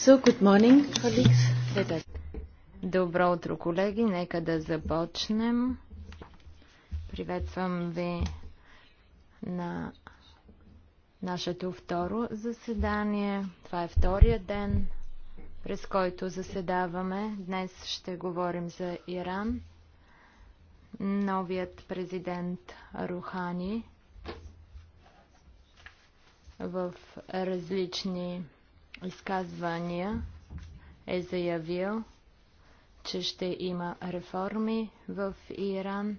So, good morning, colleagues. Let us... Добро утро, колеги. Нека да започнем. Приветствам ви на нашето второ заседание. Това е втория ден, през който заседаваме. Днес ще говорим за Иран. Новият президент Рухани в различни изказвания е заявил, че ще има реформи в Иран.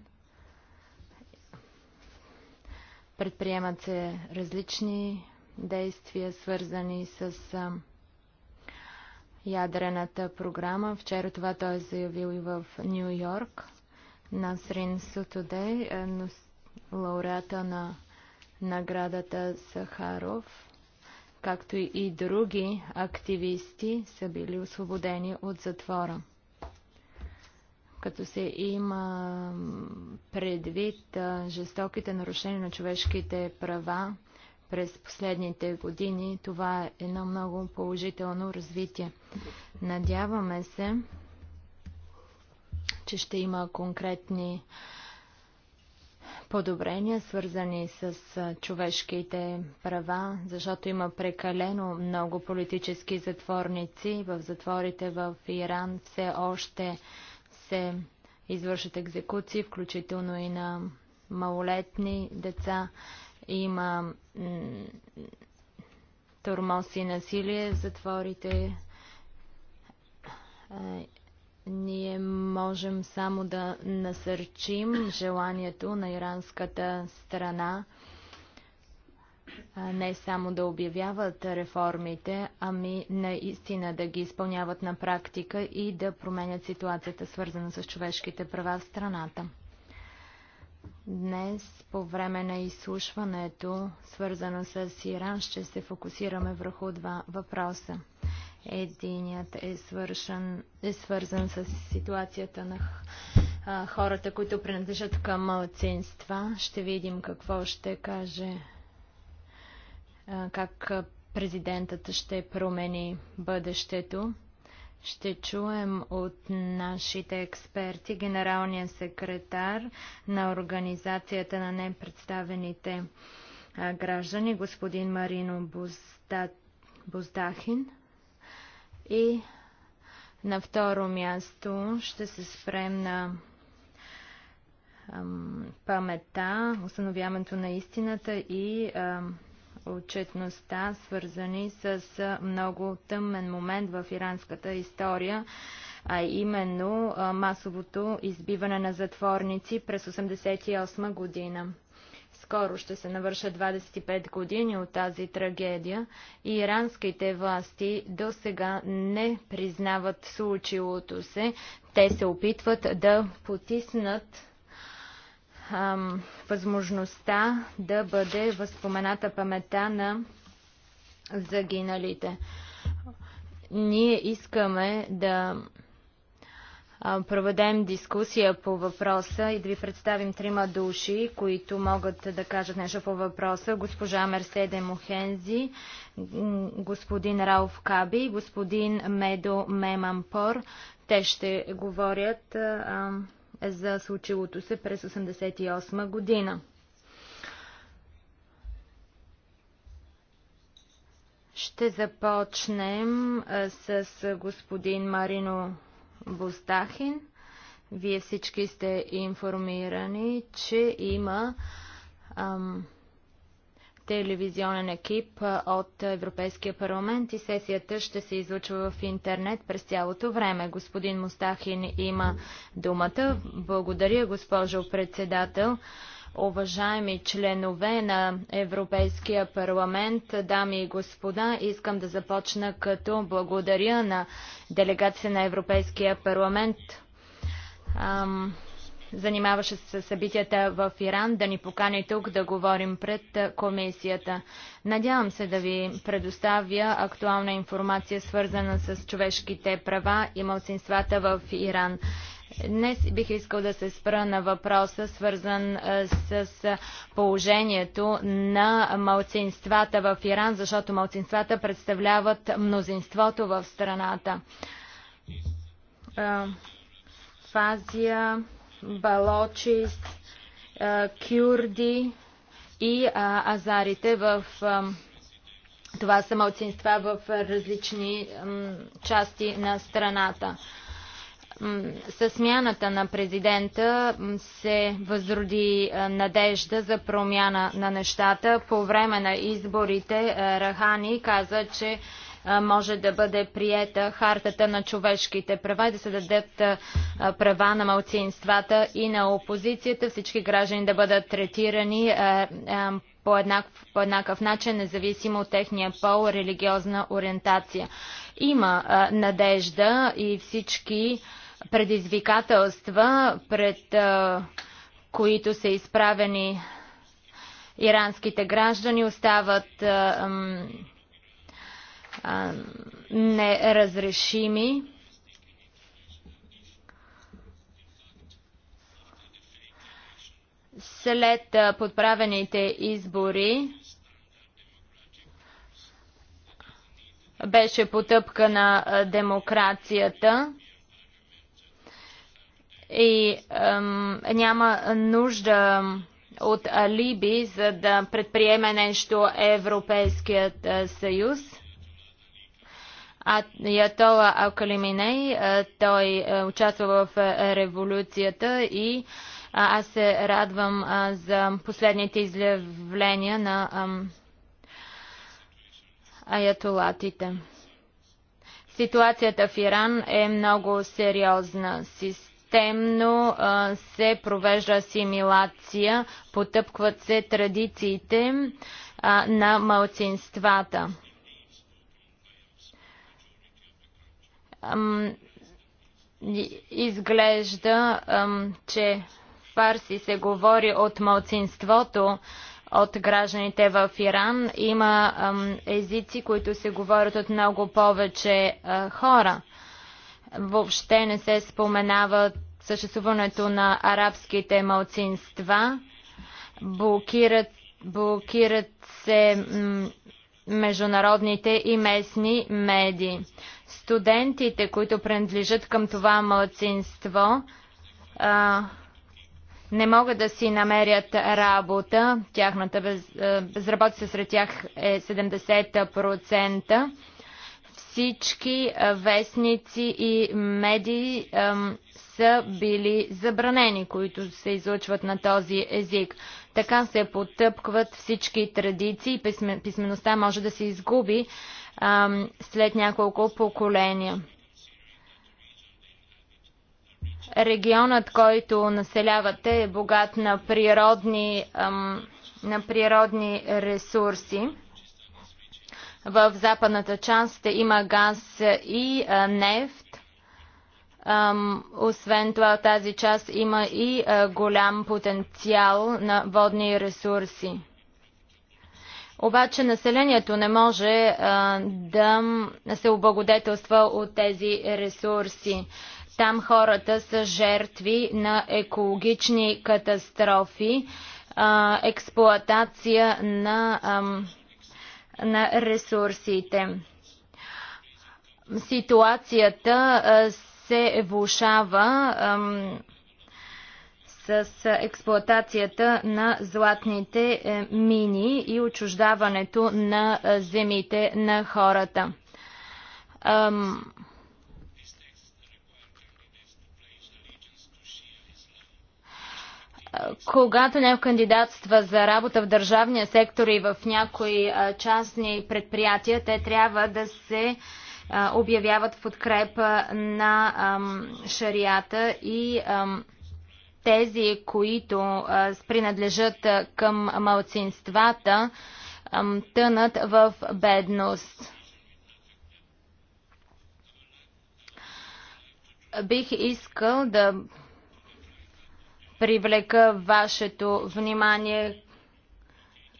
Предприемат се различни действия, свързани с ядрената програма. Вчера това той е заявил и в Нью Йорк. на Срин Сутодей, е, лауреата на наградата Сахаров, както и други активисти, са били освободени от затвора. Като се има предвид жестоките нарушения на човешките права през последните години, това е едно много положително развитие. Надяваме се, че ще има конкретни а, подобрения, свързани с човешките права, защото има прекалено много политически затворници. В затворите в Иран все още се извършат екзекуции, включително и на малолетни деца. Има тормоз и насилие в затворите е, ние можем само да насърчим желанието на иранската страна не само да обявяват реформите, ами наистина да ги изпълняват на практика и да променят ситуацията, свързана с човешките права в страната. Днес, по време на изслушването, свързано с Иран, ще се фокусираме върху два въпроса. Единият е, свършен, е свързан с ситуацията на хората, които принадлежат към малцинства. Ще видим какво ще каже, как президентът ще промени бъдещето. Ще чуем от нашите експерти, генералния секретар на Организацията на непредставените граждани, господин Марино Буздахин. Буздахин. И на второ място ще се спрем на памета, установяването на истината и ам, отчетността, свързани с много тъмен момент в иранската история, а именно масовото избиване на затворници през 1988 година. Скоро ще се навършат 25 години от тази трагедия и иранските власти до сега не признават случилото се. Те се опитват да потиснат ам, възможността да бъде възпомената памета на загиналите. Ние искаме да проведем дискусия по въпроса и да ви представим трима души, които могат да кажат нещо по въпроса. Госпожа Мерседе Мохензи, господин Рауф Каби, господин Медо Мемампор. Те ще говорят за случилото се през 1988 година. Ще започнем с господин Марино Бостахин. Вие всички сте информирани, че има ам, телевизионен екип от Европейския парламент и сесията ще се излучва в интернет през цялото време. Господин Мустахин има думата. Благодаря, госпожо председател. Уважаеми членове на Европейския парламент, дами и господа, искам да започна като благодаря на делегация на Европейския парламент. занимаваща занимаваше се с събитията в Иран, да ни покани тук да говорим пред комисията. Надявам се да ви предоставя актуална информация, свързана с човешките права и малцинствата в Иран. Днес бих искал да се спра на въпроса, свързан с положението на малцинствата в Иран, защото малцинствата представляват мнозинството в страната. Фазия, Балочис, Кюрди и Азарите в това са малцинства в различни части на страната. Със смяната на президента се възроди надежда за промяна на нещата. По време на изборите Рахани каза, че може да бъде приета хартата на човешките права и да се дадат права на малцинствата и на опозицията. Всички граждани да бъдат третирани по еднакъв, по еднакъв начин, независимо от техния пол, религиозна ориентация. Има надежда и всички предизвикателства, пред които са изправени иранските граждани, остават неразрешими. След подправените избори беше потъпкана демокрацията и ем, няма нужда от алиби, за да предприеме нещо Европейският е, съюз. Ятола Алкалиминей, е, той е, участва в революцията и аз се радвам за последните изявления на аятолатите. Ситуацията в Иран е много сериозна. Система системно се провежда асимилация, потъпкват се традициите на малцинствата. изглежда, че фарси се говори от малцинството от гражданите в Иран. Има езици, които се говорят от много повече хора. Въобще не се споменава съществуването на арабските малцинства. Блокират, блокират се международните и местни медии. Студентите, които принадлежат към това младсинство, не могат да си намерят работа. Тяхната без, безработица сред тях е 70% всички вестници и медии са били забранени, които се излъчват на този език. Така се потъпкват всички традиции, писмеността може да се изгуби след няколко поколения. Регионът, който населявате, е богат на природни, на природни ресурси. В западната част има газ и нефт. Освен това, тази част има и голям потенциал на водни ресурси. Обаче населението не може да се облагодетелства от тези ресурси. Там хората са жертви на екологични катастрофи, експлоатация на на ресурсите. Ситуацията се влушава с експлоатацията на златните е, мини и отчуждаването на земите на хората. когато някой кандидатства за работа в държавния сектор и в някои частни предприятия, те трябва да се обявяват в подкрепа на шарията и тези, които принадлежат към малцинствата, тънат в бедност. Бих искал да привлека вашето внимание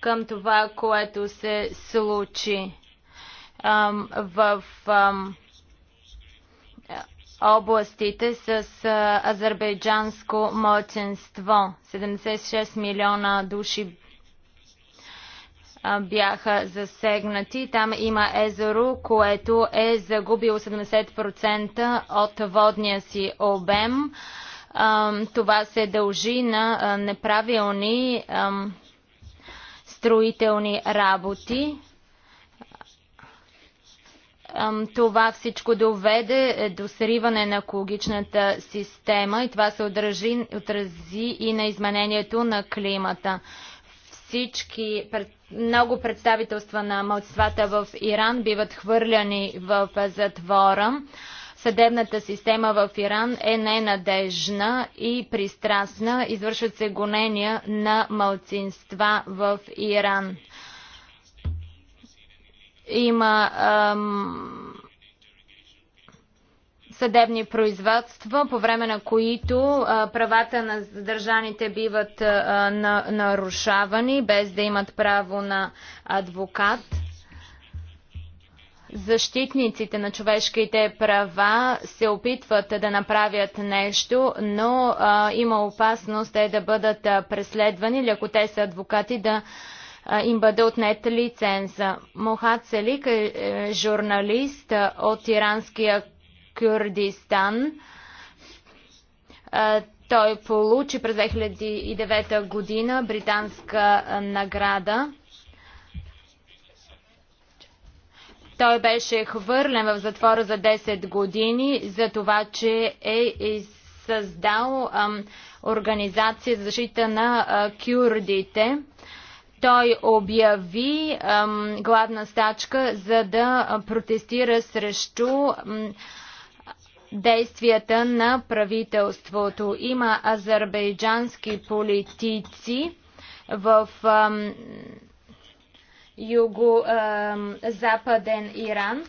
към това, което се случи ам, в ам, областите с а, азербайджанско младсенство. 76 милиона души а, бяха засегнати. Там има езеро, което е загубило 70% от водния си обем. А, това се дължи на неправилни строителни работи. Това всичко доведе е, до сриване на екологичната система и това се отрази, отрази и на изменението на климата. Всички, много представителства на младсвата в Иран биват хвърляни в затвора. Съдебната система в Иран е ненадежна и пристрастна. Извършват се гонения на малцинства в Иран. Има ам, съдебни производства, по време на които а, правата на задържаните биват а, на, нарушавани, без да имат право на адвокат. Защитниците на човешките права се опитват да направят нещо, но а, има опасност те да бъдат преследвани или ако те са адвокати да а, им бъде отнета лиценза. Мохат Селик е, е журналист от иранския Кюрдистан. А, той получи през 2009 година британска награда Той беше хвърлен в затвора за 10 години за това, че е създал организация за защита на кюрдите. Той обяви главна стачка, за да протестира срещу действията на правителството. Има азербайджански политици в ам, юго-западен Иран,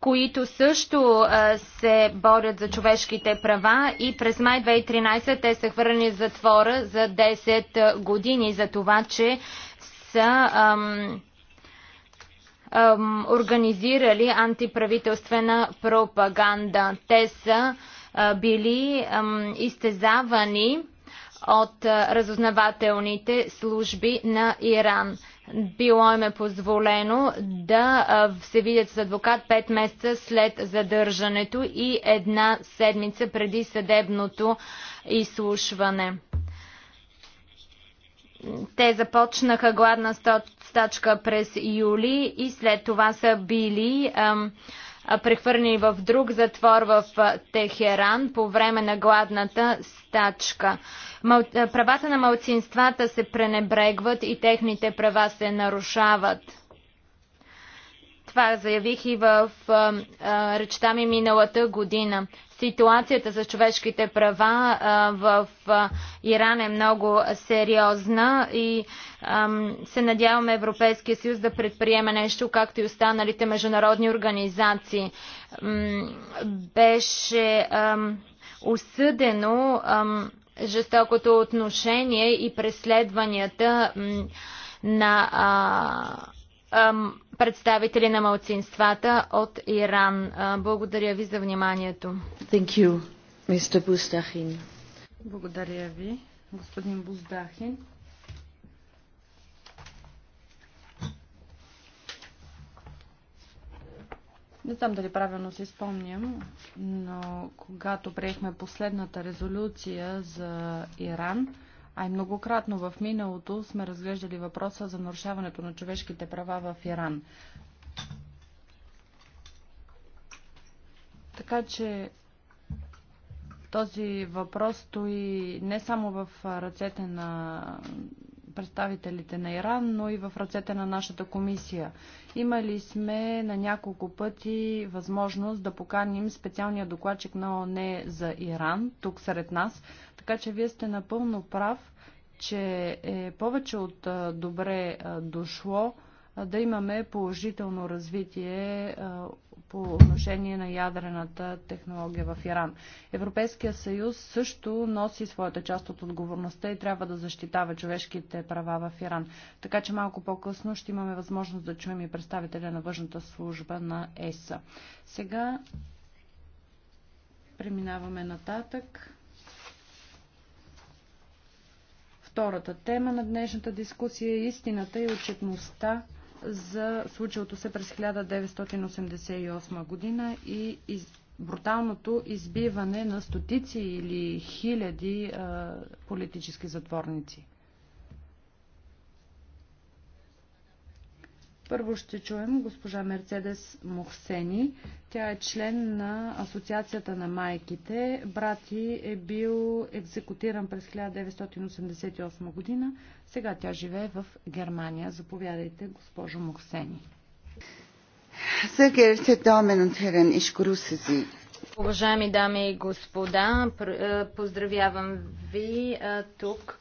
които също се борят за човешките права и през май 2013 те са хвърлени в затвора за 10 години за това, че са организирали антиправителствена пропаганда. Те са били изтезавани от разузнавателните служби на Иран. Било им е позволено да се видят с адвокат 5 месеца след задържането и една седмица преди съдебното изслушване. Те започнаха гладна стачка през юли и след това са били ам, прехвърли в друг затвор в Техеран по време на гладната стачка. Правата на малцинствата се пренебрегват и техните права се нарушават. Това заявих и в речта ми миналата година. Ситуацията с човешките права в Иран е много сериозна и се надяваме Европейския съюз да предприеме нещо, както и останалите международни организации. Беше осъдено жестокото отношение и преследванията на представители на малцинствата от Иран. Благодаря ви за вниманието. Thank you, Mr. Bustachin. Благодаря ви, господин Буздахин. Не знам дали правилно си спомням, но когато приехме последната резолюция за Иран, а и многократно в миналото сме разглеждали въпроса за нарушаването на човешките права в Иран. Така че този въпрос стои не само в ръцете на представителите на Иран, но и в ръцете на нашата комисия. Имали сме на няколко пъти възможност да поканим специалния докладчик на ОНЕ за Иран тук сред нас, така че вие сте напълно прав, че е повече от добре дошло да имаме положително развитие по отношение на ядрената технология в Иран. Европейския съюз също носи своята част от отговорността и трябва да защитава човешките права в Иран. Така че малко по-късно ще имаме възможност да чуем и представителя на въжната служба на ЕСА. Сега преминаваме нататък. Втората тема на днешната дискусия е истината и отчетността за случилото се през 1988 година и из... бруталното избиване на стотици или хиляди а, политически затворници. Първо ще чуем госпожа Мерцедес Мохсени. Тя е член на Асоциацията на майките. Брат е бил екзекутиран през 1988 година. Сега тя живее в Германия. Заповядайте, госпожо Мохсени. Уважаеми дами и господа, е, поздравявам ви е, тук.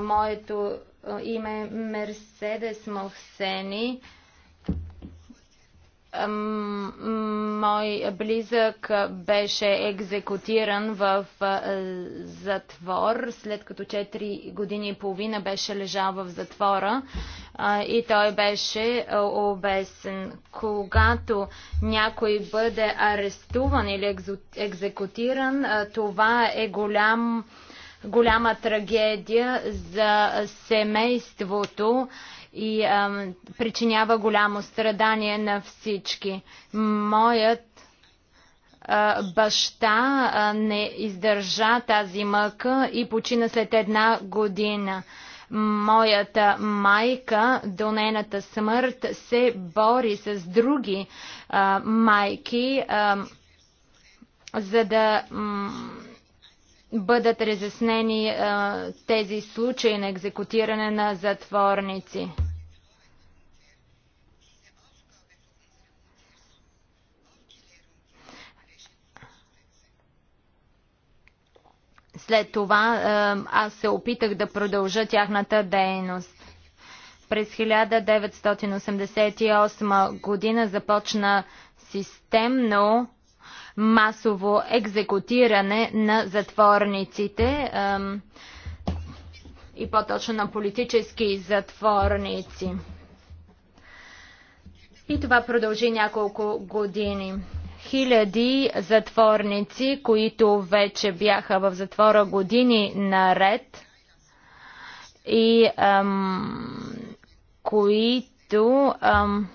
Моето име Мерседес Мохсени. Мой близък беше екзекутиран в затвор, след като 4 години и половина беше лежал в затвора и той беше обесен. Когато някой бъде арестуван или екзекутиран, това е голям голяма трагедия за семейството и а, причинява голямо страдание на всички. Моят а, баща а, не издържа тази мъка и почина след една година. Моята майка до нейната смърт се бори с други а, майки, а, за да. М- бъдат разяснени а, тези случаи на екзекутиране на затворници. След това аз се опитах да продължа тяхната дейност. През 1988 година започна системно масово екзекутиране на затворниците и по-точно на политически затворници. И това продължи няколко години. Хиляди затворници, които вече бяха в затвора години наред и ам, които ам,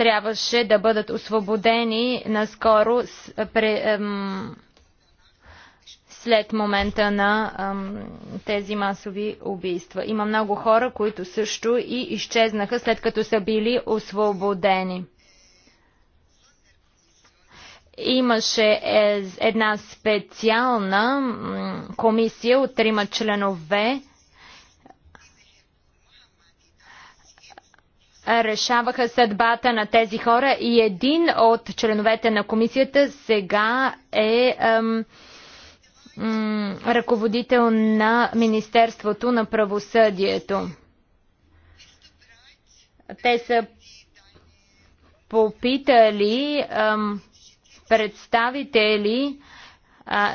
трябваше да бъдат освободени наскоро след момента на тези масови убийства. Има много хора, които също и изчезнаха след като са били освободени имаше е, една специална комисия от трима членове, решаваха съдбата на тези хора и един от членовете на комисията сега е ам, ам, ръководител на Министерството на правосъдието. Те са попитали ам, представители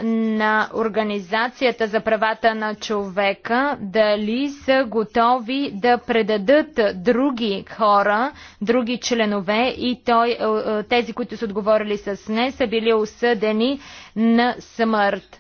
на Организацията за правата на човека, дали са готови да предадат други хора, други членове и той, е, е, тези, които са отговорили с не, са били осъдени на смърт.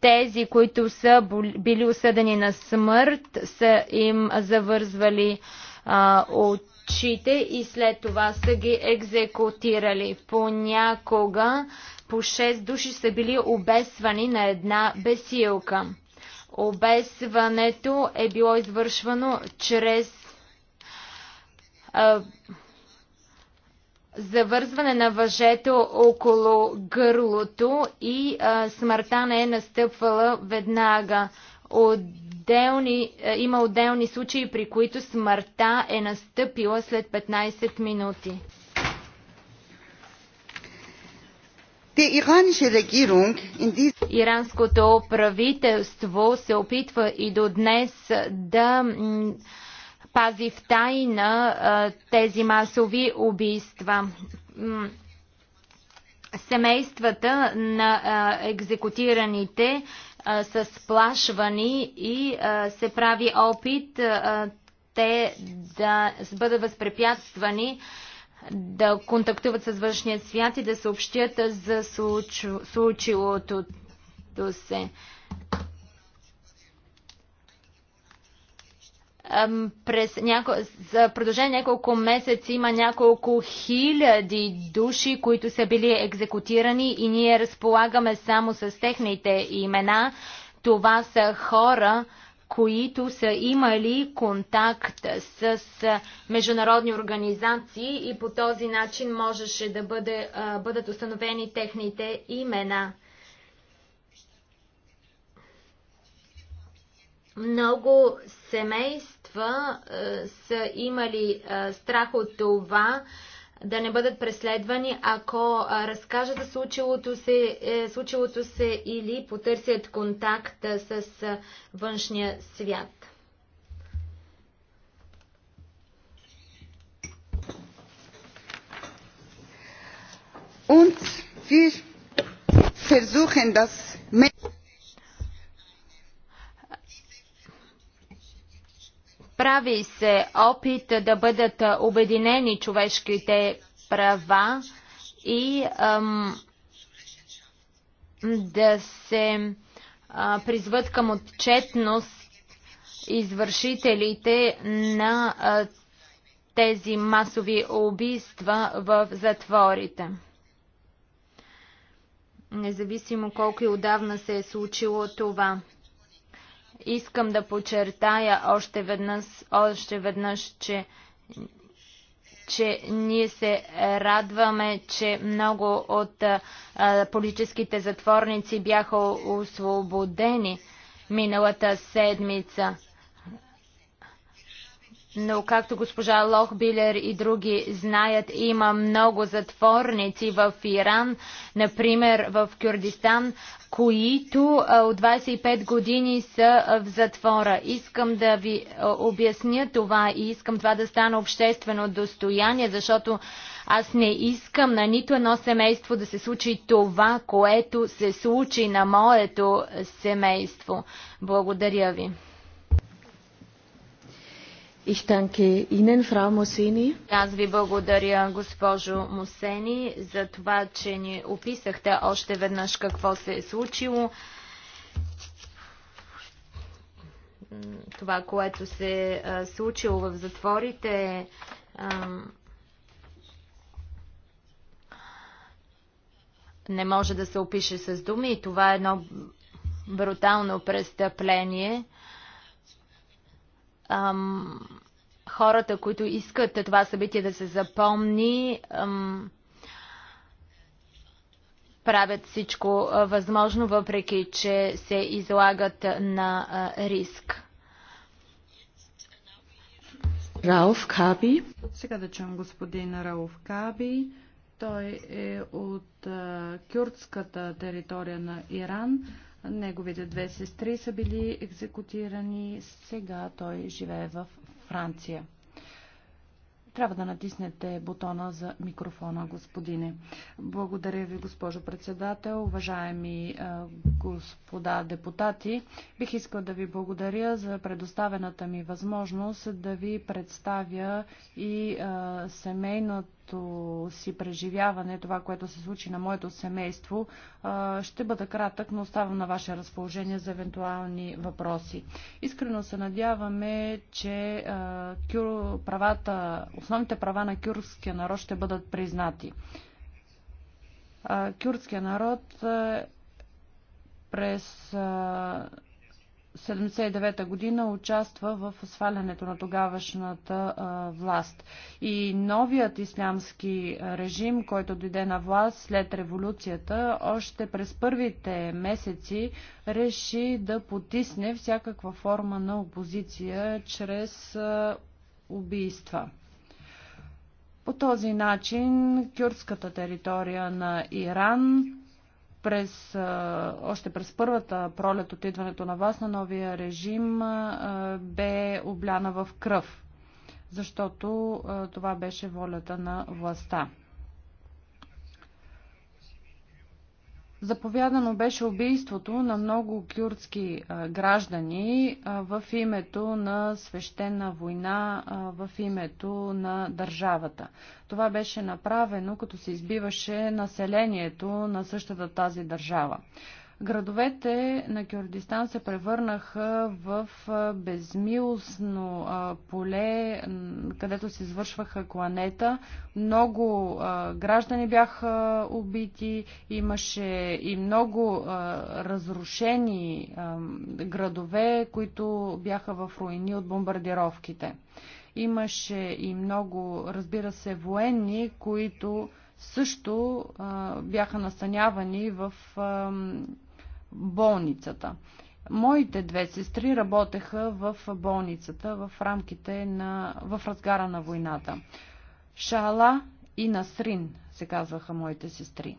Тези, които са били осъдени на смърт, са им завързвали а, очите и след това са ги екзекутирали. Понякога по 6 души са били обесвани на една бесилка. Обесването е било извършвано чрез а, завързване на въжето около гърлото и а, смъртта не е настъпвала веднага. Отделни, а, има отделни случаи, при които смъртта е настъпила след 15 минути. Иранското правителство се опитва и до днес да пази в тайна тези масови убийства. Семействата на екзекутираните са сплашвани и се прави опит те да бъдат възпрепятствани да контактуват с външния свят и да съобщят за случилото се. през няко... за продължение няколко месеца има няколко хиляди души, които са били екзекутирани и ние разполагаме само с техните имена. Това са хора, които са имали контакт с международни организации и по този начин можеше да бъде, бъдат установени техните имена. Много семейства са имали страх от това, да не бъдат преследвани, ако разкажат за случилото се, е, случилото се или потърсят контакт с външния свят. Und wir versuchen das Прави се опит да бъдат обединени човешките права и ам, да се а, призват към отчетност извършителите на а, тези масови убийства в затворите. Независимо колко и отдавна се е случило това. Искам да подчертая още веднъж, още веднъж че, че ние се радваме, че много от а, политическите затворници бяха освободени миналата седмица. Но както госпожа Лохбилер и други знаят, има много затворници в Иран, например в Кюрдистан, които от 25 години са в затвора. Искам да ви обясня това и искам това да стане обществено достояние, защото аз не искам на нито едно семейство да се случи това, което се случи на моето семейство. Благодаря ви. Ich danke Ihnen, Frau Аз ви благодаря, госпожо Мусени, за това, че ни описахте още веднъж какво се е случило. Това, което се е случило в затворите, не може да се опише с думи. Това е едно брутално престъпление – ам, хората, които искат това събитие да се запомни, ам, правят всичко възможно, въпреки че се излагат на риск. Рауф Каби. Сега да чуем господин Рауф Каби. Той е от кюртската територия на Иран. Неговите две сестри са били екзекутирани. Сега той живее в Франция. Трябва да натиснете бутона за микрофона, господине. Благодаря ви, госпожо председател, уважаеми е, господа депутати. Бих искал да ви благодаря за предоставената ми възможност да ви представя и е, семейната моето си преживяване, това, което се случи на моето семейство, ще бъда кратък, но оставам на ваше разположение за евентуални въпроси. Искрено се надяваме, че правата, основните права на кюрския народ ще бъдат признати. Кюрдския народ през 79-та година участва в свалянето на тогавашната а, власт. И новият ислямски режим, който дойде на власт след революцията, още през първите месеци реши да потисне всякаква форма на опозиция чрез а, убийства. По този начин кюртската територия на Иран през, още през първата пролет от идването на вас на новия режим бе обляна в кръв, защото това беше волята на властта. Заповядано беше убийството на много кюрдски граждани в името на свещена война, в името на държавата. Това беше направено, като се избиваше населението на същата тази държава. Градовете на Кюрдистан се превърнаха в безмилостно поле, където се извършваха кланета. Много граждани бяха убити, имаше и много разрушени градове, които бяха в руини от бомбардировките. Имаше и много, разбира се, военни, които също а, бяха настанявани в а, болницата. Моите две сестри работеха в болницата в рамките на, в разгара на войната. Шала и Насрин се казваха моите сестри.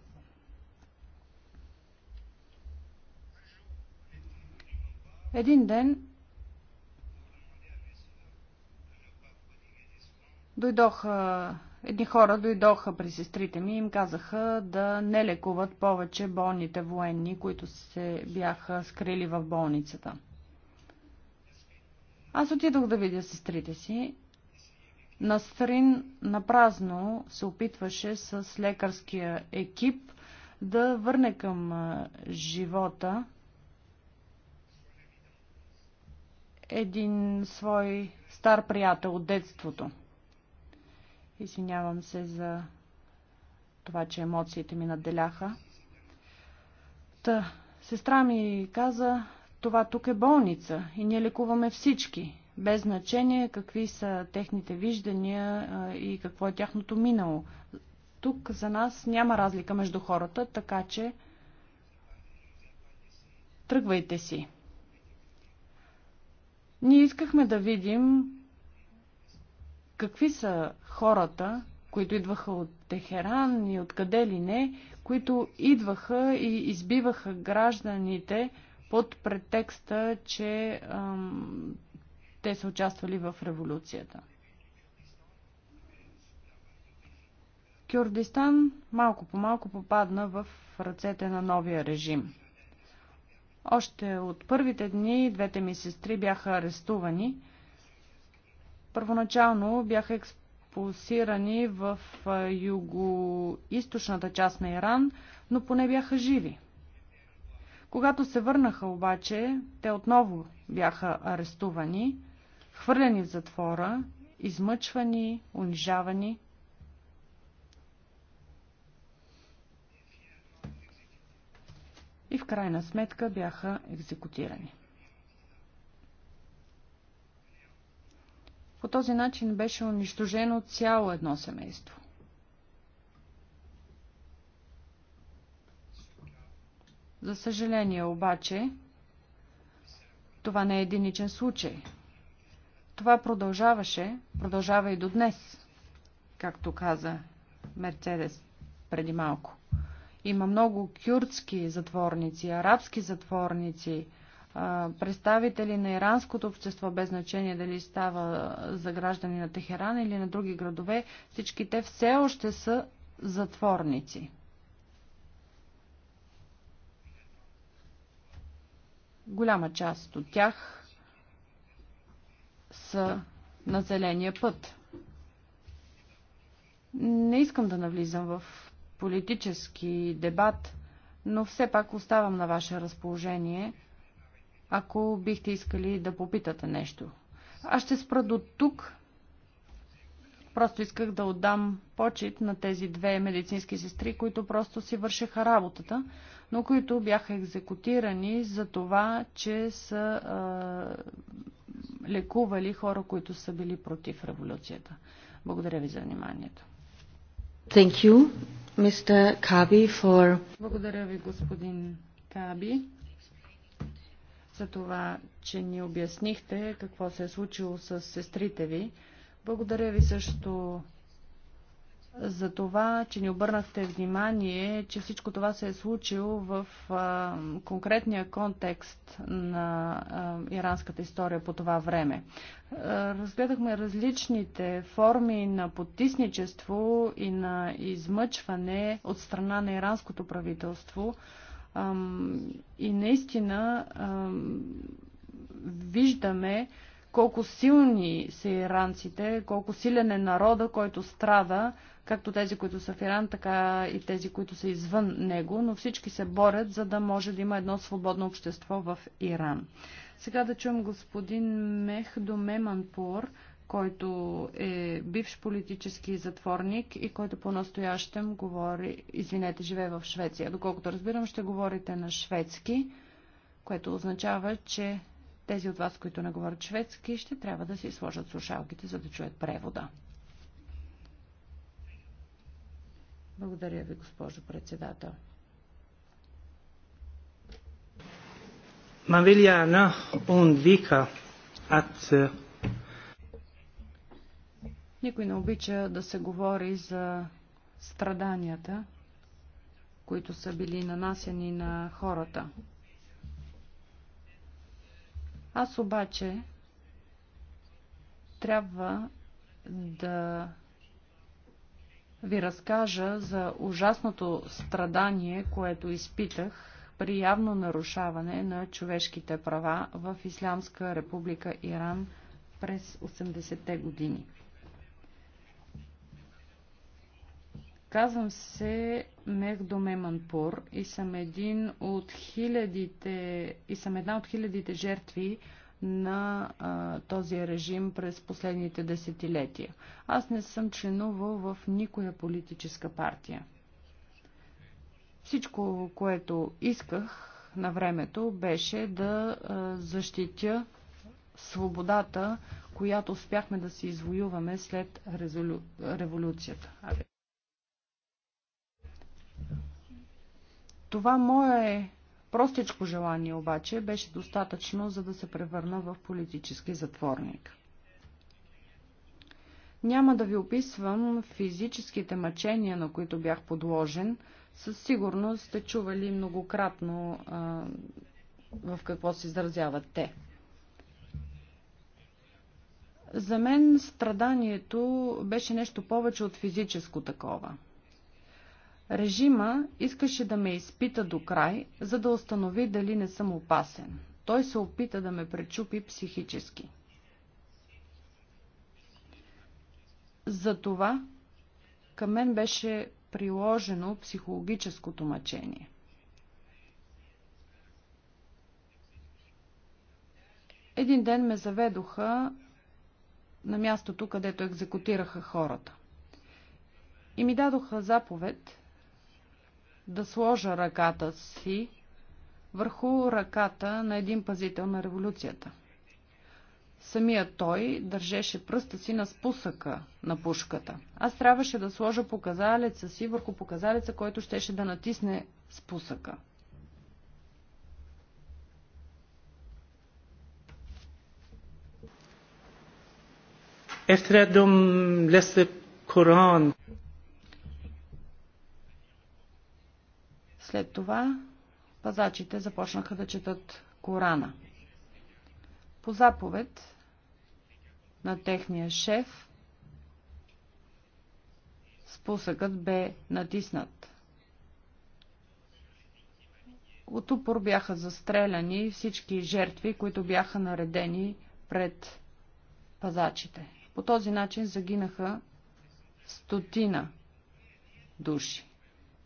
Един ден дойдоха Едни хора дойдоха при сестрите ми и им казаха да не лекуват повече болните военни, които се бяха скрили в болницата. Аз отидох да видя сестрите си. Настрин напразно се опитваше с лекарския екип да върне към живота един свой стар приятел от детството – Извинявам се за това, че емоциите ми надделяха. Та, сестра ми каза, това тук е болница и ние лекуваме всички, без значение какви са техните виждания и какво е тяхното минало. Тук за нас няма разлика между хората, така че тръгвайте си. Ние искахме да видим Какви са хората, които идваха от Техеран и откъде ли не, които идваха и избиваха гражданите под претекста, че ам, те са участвали в революцията. Кюрдистан малко по малко попадна в ръцете на новия режим. Още от първите дни двете ми сестри бяха арестувани – Първоначално бяха експулсирани в юго-источната част на Иран, но поне бяха живи. Когато се върнаха обаче, те отново бяха арестувани, хвърлени в затвора, измъчвани, унижавани. И в крайна сметка бяха екзекутирани. По този начин беше унищожено цяло едно семейство. За съжаление обаче, това не е единичен случай. Това продължаваше, продължава и до днес, както каза Мерцедес преди малко. Има много кюрдски затворници, арабски затворници, представители на иранското общество, без значение дали става за граждани на Техеран или на други градове, всички те все още са затворници. Голяма част от тях са на зеления път. Не искам да навлизам в политически дебат, но все пак оставам на ваше разположение – ако бихте искали да попитате нещо. Аз ще спра до тук. Просто исках да отдам почет на тези две медицински сестри, които просто си вършеха работата, но които бяха екзекутирани за това, че са а, лекували хора, които са били против революцията. Благодаря ви за вниманието. Thank you, Mr. Kabi, for... Благодаря ви, господин Каби за това, че ни обяснихте какво се е случило с сестрите ви. Благодаря ви също за това, че ни обърнахте внимание, че всичко това се е случило в а, конкретния контекст на а, иранската история по това време. А, разгледахме различните форми на потисничество и на измъчване от страна на иранското правителство и наистина виждаме колко силни са иранците, колко силен е народа, който страда, както тези, които са в Иран, така и тези, които са извън него, но всички се борят, за да може да има едно свободно общество в Иран. Сега да чуем господин Мехдо Меманпур който е бивш политически затворник и който по-настоящем говори, извинете, живее в Швеция. Доколкото разбирам, ще говорите на шведски, което означава, че тези от вас, които не говорят шведски, ще трябва да си сложат слушалките, за да чуят превода. Благодаря ви, госпожо председател. Man vill gärna undvika att никой не обича да се говори за страданията, които са били нанасени на хората. Аз обаче трябва да ви разкажа за ужасното страдание, което изпитах при явно нарушаване на човешките права в Ислямска република Иран през 80-те години. Казвам се Мехдо Меманпур и съм, един от хилядите, и съм една от хилядите жертви на а, този режим през последните десетилетия. Аз не съм членувал в никоя политическа партия. Всичко, което исках на времето, беше да а, защитя свободата, която успяхме да си извоюваме след резолю... революцията. Абе. Това мое простичко желание обаче беше достатъчно, за да се превърна в политически затворник. Няма да ви описвам физическите мъчения, на които бях подложен. Със сигурност сте чували многократно а, в какво се изразяват те. За мен страданието беше нещо повече от физическо такова. Режима искаше да ме изпита до край, за да установи дали не съм опасен. Той се опита да ме пречупи психически. Затова към мен беше приложено психологическото мъчение. Един ден ме заведоха на мястото, където екзекутираха хората. И ми дадоха заповед да сложа ръката си върху ръката на един пазител на революцията. Самия той държеше пръста си на спусъка на пушката. Аз трябваше да сложа показалеца си върху показалеца, който щеше да натисне спусъка. Ефтредом лесе Коран. След това пазачите започнаха да четат Корана. По заповед на техния шеф спусъкът бе натиснат. От упор бяха застреляни всички жертви, които бяха наредени пред пазачите. По този начин загинаха стотина души.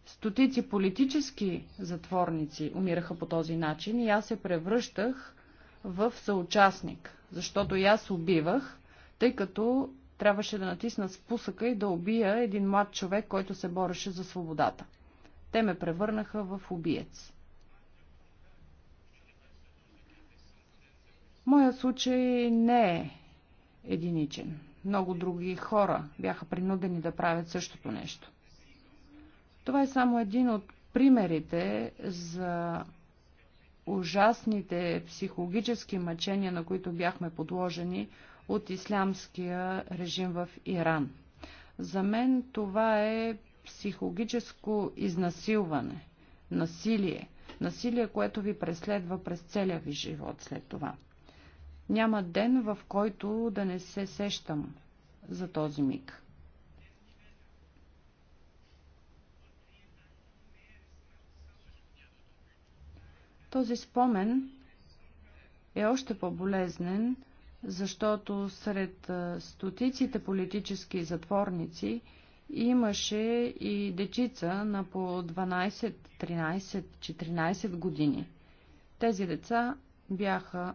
Стотици политически затворници умираха по този начин и аз се превръщах в съучастник, защото и аз убивах, тъй като трябваше да натисна спусъка и да убия един млад човек, който се бореше за свободата. Те ме превърнаха в убиец. Моя случай не е единичен. Много други хора бяха принудени да правят същото нещо. Това е само един от примерите за ужасните психологически мъчения, на които бяхме подложени от ислямския режим в Иран. За мен това е психологическо изнасилване, насилие, насилие, което ви преследва през целия ви живот след това. Няма ден, в който да не се сещам за този миг. Този спомен е още по-болезнен, защото сред стотиците политически затворници имаше и дечица на по 12, 13, 14 години. Тези деца бяха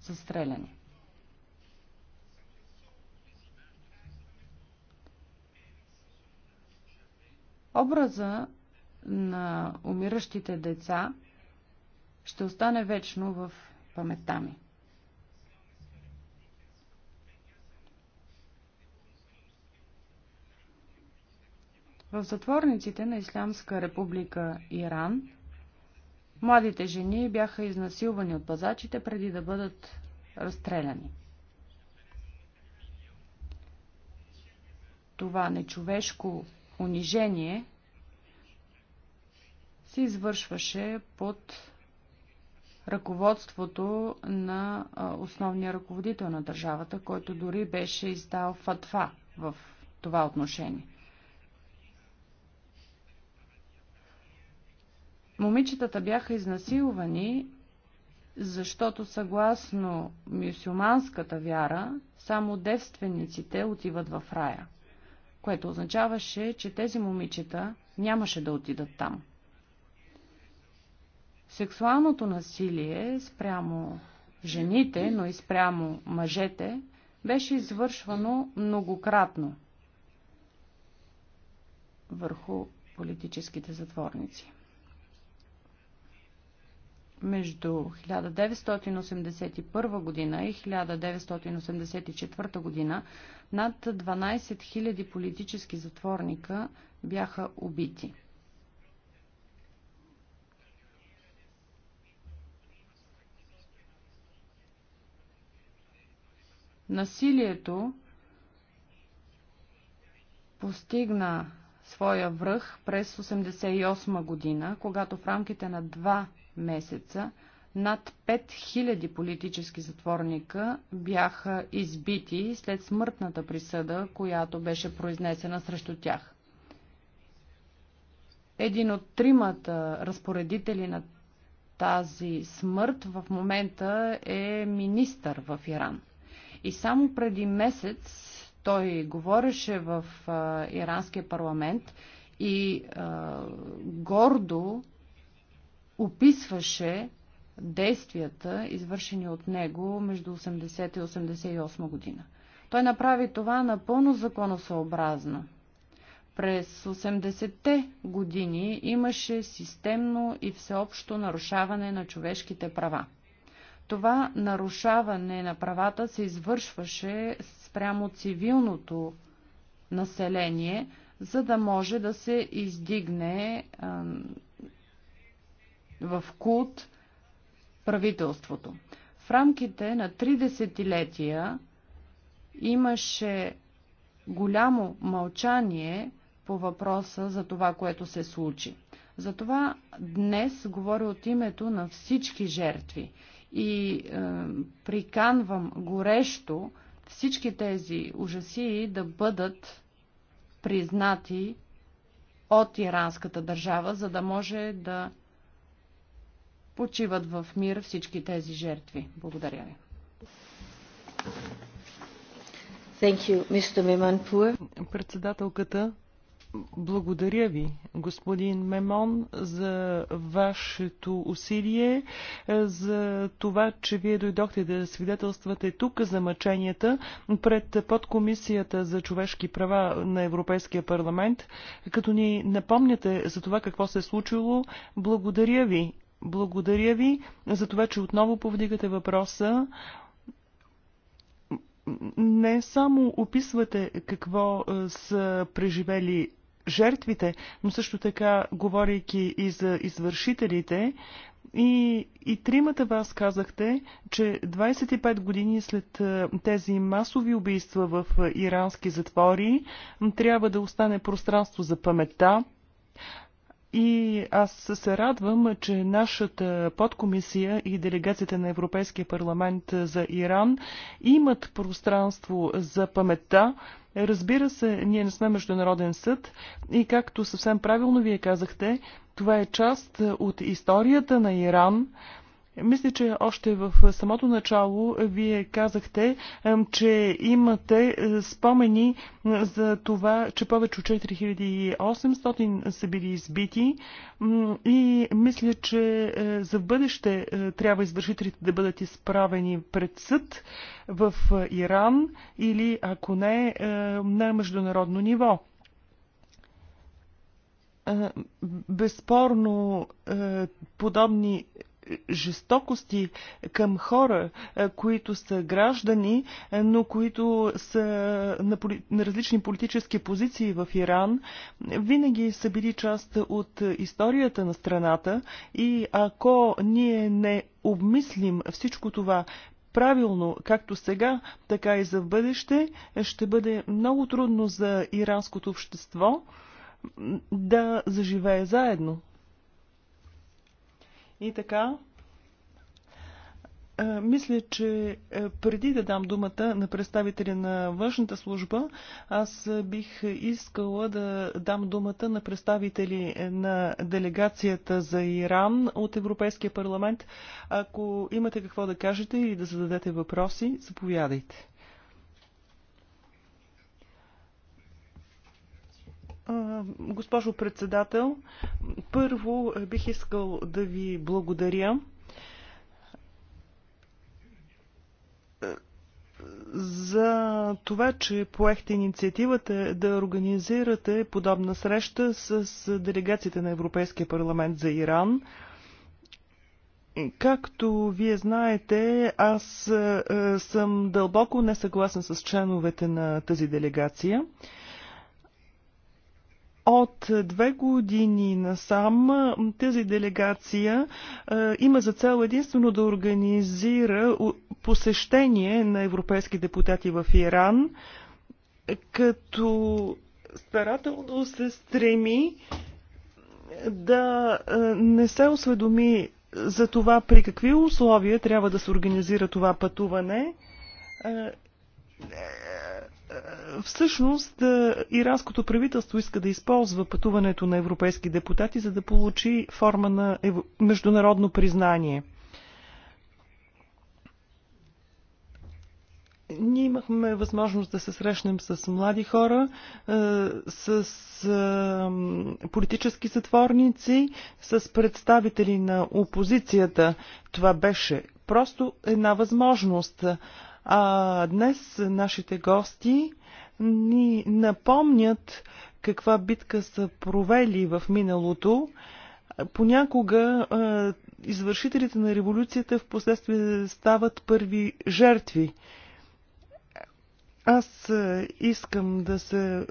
застреляни. Образа на умиращите деца – ще остане вечно в паметта ми. В затворниците на Ислямска република Иран младите жени бяха изнасилвани от пазачите преди да бъдат разстреляни. Това нечовешко унижение се извършваше под ръководството на основния ръководител на държавата, който дори беше издал фатва в това отношение. Момичетата бяха изнасилвани, защото съгласно мюсюлманската вяра, само девствениците отиват в рая, което означаваше, че тези момичета нямаше да отидат там. Сексуалното насилие спрямо жените, но и спрямо мъжете, беше извършвано многократно върху политическите затворници. Между 1981 година и 1984 година над 12 000 политически затворника бяха убити. Насилието постигна своя връх през 1988 година, когато в рамките на два месеца над 5000 политически затворника бяха избити след смъртната присъда, която беше произнесена срещу тях. Един от тримата разпоредители на тази смърт в момента е министър в Иран. И само преди месец той говореше в а, иранския парламент и а, гордо описваше действията, извършени от него между 80 и 88 година. Той направи това напълно законосъобразно. През 80-те години имаше системно и всеобщо нарушаване на човешките права. Това нарушаване на правата се извършваше спрямо цивилното население, за да може да се издигне а, в култ правителството. В рамките на три десетилетия имаше голямо мълчание по въпроса за това, което се случи. Затова днес говоря от името на всички жертви и е, приканвам горещо всички тези ужасии да бъдат признати от иранската държава, за да може да почиват в мир всички тези жертви. Благодаря ви. Thank you, Mr. Председателката благодаря ви, господин Мемон, за вашето усилие, е, за това, че вие дойдохте да свидетелствате тук за мъченията пред подкомисията за човешки права на Европейския парламент. Като ни напомняте за това какво се е случило, благодаря ви. Благодаря ви за това, че отново повдигате въпроса не само описвате какво е, са преживели жертвите, но също така, говорейки и за извършителите, и, и тримата вас казахте, че 25 години след е, тези масови убийства в е, ирански затвори трябва да остане пространство за паметта. И аз се радвам, че нашата подкомисия и делегацията на Европейския парламент за Иран имат пространство за паметта, Разбира се, ние не сме Международен съд и както съвсем правилно вие казахте, това е част от историята на Иран, мисля, че още в самото начало вие казахте, че имате е, спомени за това, че повече от 4800 са били избити и мисля, че е, за бъдеще е, трябва извършителите да бъдат изправени пред съд в Иран или, ако не, на международно ниво безспорно подобни жестокости към хора, е, които са граждани, е, но които са на, поли... на различни политически позиции в Иран, винаги са били част от историята на страната и ако ние не обмислим всичко това правилно, както сега, така и за в бъдеще, ще бъде много трудно за иранското общество да заживее заедно. И така, е, мисля, че е, преди да дам думата на представители на външната служба, аз е, бих искала да дам думата на представители на делегацията за Иран от Европейския парламент. Ако имате какво да кажете или да зададете въпроси, заповядайте. Госпожо председател, първо е, бих искал да ви благодаря е, за това, че поехте инициативата да организирате подобна среща с делегацията на Европейския парламент за Иран. Както вие знаете, аз е, съм дълбоко несъгласен с членовете на тази делегация. От две години насам тази делегация е, има за цел единствено да организира посещение на европейски депутати в Иран, като старателно се стреми да не се осведоми за това при какви условия трябва да се организира това пътуване е, всъщност, е, иранското правителство иска да използва пътуването на европейски депутати, за да получи форма на международно признание. Ние имахме възможност да се срещнем с млади хора, е, с политически сътворници, с представители на опозицията. Това беше просто една възможност. А днес нашите гости ни напомнят каква битка са провели в миналото. Понякога извършителите на революцията в последствие стават първи жертви. Аз искам да се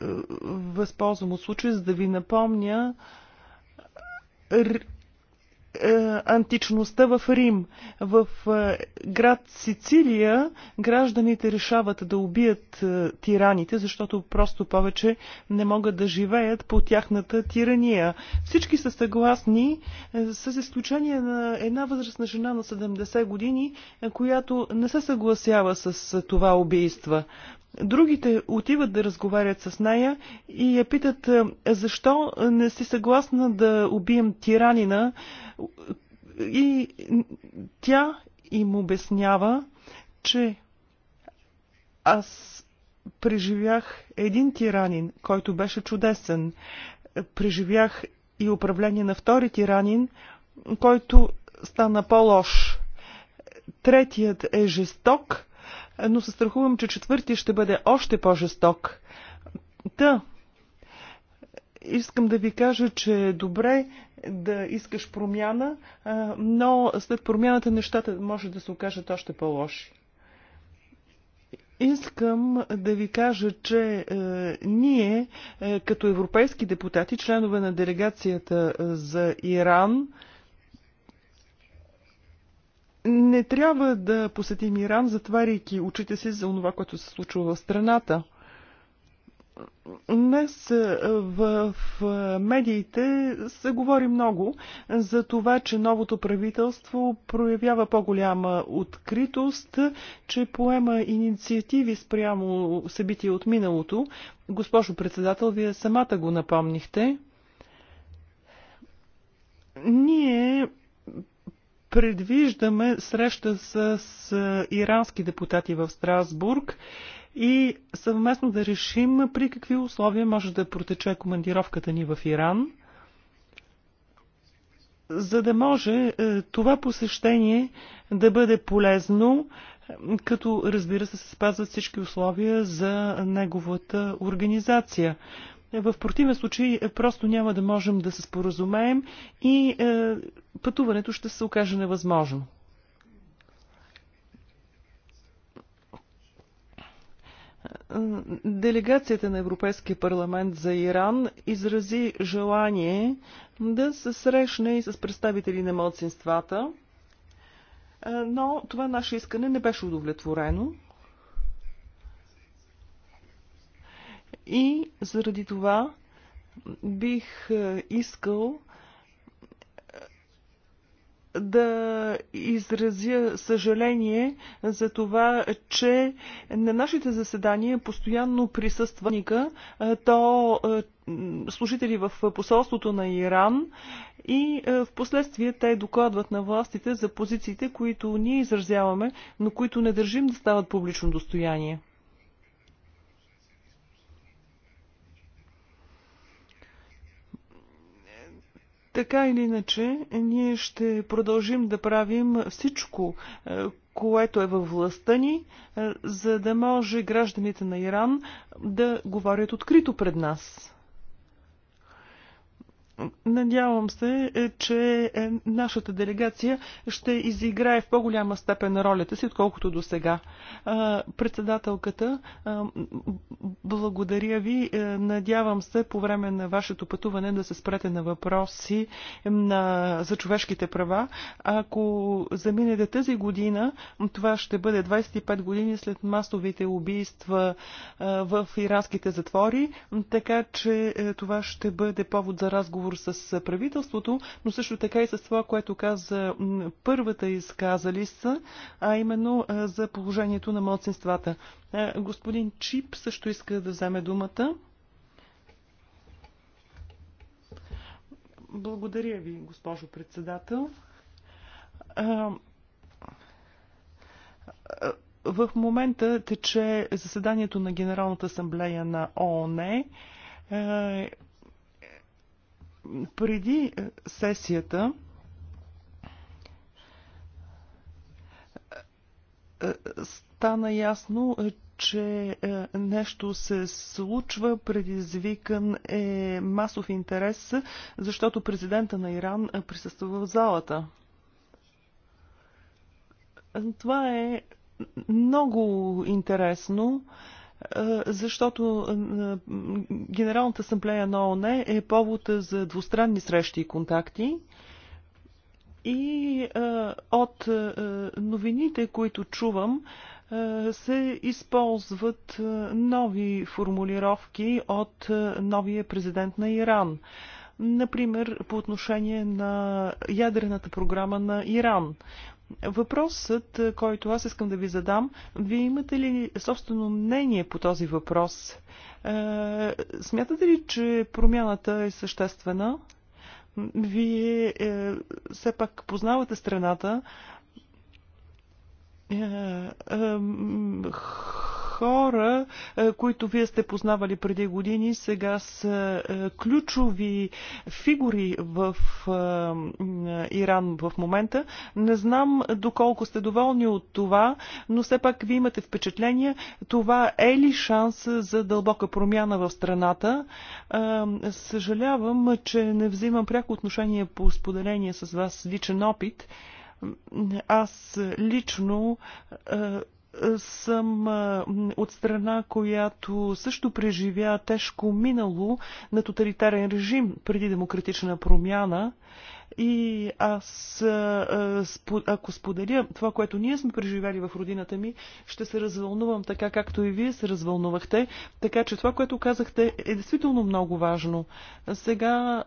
възползвам от случая, за да ви напомня е, античността в Рим. В е, град Сицилия гражданите решават да убият е, тираните, защото просто повече не могат да живеят по тяхната тирания. Всички са съгласни, с изключение на една възрастна жена на 70 години, която не се съгласява с това убийство. Другите отиват да разговарят с нея и я питат е, защо не си съгласна да убием тиранина. И тя им обяснява, че аз преживях един тиранин, който беше чудесен. Преживях и управление на втори тиранин, който стана по-лош. Третият е жесток, но се страхувам, че четвъртия ще бъде още по-жесток. Та, искам да ви кажа, че е добре да искаш промяна, но след промяната нещата може да се окажат още по-лоши. Искам да ви кажа, че е, ние, е, като европейски депутати, членове на делегацията е, за Иран, е, не трябва да посетим Иран, затваряйки очите си за това, което се случва в страната. Днес е, в медиите се говори много за това, че новото правителство проявява по-голяма откритост, че поема инициативи спрямо събития от миналото. Госпожо председател, вие самата го напомнихте. Ние Предвиждаме среща с ирански депутати в Страсбург и съвместно да решим при какви условия може да протече командировката ни в Иран, за да може е, това посещение да бъде полезно, като разбира се се спазват всички условия за неговата организация. В противен случай е, просто няма да можем да се споразумеем и е, пътуването ще се окаже невъзможно. Делегацията на Европейския парламент за Иран изрази желание да се срещне и с представители на младсинствата, е, но това наше искане не беше удовлетворено. И заради това бих е, искал е, да изразя съжаление за това, че на нашите заседания постоянно присъства е, то служители в посолството на Иран и в последствие те докладват на властите за позициите, които ние изразяваме, но които не държим да стават публично достояние. Така или иначе, ние ще продължим да правим всичко, е, което е във властта ни, е, за да може гражданите на Иран да говорят открито пред нас. Надявам се, е, че е, нашата делегация ще изиграе в по-голяма степен ролята си, отколкото до сега. Председателката, благодаря ви. Е, надявам се по време на вашето пътуване да се спрете на въпроси на, за човешките права. Ако заминете тази година, това ще бъде 25 години след масовите убийства в иранските затвори, така че това ще бъде повод за разговор разговор с правителството, но също така и с това, което каза първата изказали са, а именно за положението на младсинствата. Господин Чип също иска да вземе думата. Благодаря ви, госпожо председател. В момента тече заседанието на Генералната асамблея на ООН преди е, сесията е, е, стана ясно, че нещо се случва, предизвикан е масов интерес, защото президента на Иран присъства в залата. Това е много интересно. Е, защото е, Генералната асамблея на ООН е повод за двустранни срещи и контакти. И е, от новините, които чувам, се използват нови формулировки от новия президент на Иран. Например, по отношение на ядрената програма на Иран. Въпросът, който аз искам да ви задам, вие имате ли собствено мнение по този въпрос? Е, смятате ли, че промяната е съществена? Вие е, все пак познавате страната. Е, хора, е, които вие сте познавали преди години, сега са е, ключови фигури в е, Иран в момента. Не знам доколко сте доволни от това, но все пак вие имате впечатление, това е ли шанс за дълбока промяна в страната? Съжалявам, че не взимам пряко отношение по споделение с вас личен опит. Аз лично съм от страна, която също преживя тежко минало на тоталитарен режим преди демократична промяна. И аз, ако споделя това, което ние сме преживяли в родината ми, ще се развълнувам така, както и вие се развълнувахте. Така че това, което казахте, е действително много важно. Сега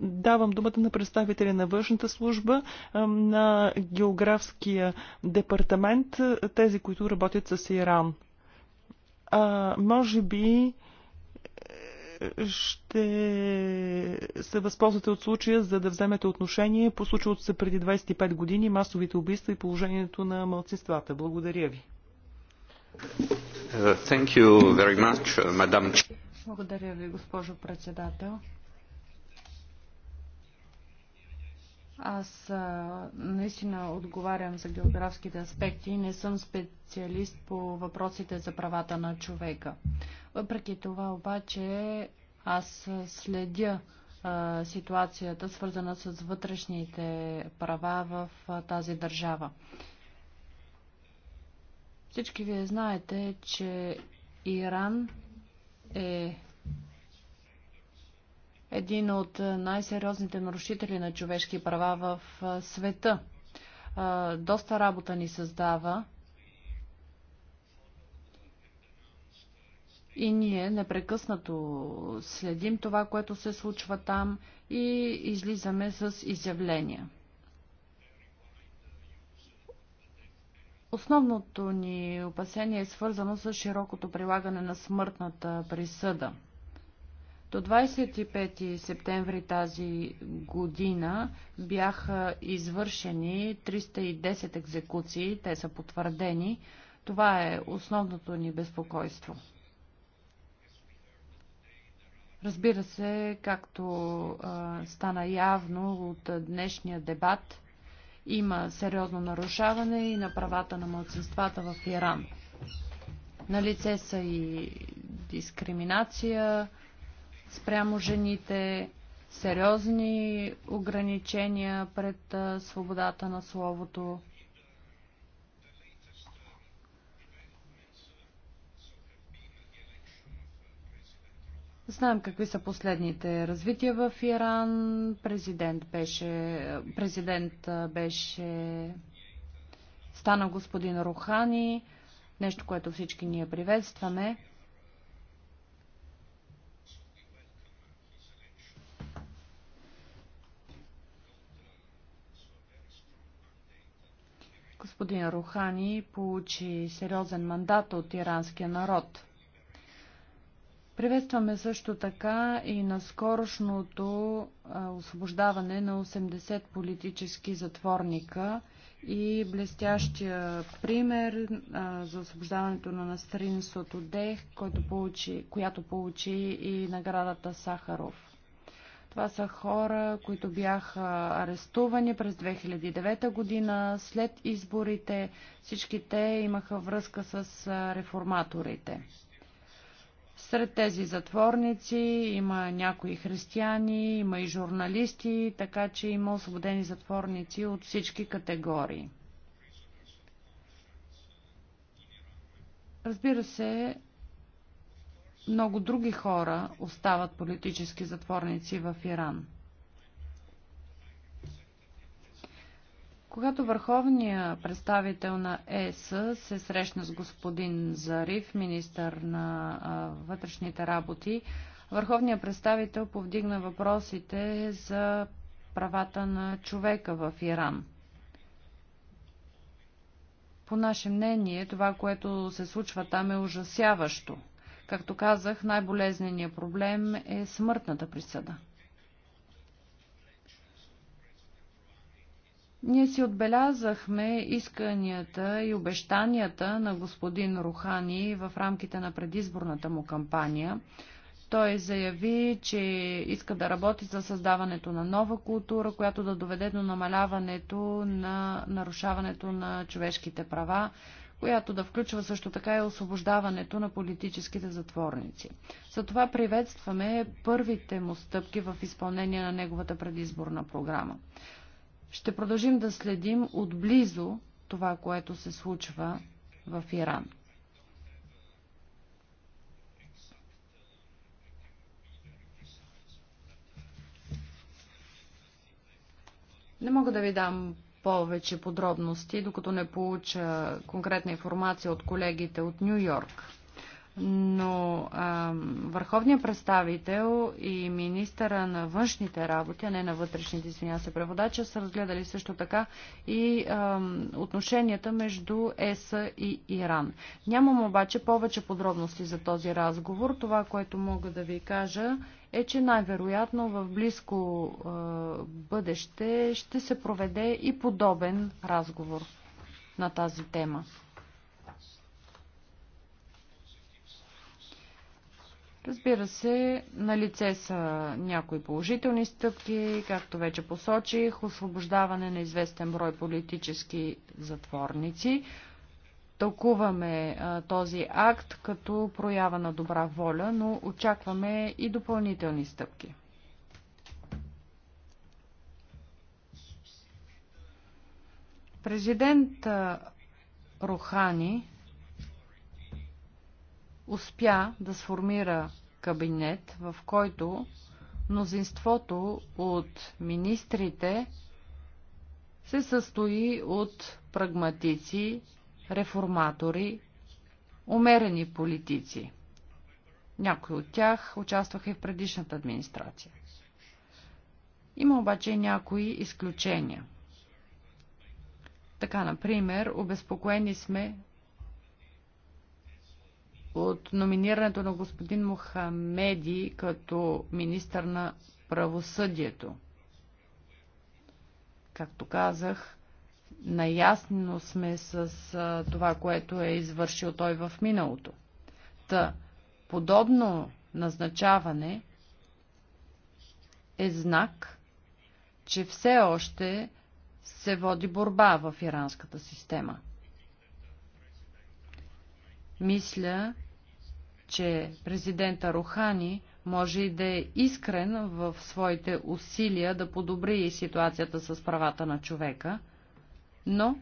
давам думата на представителя на външната служба, на географския департамент, тези, които работят с Иран. А, може би е, ще се възползвате от случая, за да вземете отношение по случилото се преди 25 години, масовите убийства и положението на малцинствата. Благодаря ви. Е, thank you very much, Благодаря ви, госпожо председател. Аз а, наистина отговарям за географските аспекти. Не съм специалист по въпросите за правата на човека. Въпреки това обаче аз следя а, ситуацията, свързана с вътрешните права в а, тази държава. Всички вие знаете, че Иран е един от най-сериозните нарушители на човешки права в света. Доста работа ни създава и ние непрекъснато следим това, което се случва там и излизаме с изявления. Основното ни опасение е свързано с широкото прилагане на смъртната присъда – до 25 септември тази година бяха извършени 310 екзекуции, те са потвърдени. Това е основното ни безпокойство. Разбира се, както а, стана явно от днешния дебат, има сериозно нарушаване и на правата на младсинствата в Иран. На лице са и дискриминация, спрямо жените, сериозни ограничения пред свободата на словото. Знаем какви са последните развития в Иран. Президент беше, президент беше стана господин Рухани, нещо, което всички ние приветстваме. господин Рухани получи сериозен мандат от иранския народ. Приветстваме също така и на скорошното освобождаване на 80 политически затворника и блестящия пример а, за освобождаването на Настрин Сотодех, който получи, която получи и наградата Сахаров. Това са хора, които бяха арестувани през 2009 година, след изборите. Всички те имаха връзка с реформаторите. Сред тези затворници има някои християни, има и журналисти, така че има освободени затворници от всички категории. Разбира се, много други хора остават политически затворници в Иран. Когато върховният представител на ЕС се срещна с господин Зариф, министър на вътрешните работи, върховният представител повдигна въпросите за правата на човека в Иран. По наше мнение, това, което се случва там е ужасяващо – Както казах, най-болезненият проблем е смъртната присъда. Ние си отбелязахме исканията и обещанията на господин Рухани в рамките на предизборната му кампания. Той заяви, че иска да работи за създаването на нова култура, която да доведе до намаляването на нарушаването на човешките права, която да включва също така и освобождаването на политическите затворници. Затова приветстваме първите му стъпки в изпълнение на неговата предизборна програма. Ще продължим да следим отблизо това, което се случва в Иран. Не мога да ви дам повече подробности, докато не получа конкретна информация от колегите от Нью Йорк но а, върховният представител и министъра на външните работи, а не на вътрешните, извиня се, преводача, са разгледали също така и а, отношенията между ЕС и Иран. Нямам обаче повече подробности за този разговор. Това, което мога да ви кажа е, че най-вероятно в близко а, бъдеще ще се проведе и подобен разговор на тази тема. Разбира се, на лице са някои положителни стъпки, както вече посочих, освобождаване на известен брой политически затворници. Тълкуваме а, този акт като проява на добра воля, но очакваме и допълнителни стъпки. Президент Рухани успя да сформира кабинет, в който мнозинството от министрите се състои от прагматици, реформатори, умерени политици. Някои от тях участваха и в предишната администрация. Има обаче и някои изключения. Така, например, обезпокоени сме от номинирането на господин Мохамеди като министър на правосъдието. Както казах, наясно сме с а, това, което е извършил той в миналото. Та, подобно назначаване е знак, че все още се води борба в иранската система. Мисля, че президента Рухани може и да е искрен в своите усилия да подобри ситуацията с правата на човека, но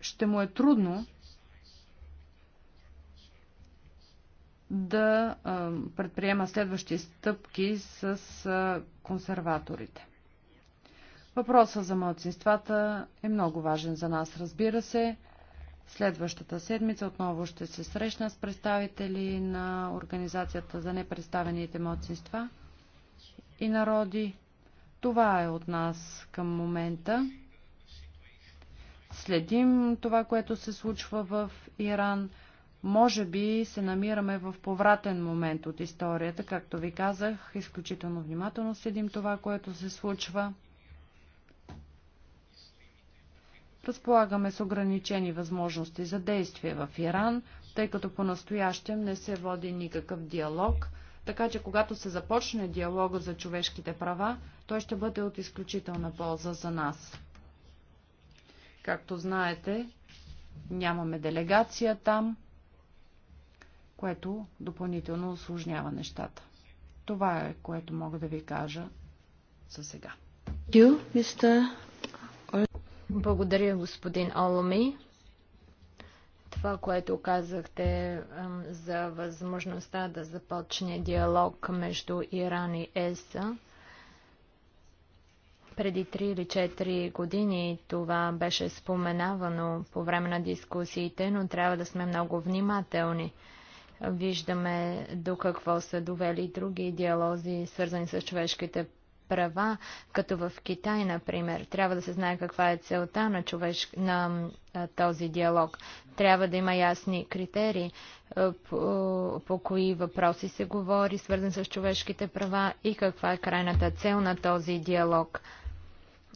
ще му е трудно да предприема следващи стъпки с консерваторите. Въпросът за младсинствата е много важен за нас, разбира се. Следващата седмица отново ще се срещна с представители на Организацията за непредставените младсинства и народи. Това е от нас към момента. Следим това, което се случва в Иран. Може би се намираме в повратен момент от историята. Както ви казах, изключително внимателно следим това, което се случва. Разполагаме с ограничени възможности за действие в Иран, тъй като по-настоящем не се води никакъв диалог, така че когато се започне диалога за човешките права, той ще бъде от изключителна полза за нас. Както знаете, нямаме делегация там, което допълнително осложнява нещата. Това е, което мога да ви кажа за сега. You, Mr. Благодаря, господин Оломи. Това, което казахте за възможността да започне диалог между Иран и ЕСА, преди 3 или 4 години това беше споменавано по време на дискусиите, но трябва да сме много внимателни. Виждаме до какво са довели други диалози, свързани с човешките права, като в Китай, например. Трябва да се знае каква е целта на, човеш... на този диалог. Трябва да има ясни критерии по, по кои въпроси се говори, свързан с човешките права и каква е крайната цел на този диалог.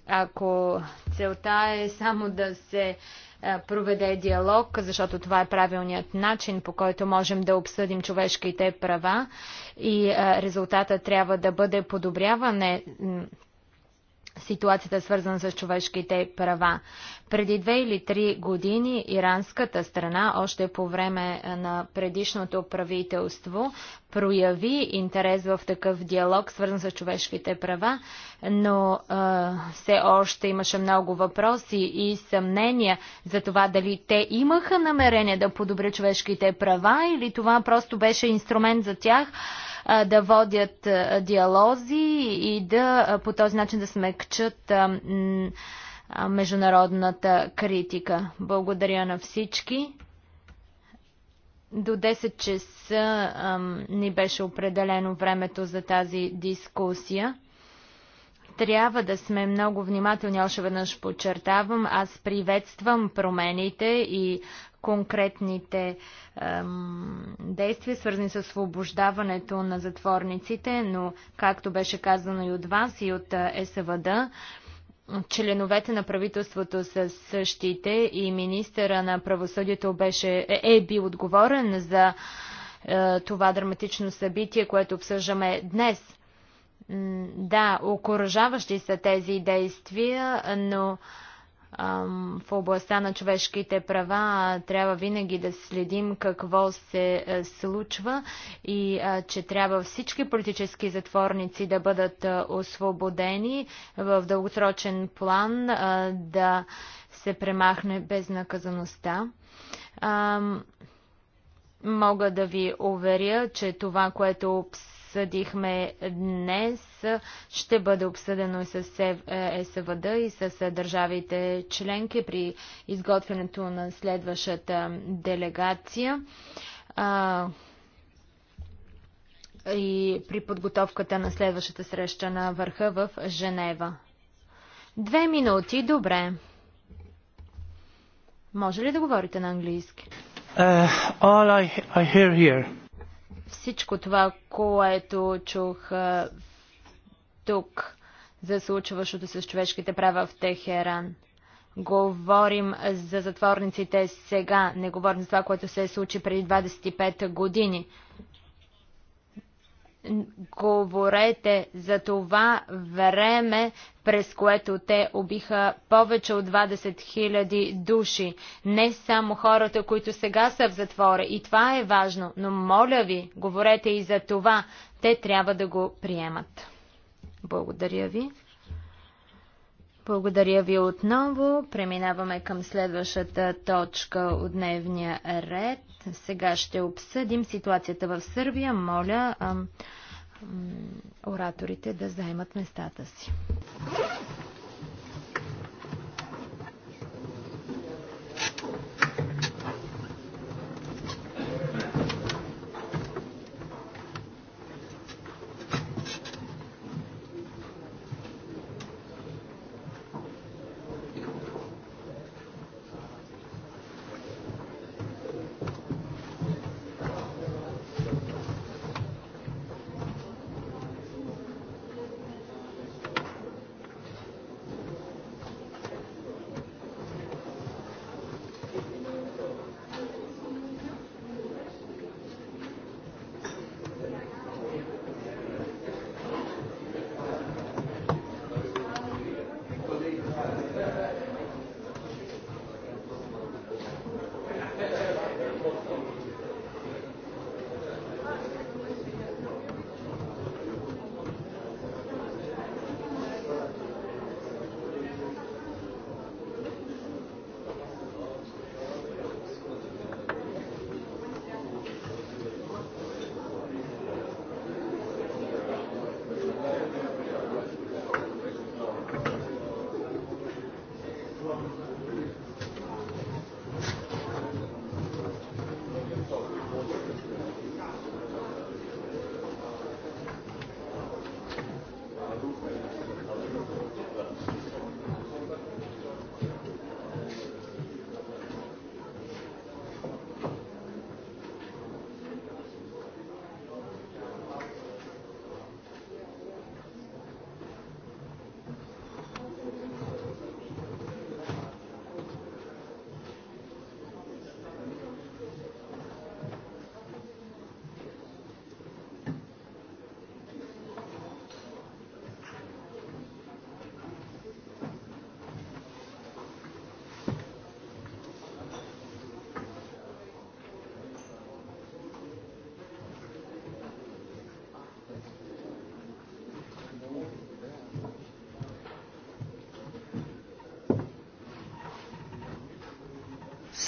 Ако целта е само да се е, проведе диалог, защото това е правилният начин, по който можем да обсъдим човешките права и е, резултата трябва да бъде подобряване ситуацията свързана с човешките права. Преди две или три години иранската страна, още по време е, на предишното правителство, прояви интерес в такъв диалог, свързан с човешките права, но а, е, все още имаше много въпроси и съмнения за това дали те имаха намерение да подобрят човешките права или това просто беше инструмент за тях да водят диалози и да по този начин да смекчат международната критика. Благодаря на всички. До 10 часа ни беше определено времето за тази дискусия трябва да сме много внимателни, още веднъж подчертавам. Аз приветствам промените и конкретните ем, действия, свързани с освобождаването на затворниците, но както беше казано и от вас и от СВД, членовете на правителството са същите и министъра на правосъдието беше, е, е бил отговорен за е, това драматично събитие, което обсъждаме днес. М да, окоръжаващи са тези действия, но е, в областта на човешките права трябва винаги да следим какво се е, случва и че трябва всички политически затворници да бъдат освободени в дългосрочен план да се премахне безнаказаността. Мога да ви уверя, че това, което обсъдихме днес, ще бъде обсъдено и с е, ЕСВД и с е, държавите членки при изготвянето на следващата делегация и при подготовката на следващата среща на върха в Женева. Две минути, добре. Може ли да говорите на английски? Uh, all I, I hear here всичко това, което чух тук за случващото с човешките права в Техеран. Говорим за затворниците сега, не говорим за това, което се е случи преди 25 години говорете за това време, през което те убиха повече от 20 000 души. Не само хората, които сега са в затвора. И това е важно. Но моля ви, говорете и за това. Те трябва да го приемат. Благодаря ви. Благодаря ви отново. Преминаваме към следващата точка от дневния ред. Сега ще обсъдим ситуацията в Сърбия. Моля ораторите да заемат местата си.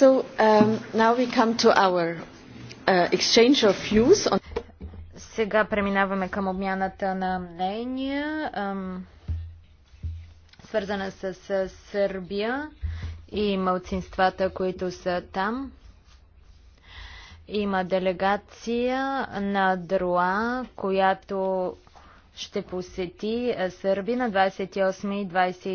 So um, now we come to our uh, exchange of views on сега преминаваме към обмяната на мнения, свързана с Сърбия и малцинствата, които са там. Има делегация на Друа, която ще посети Сърби на 28 и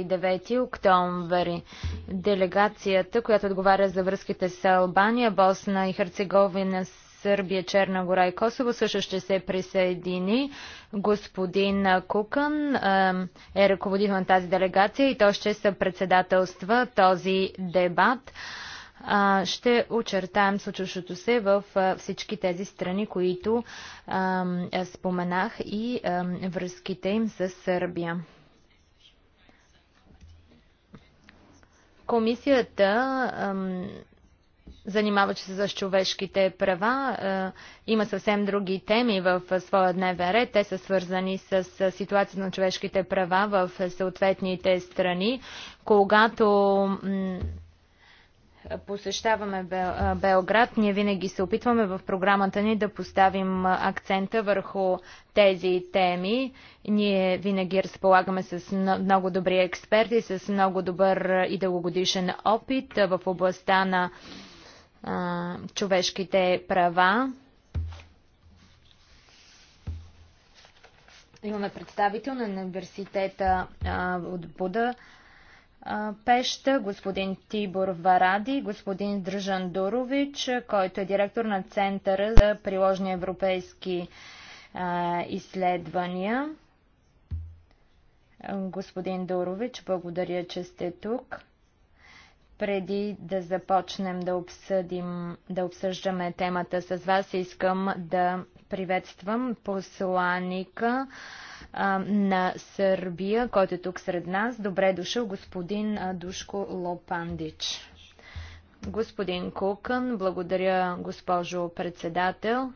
29 октомври делегацията, която отговаря за връзките с Албания, Босна и Херцеговина, Сърбия, Черна гора и Косово също ще се присъедини. Господин Кукан е ръководител на тази делегация и той ще председателства този дебат. Ще очертаем случващото се в всички тези страни, които споменах и връзките им с Сърбия. Комисията занимаваше се с човешките права. Има съвсем други теми в своя дневен ред. Те са свързани с ситуацията на човешките права в съответните страни. Когато посещаваме Белград, ние винаги се опитваме в програмата ни да поставим акцента върху тези теми. Ние винаги разполагаме с много добри експерти, с много добър и дългогодишен опит в областта на а, човешките права. Имаме представител на университета а, от Буда. Пеща, господин Тибор Варади, господин Дръжан Дурович, който е директор на Центъра за приложни европейски изследвания. Господин Дурович, благодаря, че сте тук. Преди да започнем да, обсъдим, да обсъждаме темата с вас, искам да приветствам посланика на Сърбия, който е тук сред нас. Добре дошъл господин Душко Лопандич. Господин Кукън, благодаря госпожо председател.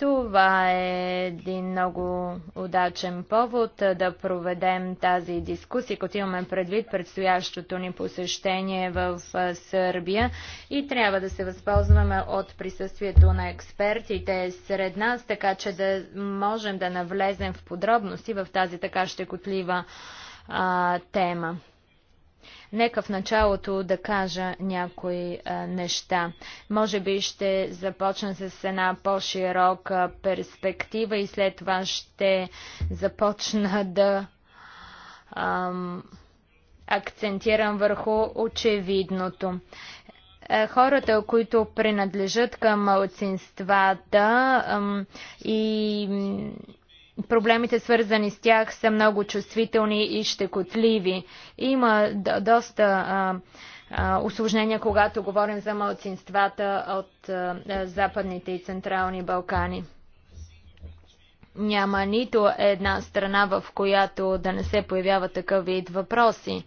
Това е един много удачен повод да проведем тази дискусия, като имаме предвид предстоящото ни посещение в Сърбия и трябва да се възползваме от присъствието на експертите сред нас, така че да можем да навлезем в подробности в тази така щекотлива а, тема. Нека в началото да кажа някои а, неща. Може би ще започна с една по-широка перспектива и след това ще започна да ам, акцентирам върху очевидното. Е, хората, които принадлежат към малцинствата ам, и проблемите свързани с тях са много чувствителни и щекотливи. Има доста а, а, осложнения, когато говорим за малцинствата от а, Западните и Централни Балкани. Няма нито една страна, в която да не се появява такъв вид въпроси.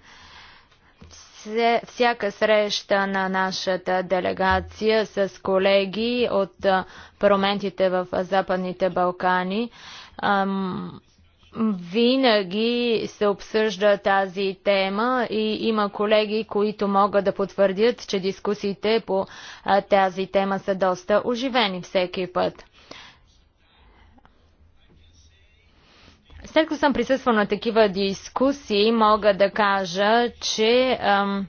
Всяка среща на нашата делегация с колеги от парламентите в Западните Балкани винаги се обсъжда тази тема и има колеги, които могат да потвърдят, че дискусиите по тази тема са доста оживени всеки път. След като съм присъствал на такива дискусии, мога да кажа, че ам,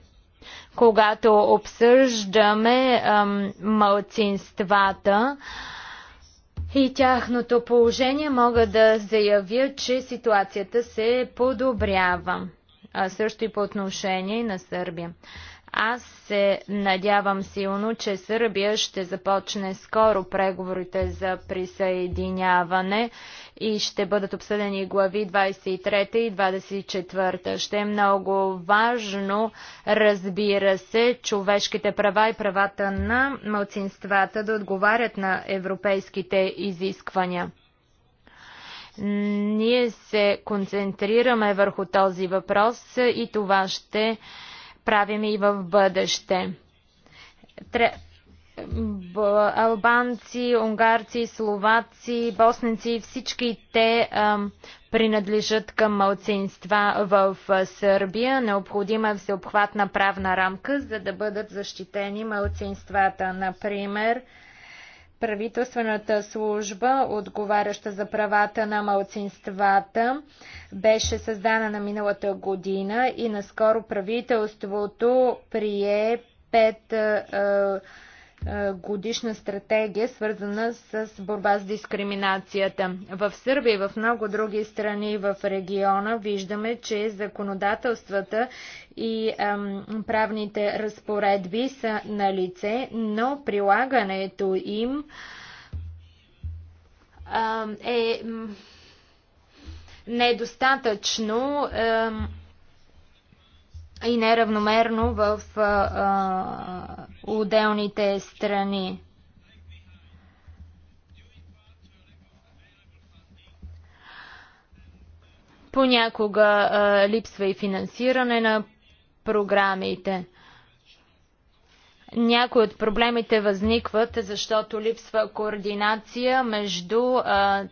когато обсъждаме ам, мълцинствата, ам, и тяхното положение, мога да заявя, че ситуацията се подобрява. А също и по отношение на Сърбия. Аз се надявам силно, че Сърбия ще започне скоро преговорите за присъединяване и ще бъдат обсъдени глави 23 и 24. Ще е много важно, разбира се, човешките права и правата на мълцинствата да отговарят на европейските изисквания. Ние се концентрираме върху този въпрос и това ще правим и в бъдеще. Тре... Албанци, унгарци, словаци, босници, всички те а, принадлежат към малцинства в Сърбия. Необходима е всеобхватна правна рамка, за да бъдат защитени малцинствата. Например, правителствената служба, отговаряща за правата на малцинствата, беше създана на миналата година и наскоро правителството прие пет е, е, годишна стратегия, свързана с борба с дискриминацията. В Сърбия и в много други страни в региона виждаме, че законодателствата и ам, правните разпоредби са на лице, но прилагането им ам, е недостатъчно. Ам, и неравномерно в а, отделните страни. Понякога а, липсва и финансиране на програмите. Някои от проблемите възникват, защото липсва координация между а,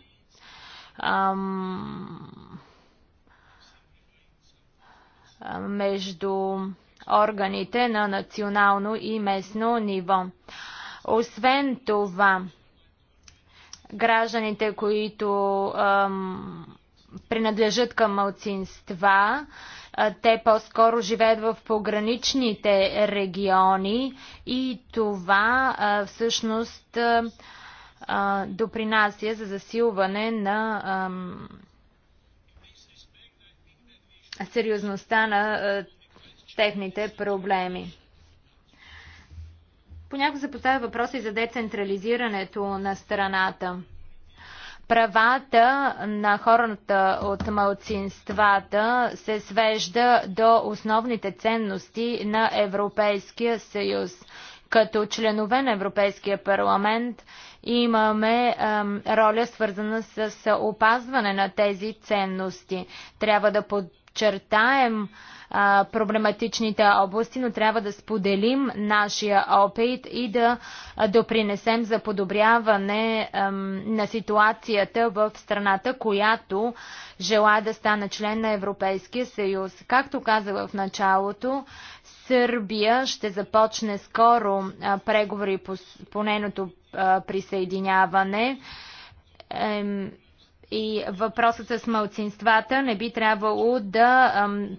ам, между органите на национално и местно ниво. Освен това, гражданите, които ам, принадлежат към мълцинства, те по-скоро живеят в пограничните региони и това а, всъщност а, допринася за засилване на сериозността на е, техните проблеми. Понякога се поставя въпроси за децентрализирането на страната. Правата на хората от малцинствата се свежда до основните ценности на Европейския съюз. Като членове на Европейския парламент имаме е, роля свързана с опазване на тези ценности. Трябва да под подчертаем а, проблематичните области, но трябва да споделим нашия опит и да допринесем за подобряване а, на ситуацията в страната, която желая да стане член на Европейския съюз. Както казах в началото, Сърбия ще започне скоро а, преговори по, по нейното присъединяване. Ем, и въпросът с мълцинствата не би трябвало да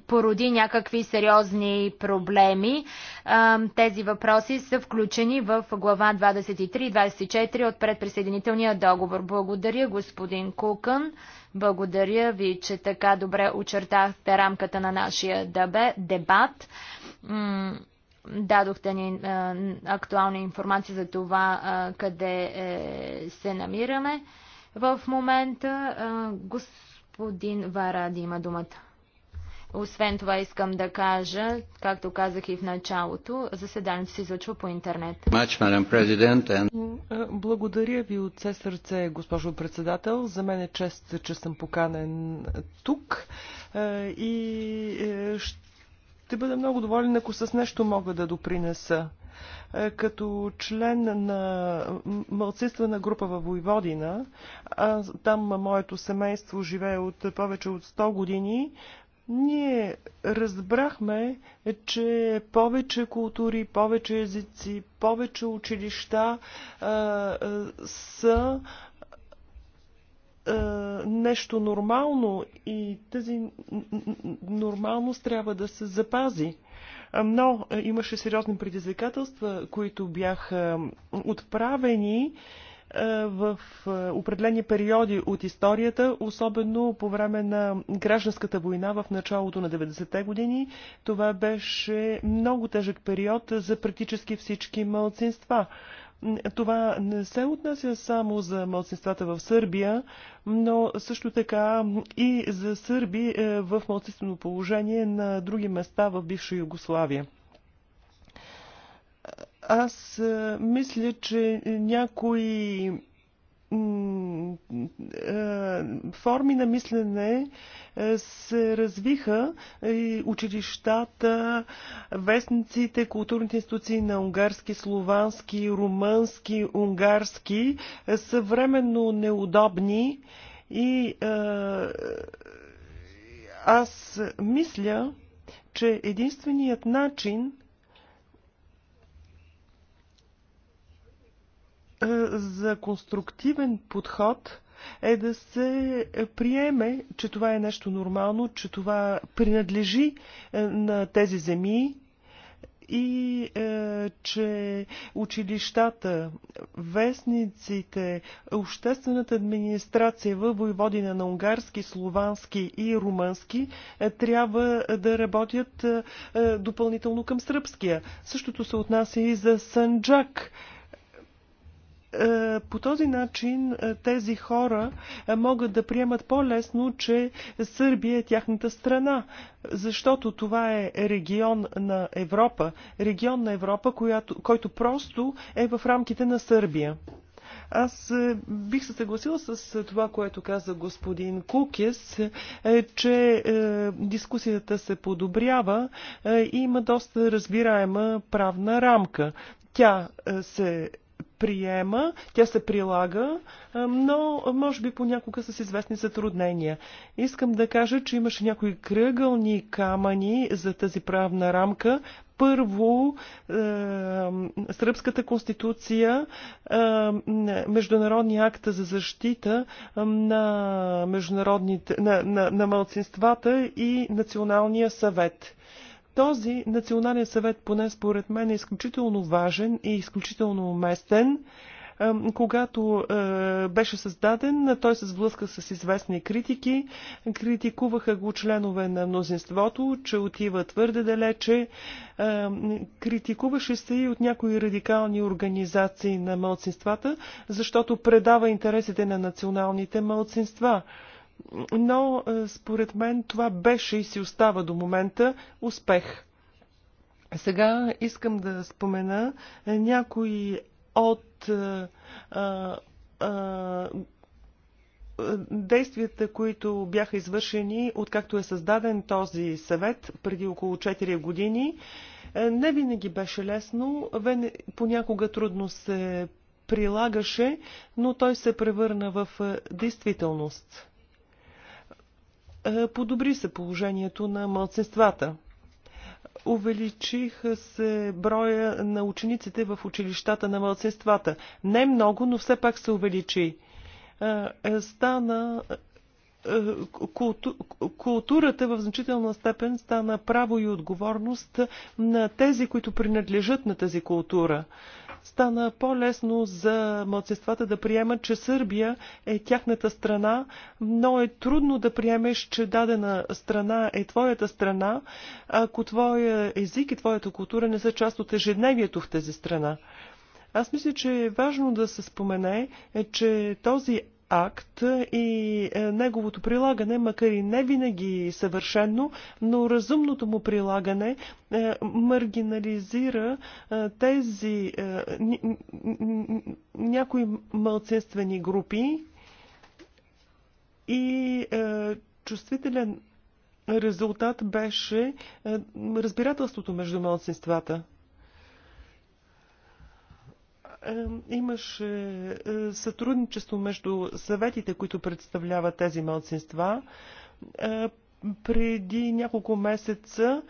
породи някакви сериозни проблеми. Тези въпроси са включени в глава 23 24 от предприсъединителния договор. Благодаря, господин Кукън. Благодаря ви, че така добре очертахте рамката на нашия дебат дадохте ни актуална информация за това къде е, се намираме. В момента господин Варади има думата. Освен това искам да кажа, както казах и в началото, заседанието се излъчва по интернет. Благодаря ви от все сърце, госпожо председател. За мен е чест, че съм поканен тук и е, ще бъда много доволен, ако с нещо мога да допринеса. Е, като член на мълцинствена група във Войводина. Там моето семейство живее от повече от 100 години. Ние разбрахме, че повече култури, повече езици, повече училища а, е, а, е, са нещо нормално и тази нормалност трябва да се запази но е, имаше сериозни предизвикателства, които бяха отправени е, в е, определени периоди от историята, особено по време на гражданската война в началото на 90-те години. Това беше много тежък период за практически всички малцинства. Това не се отнася само за младсинствата в Сърбия, но също така и за сърби е, в младсинствено положение на други места в бивша Югославия. Аз е, мисля, че някои е, форми на мислене е, се развиха е, и училищата, вестниците, културните институции на унгарски, словански, румънски, унгарски са временно неудобни и аз мисля, че единственият начин за конструктивен подход е да се приеме, че това е нещо нормално, че това принадлежи е, на тези земи и е, че училищата, вестниците, обществената администрация във войводина на унгарски, словански и румънски е, трябва да работят е, е допълнително към сръбския. Същото се отнася и за Санджак. Е, по този начин е, тези хора е, могат да приемат по-лесно, че Сърбия е тяхната страна, защото това е регион на Европа, регион на Европа, която, който просто е в рамките на Сърбия. Аз бих се съгласила с това, което каза господин Кукес, че дискусията се подобрява и има доста разбираема правна рамка. Тя се приема, тя се прилага, но може би понякога с известни затруднения. Искам да кажа, че имаше някои кръгълни камъни за тази правна рамка. Първо, е, Сръбската конституция, е, Международния акт за защита е, на, международните, на, на, на малцинствата и Националния съвет този национален съвет, поне според мен, е изключително важен и изключително уместен. Когато е, беше създаден, той се сблъска с известни критики. Критикуваха го членове на мнозинството, че отива твърде далече. Критикуваше се и от някои радикални организации на мълцинствата, защото предава интересите на националните мълцинства но е, според мен това беше и си остава до момента успех. Сега искам да спомена е, някои от а, е, а, действията, които бяха извършени, откакто е създаден този съвет преди около 4 години. Не винаги беше лесно, понякога трудно се прилагаше, но той се превърна в действителност. Е, подобри се положението на младсенствата. Увеличиха се броя на учениците в училищата на младсенствата. Не много, но все пак се увеличи. Е, е, стана културата в значителна степен стана право и отговорност на тези, които принадлежат на тази култура стана по-лесно за младсествата да приемат, че Сърбия е тяхната страна, но е трудно да приемеш, че дадена страна е твоята страна, ако твоя език и твоята култура не са част от ежедневието в тази страна. Аз мисля, че е важно да се спомене, е, че този акт и е, неговото прилагане, макар и не винаги съвършено, но разумното му прилагане е, маргинализира е, тези някои малцинствени групи и чувствителен резултат беше разбирателството между мълцинствата. Е, имаше е, сътрудничество между съветите, които представляват тези малцинства. Е, преди няколко месеца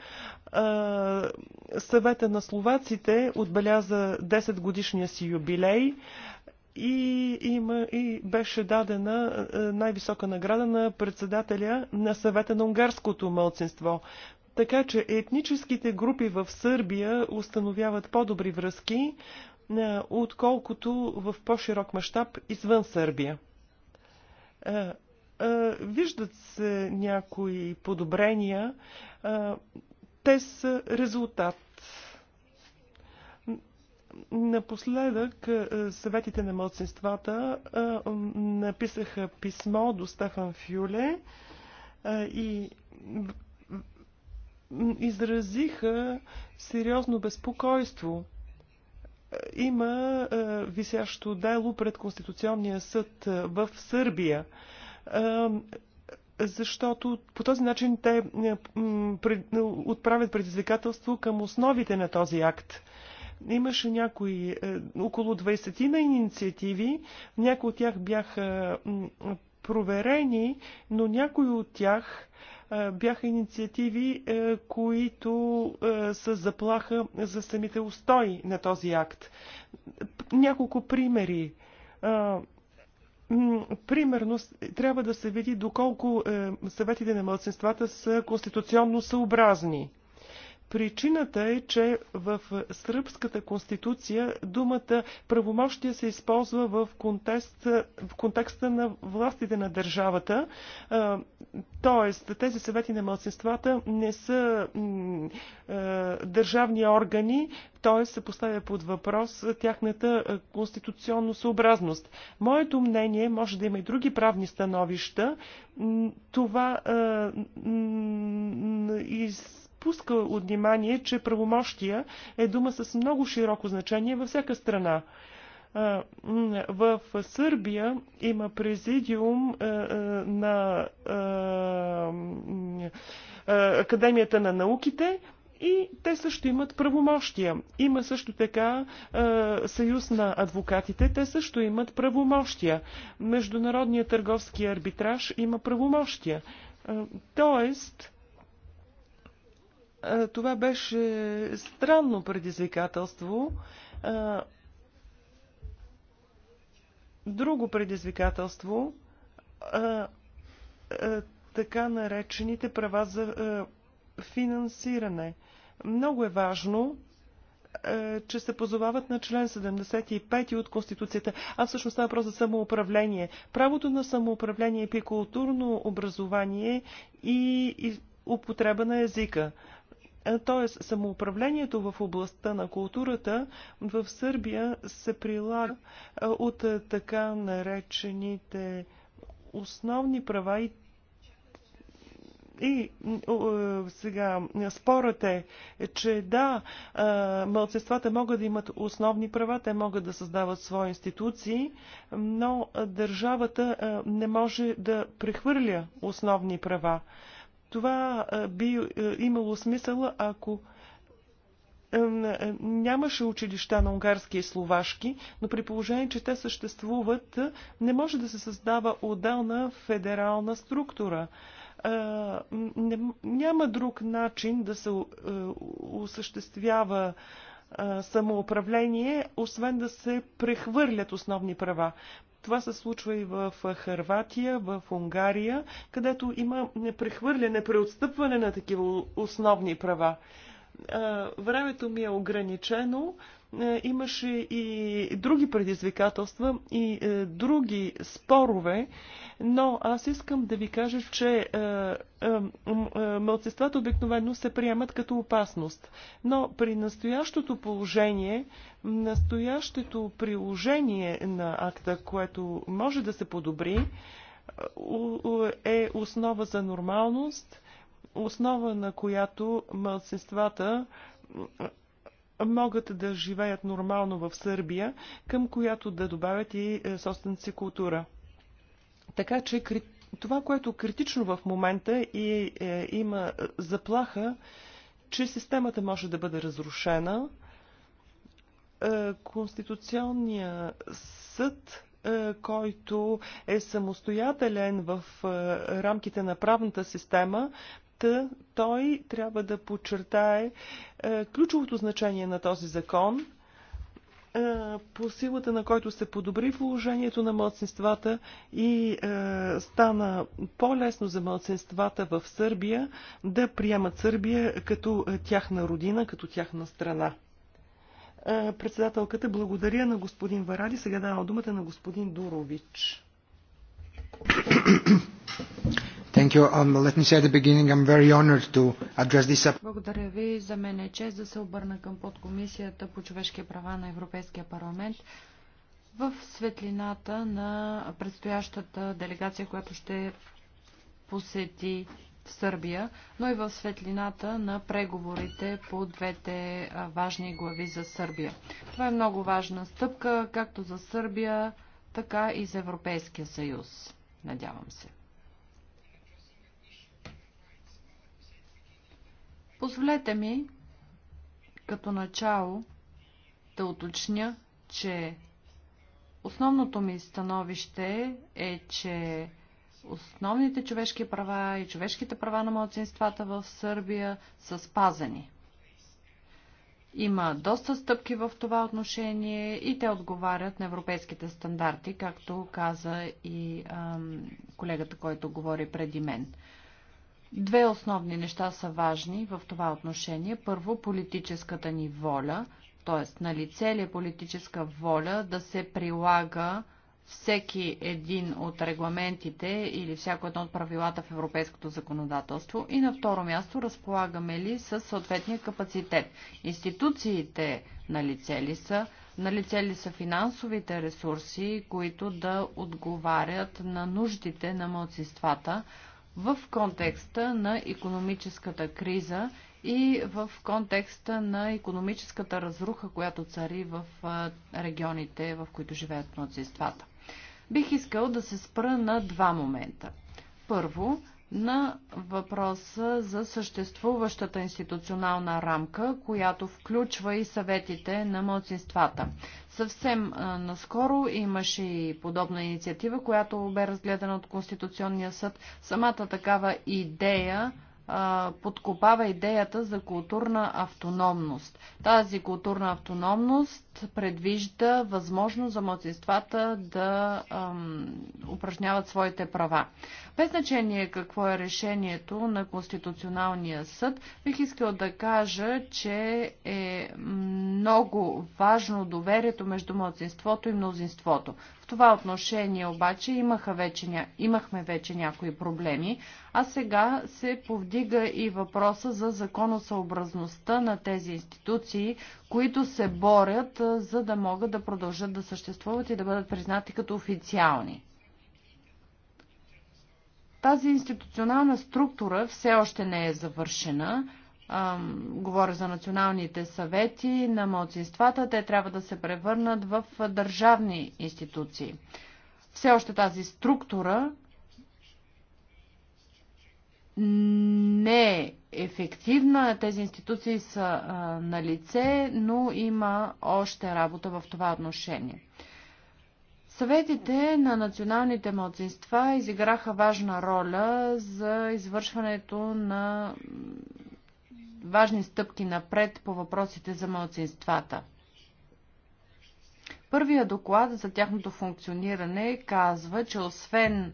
съвета на словаците отбеляза 10 годишния си юбилей и, има, и беше дадена най-висока награда на председателя на съвета на унгарското мълцинство. Така че етническите групи в Сърбия установяват по-добри връзки, е, отколкото в по-широк мащаб извън Сърбия. Е, е, виждат се някои подобрения. Те са резултат. Напоследък съветите на младсинствата написаха писмо до Стефан Фюле и изразиха сериозно безпокойство има е, висящо дело пред Конституционния съд е, в Сърбия е, защото по този начин те отправят предизвикателство към основите на този акт. Имаше някои, около 20 на инициативи, някои от тях бяха проверени, но някои от тях бяха инициативи, които са заплаха за самите устои на този акт. Няколко примери. Примерно, трябва да се види доколко съветите на младсинствата са конституционно съобразни. Причината е, че в сръбската конституция думата правомощия се използва в, контест, в контекста на властите на държавата. Тоест, тези съвети на младсинствата не са държавни органи, т.е. се поставя под въпрос тяхната конституционно съобразност. Моето мнение, може да има и други правни становища, това из изпуска от внимание, че правомощия е дума с много широко значение във всяка страна. В Сърбия има президиум на Академията на науките, и те също имат правомощия. Има също така съюз на адвокатите, те също имат правомощия. Международният търговски арбитраж има правомощия. Е, тоест, е, това беше странно предизвикателство. Е, друго предизвикателство е, така наречените права за финансиране. Много е важно че се позовават на член 75 от Конституцията. А всъщност става въпрос за самоуправление. Правото на самоуправление при културно образование и употреба на езика т.е. самоуправлението в областта на културата в Сърбия се прилага е, от е, така наречените основни права и и е, сега спорът е, че да, мълцинствата могат да имат основни права, те могат да създават свои институции, но държавата не може да прехвърля основни права. Това би имало смисъл, ако нямаше училища на унгарски и словашки, но при положение, че те съществуват, не може да се създава отделна федерална структура. Няма друг начин да се осъществява самоуправление, освен да се прехвърлят основни права. Това се случва и в Харватия, в Унгария, където има прехвърляне, преотстъпване на такива основни права. Времето ми е ограничено. Е, имаше и други предизвикателства и е, други спорове, но аз искам да ви кажа, че е, мълцинствата обикновено се приемат като опасност. Но при настоящото положение, настоящето приложение на акта, което може да се подобри, е основа за нормалност, основа на която мълцинствата могат да живеят нормално в Сърбия, към която да добавят и е, собствената си култура. Така че това, което е критично в момента и е, има е, заплаха, че системата може да бъде разрушена, е, Конституционният съд който е самостоятелен в рамките на правната система, Та той трябва да подчертае е, ключовото значение на този закон, е, по силата на който се подобри положението на младсинствата и е, стана по-лесно за младсинствата в Сърбия да приемат Сърбия като е, тяхна родина, като тяхна страна. Е, председателката благодаря на господин Варади. Сега давам думата на господин Дурович. Um, Благодаря ви. За мен е чест да се обърна към подкомисията по човешки права на Европейския парламент в светлината на предстоящата делегация, която ще посети в Сърбия, но и в светлината на преговорите по двете важни глави за Сърбия. Това е много важна стъпка, както за Сърбия, така и за Европейския съюз. Надявам се. Позволете ми като начало да уточня, че основното ми становище е, че основните човешки права и човешките права на младсинствата в Сърбия са спазени. Има доста стъпки в това отношение и те отговарят на европейските стандарти, както каза и ам, колегата, който говори преди мен. Две основни неща са важни в това отношение. Първо, политическата ни воля, т.е. на лице ли е политическа воля да се прилага всеки един от регламентите или всяко едно от правилата в европейското законодателство и на второ място разполагаме ли с съответния капацитет. Институциите на лице ли са, на лице ли са финансовите ресурси, които да отговарят на нуждите на младсинствата, в контекста на економическата криза и в контекста на економическата разруха, която цари в регионите, в които живеят младсинствата. Бих искал да се спра на два момента. Първо, на въпроса за съществуващата институционална рамка, която включва и съветите на младсинствата. Съвсем а, наскоро имаше и подобна инициатива, която бе разгледана от Конституционния съд. Самата такава идея подкопава идеята за културна автономност. Тази културна автономност предвижда възможност за младсинствата да ам, упражняват своите права. Без значение какво е решението на Конституционалния съд, бих искал да кажа, че е много важно доверието между младсинството и мнозинството това отношение обаче имаха вече, имахме вече някои проблеми, а сега се повдига и въпроса за законосъобразността на тези институции, които се борят за да могат да продължат да съществуват и да бъдат признати като официални. Тази институционална структура все още не е завършена, говоря за националните съвети на младсинствата, те трябва да се превърнат в държавни институции. Все още тази структура не е ефективна. Тези институции са а, на лице, но има още работа в това отношение. Съветите на националните младсинства изиграха важна роля за извършването на важни стъпки напред по въпросите за мълцинствата. Първия доклад за тяхното функциониране казва, че освен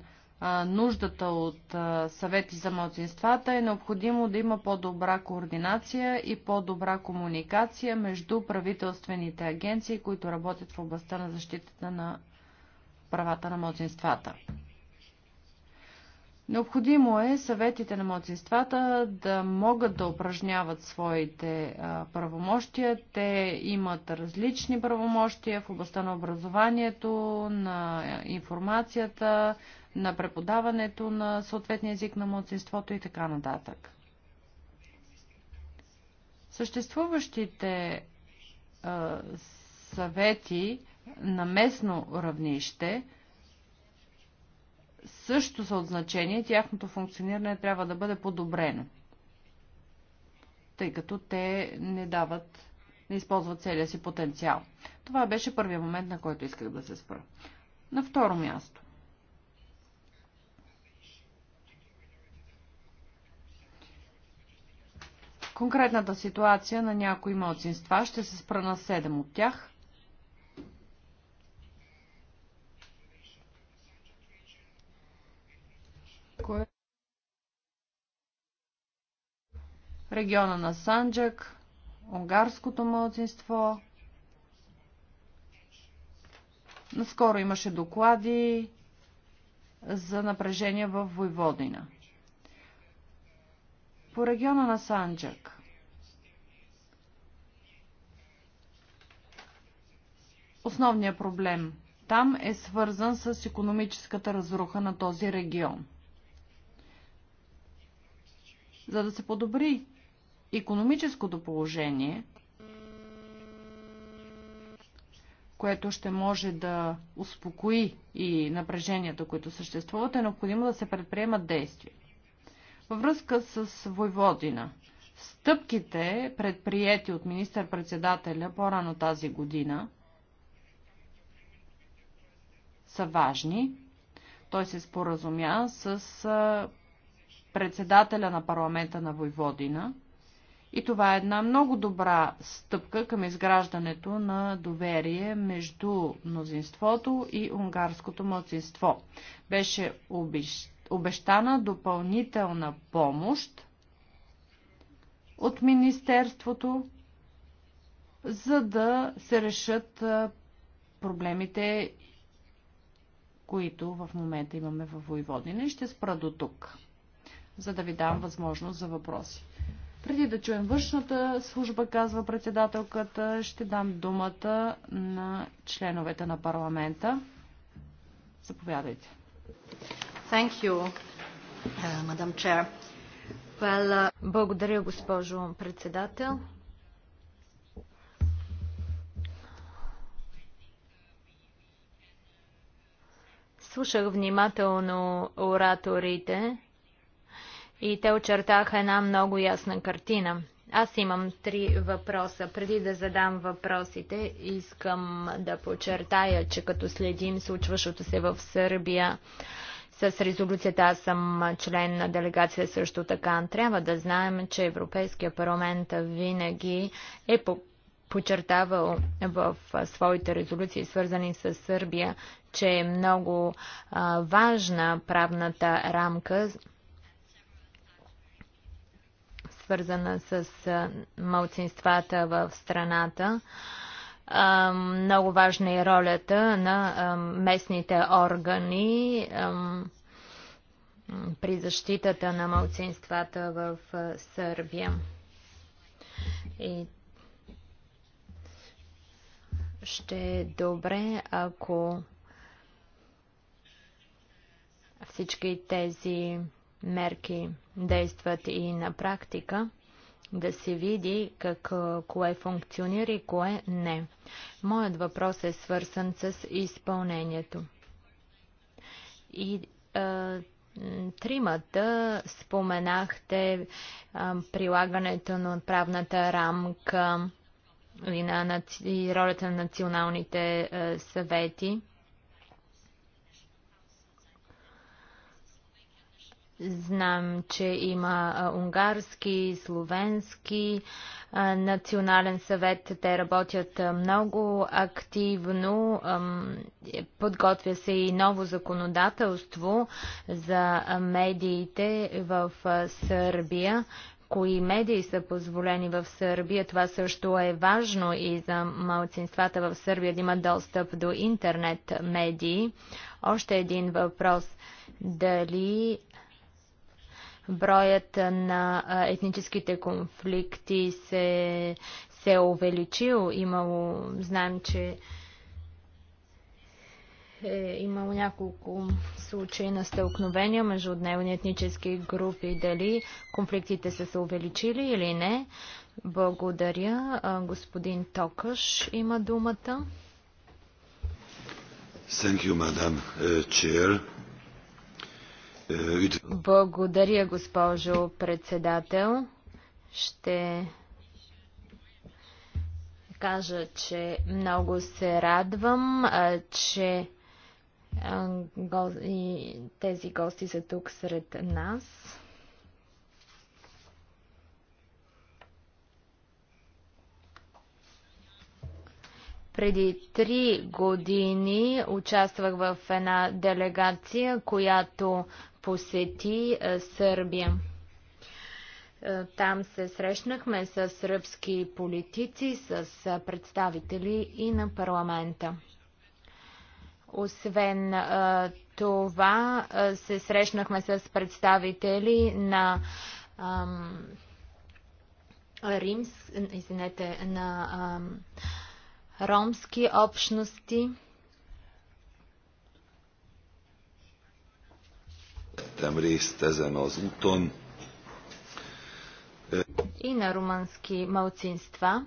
нуждата от съвети за младсинствата е необходимо да има по-добра координация и по-добра комуникация между правителствените агенции, които работят в областта на защитата на правата на младсинствата. Необходимо е съветите на младсинствата да могат да упражняват своите правомощия. Те имат различни правомощия в областта на образованието, на информацията, на преподаването на съответния език на младсинството и така нататък. Съществуващите съвети на местно равнище – също са от значение, тяхното функциониране трябва да бъде подобрено, тъй като те не дават, не използват целия си потенциал. Това беше първият момент, на който исках да се спра. На второ място. Конкретната ситуация на някои малцинства ще се спра на 7 от тях – региона на Санджак, унгарското младсинство. Наскоро имаше доклади за напрежение в Войводина. По региона на Санджак – Основният проблем там е свързан с економическата разруха на този регион. За да се подобри економическото положение, което ще може да успокои и напреженията, които съществуват, е необходимо да се предприемат действия. Във връзка с Войводина, стъпките, предприяти от министър-председателя по-рано тази година, са важни. Той се споразумя с председателя на парламента на Войводина – и това е една много добра стъпка към изграждането на доверие между мнозинството и унгарското младсинство. Беше обещана допълнителна помощ от Министерството, за да се решат проблемите, които в момента имаме във Войводина. И ще спра до тук, за да ви дам възможност за въпроси. Преди да чуем външната служба, казва председателката, ще дам думата на членовете на парламента. Заповядайте. Thank you, uh, Madam Chair. Well, uh... Благодаря, госпожо председател. Слушах внимателно ораторите и те очертаха една много ясна картина. Аз имам три въпроса. Преди да задам въпросите, искам да подчертая, че като следим случващото се в Сърбия с резолюцията, аз съм член на делегация също така. Трябва да знаем, че Европейския парламент винаги е по почертавал в своите резолюции, свързани с Сърбия, че е много а, важна правната рамка свързана с малцинствата в страната. Много важна е ролята на местните органи при защитата на малцинствата в Сърбия. И ще е добре, ако всички тези мерки действат и на практика, да се види как, кое функционира и кое не. Моят въпрос е свързан с изпълнението. И а, тримата споменахте а, прилагането на правната рамка и, на, и ролята на националните а, съвети. Знам, че има унгарски, словенски национален съвет. Те работят много активно. Подготвя се и ново законодателство за медиите в Сърбия. Кои медии са позволени в Сърбия? Това също е важно и за малцинствата в Сърбия да имат достъп до интернет медии. Още един въпрос. Дали Броят на етническите конфликти се, се е увеличил. Имало, знаем, че е имало няколко случаи на стълкновения между дневни етнически групи. Дали конфликтите са се увеличили или не? Благодаря. Господин Токаш има думата. Thank you, Madam uh, Chair. Е, Благодаря, госпожо председател. Ще кажа, че много се радвам, че тези гости са тук сред нас. Преди три години участвах в една делегация, която посети Сърбия. Там се срещнахме с сръбски политици, с представители и на парламента. Освен това, се срещнахме с представители на ам, Римс, извинете, на ам, ромски общности. vettem részt ezen az úton. И на румънски малцинства.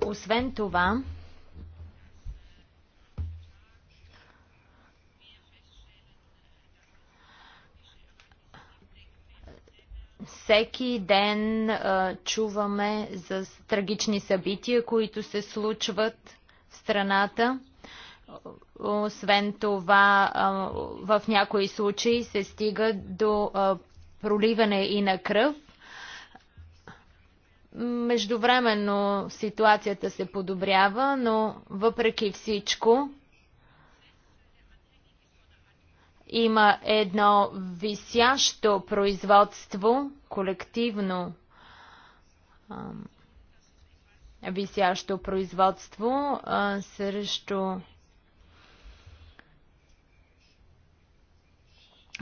Освен това, всеки ден а, е, чуваме за трагични събития, които се случват в страната. Освен това, в някои случаи се стига до проливане и на кръв. Междувременно ситуацията се подобрява, но въпреки всичко има едно висящо производство, колективно висящо производство срещу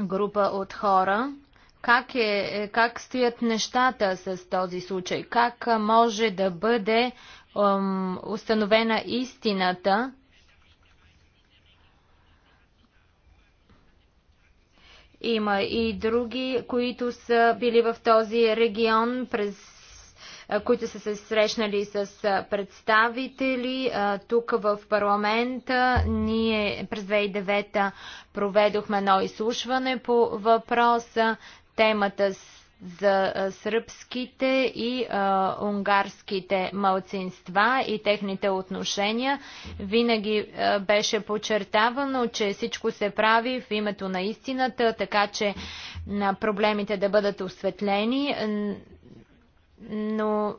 група от хора. Как, е, е, как стоят нещата с този случай? Как може да бъде ом, установена истината? Има и други, които са били в този регион през които са се срещнали с представители. Тук в парламента ние през 2009 проведохме едно изслушване по въпроса. Темата за сръбските и а, унгарските малцинства и техните отношения. Винаги а, беше подчертавано, че всичко се прави в името на истината, така че на проблемите да бъдат осветлени но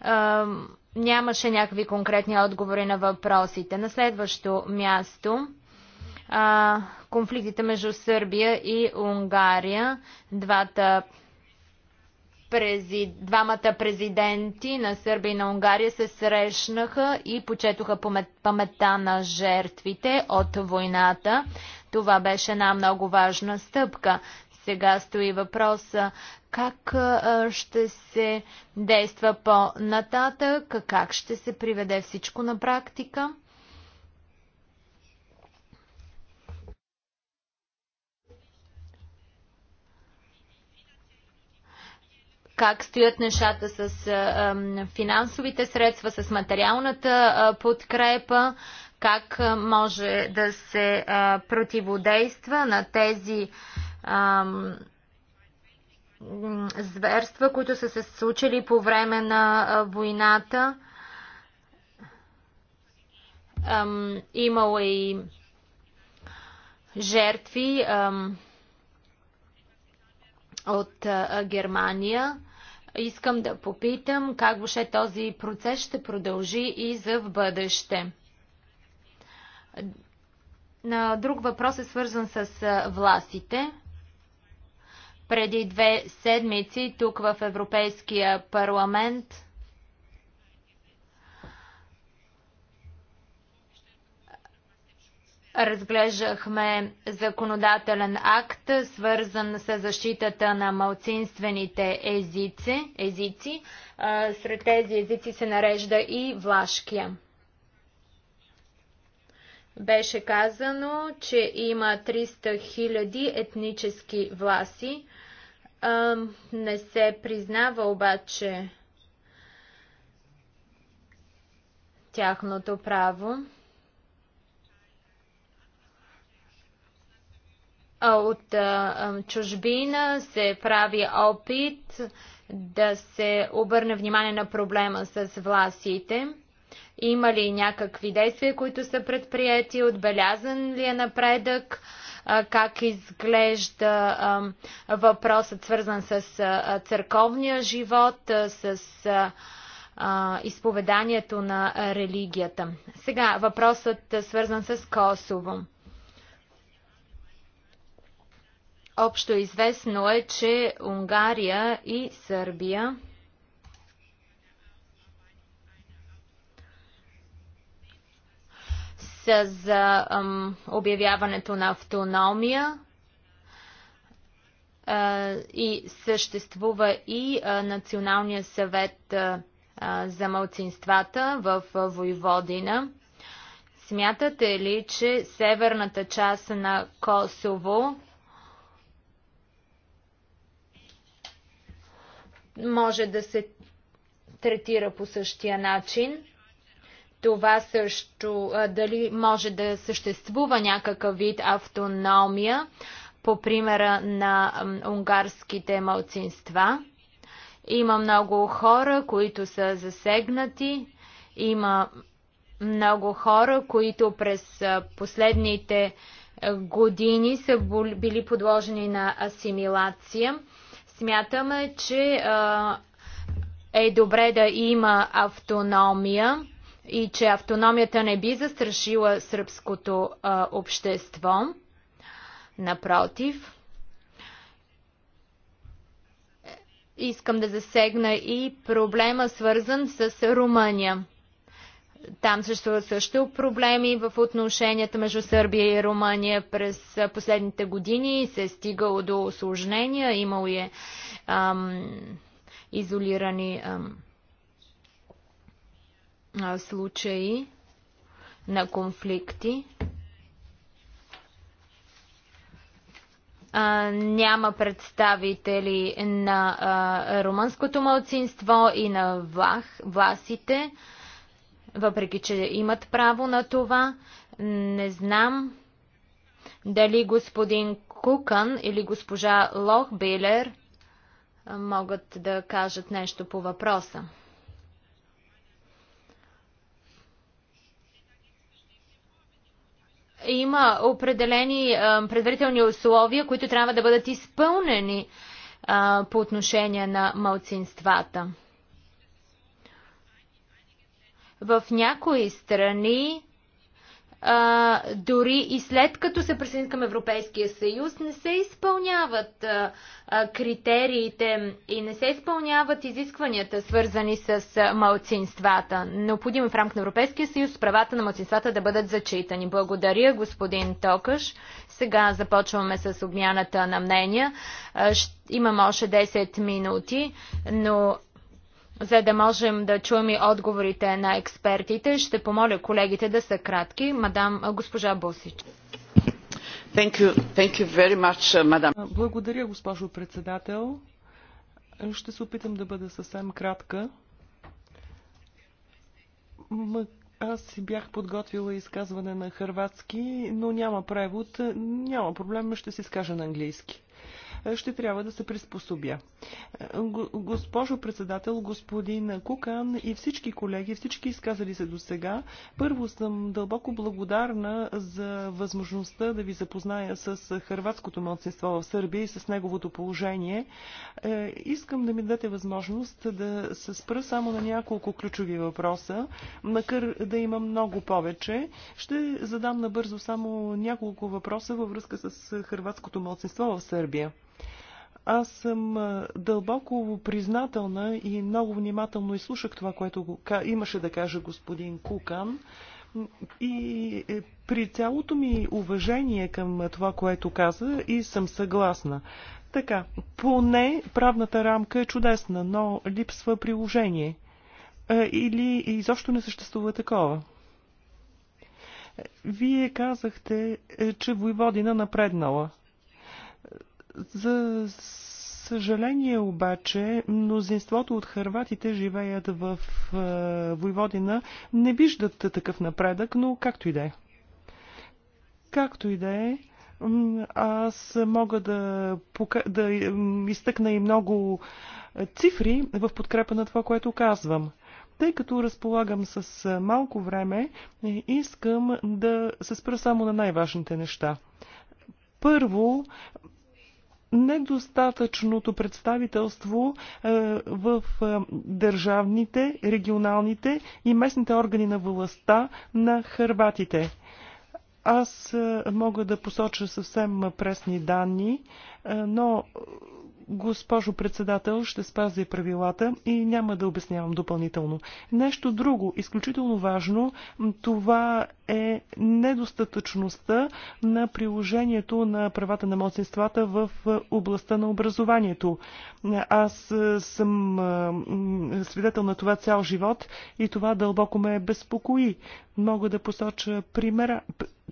а, нямаше някакви конкретни отговори на въпросите. На следващо място а, конфликтите между Сърбия и Унгария, двата прези... двамата президенти на Сърбия и на Унгария се срещнаха и почетоха памет... паметта на жертвите от войната. Това беше една много важна стъпка. Сега стои въпроса как ще се действа по-нататък, как ще се приведе всичко на практика. как стоят нещата с финансовите средства, с материалната подкрепа, как може да се противодейства на тези зверства, които са се случили по време на войната. Имало е и жертви от Германия. Искам да попитам как въобще този процес ще продължи и за в бъдеще. Друг въпрос е свързан с властите. Преди две седмици тук в Европейския парламент разглеждахме законодателен акт, свързан с защитата на малцинствените езици. езици. Сред тези езици се нарежда и влашкия. Беше казано, че има 300 000 етнически власи, а, не се признава обаче тяхното право. От а, чужбина се прави опит да се обърне внимание на проблема с властите. Има ли някакви действия, които са предприяти? Отбелязан ли е напредък? Как изглежда въпросът, свързан с църковния живот, с изповеданието на религията? Сега въпросът, свързан с Косово. Общо известно е, че Унгария и Сърбия за ам, обявяването на автономия а, и съществува и а, Националния съвет а, за малцинствата в Войводина. Смятате ли, че северната част на Косово може да се третира по същия начин? това също дали може да съществува някакъв вид автономия по примера на унгарските малцинства. Има много хора, които са засегнати. Има много хора, които през последните години са били подложени на асимилация. Смятаме, че е добре да има автономия и че автономията не би застрашила сръбското а, общество. Напротив, искам да засегна и проблема, свързан с Румъния. Там също, също проблеми в отношенията между Сърбия и Румъния през последните години. Се е стигало до осложнения, имало е ам, изолирани ам, случаи на конфликти. няма представители на а, румънското малцинство и на влах, власите, въпреки че имат право на това. Не знам дали господин Кукън или госпожа Лохбилер могат да кажат нещо по въпроса. има определени е, предварителни условия, които трябва да бъдат изпълнени е, по отношение на малцинствата. В някои страни а, дори и след като се присъединят към Европейския съюз, не се изпълняват а, а, критериите и не се изпълняват изискванията, свързани с малцинствата. Необходимо е в рамките на Европейския съюз правата на малцинствата да бъдат зачитани. Благодаря, господин Токаш. Сега започваме с обмяната на мнения. Имам още 10 минути, но за да можем да чуем и отговорите на експертите, ще помоля колегите да са кратки. Мадам госпожа Босич. Thank you. Thank you very much, uh, madam. Благодаря, госпожо председател. Ще се опитам да бъда съвсем кратка. Аз си бях подготвила изказване на хърватски, но няма превод. Няма проблем, ще се изкажа на английски ще трябва да се приспособя. Е, госпожо председател, господин Кукан и всички колеги, всички изказали се до сега, първо съм дълбоко благодарна за възможността да ви запозная с хрватското младсинство в Сърбия и с неговото положение. Е, искам да ми дадете възможност да се спра само на няколко ключови въпроса, макар да имам много повече. Ще задам набързо само няколко въпроса във връзка с хрватското младсинство в Сърбия. Аз съм дълбоко признателна и много внимателно изслушах това, което имаше да каже господин Кукан. И е, при цялото ми уважение към това, което каза, и съм съгласна. Така, поне правната рамка е чудесна, но липсва приложение. Или изобщо не съществува такова. Вие казахте, е, че войводина напреднала – за съжаление обаче, мнозинството от харватите живеят в е, Войводина, не виждат такъв напредък, но както и да е. Както и да е, аз мога да, да изтъкна и много цифри в подкрепа на това, което казвам. Тъй като разполагам с малко време, е, искам да се спра само на най-важните неща. Първо, недостатъчното представителство е, в е, държавните, регионалните и местните органи на властта на хърватите. Аз е, мога да посоча съвсем пресни данни, но Госпожо председател, ще спазя правилата и няма да обяснявам допълнително. Нещо друго, изключително важно, това е недостатъчността на приложението на правата на младсинствата в областта на образованието. Аз съм свидетел на това цял живот и това дълбоко ме безпокои. Мога да посоча примера,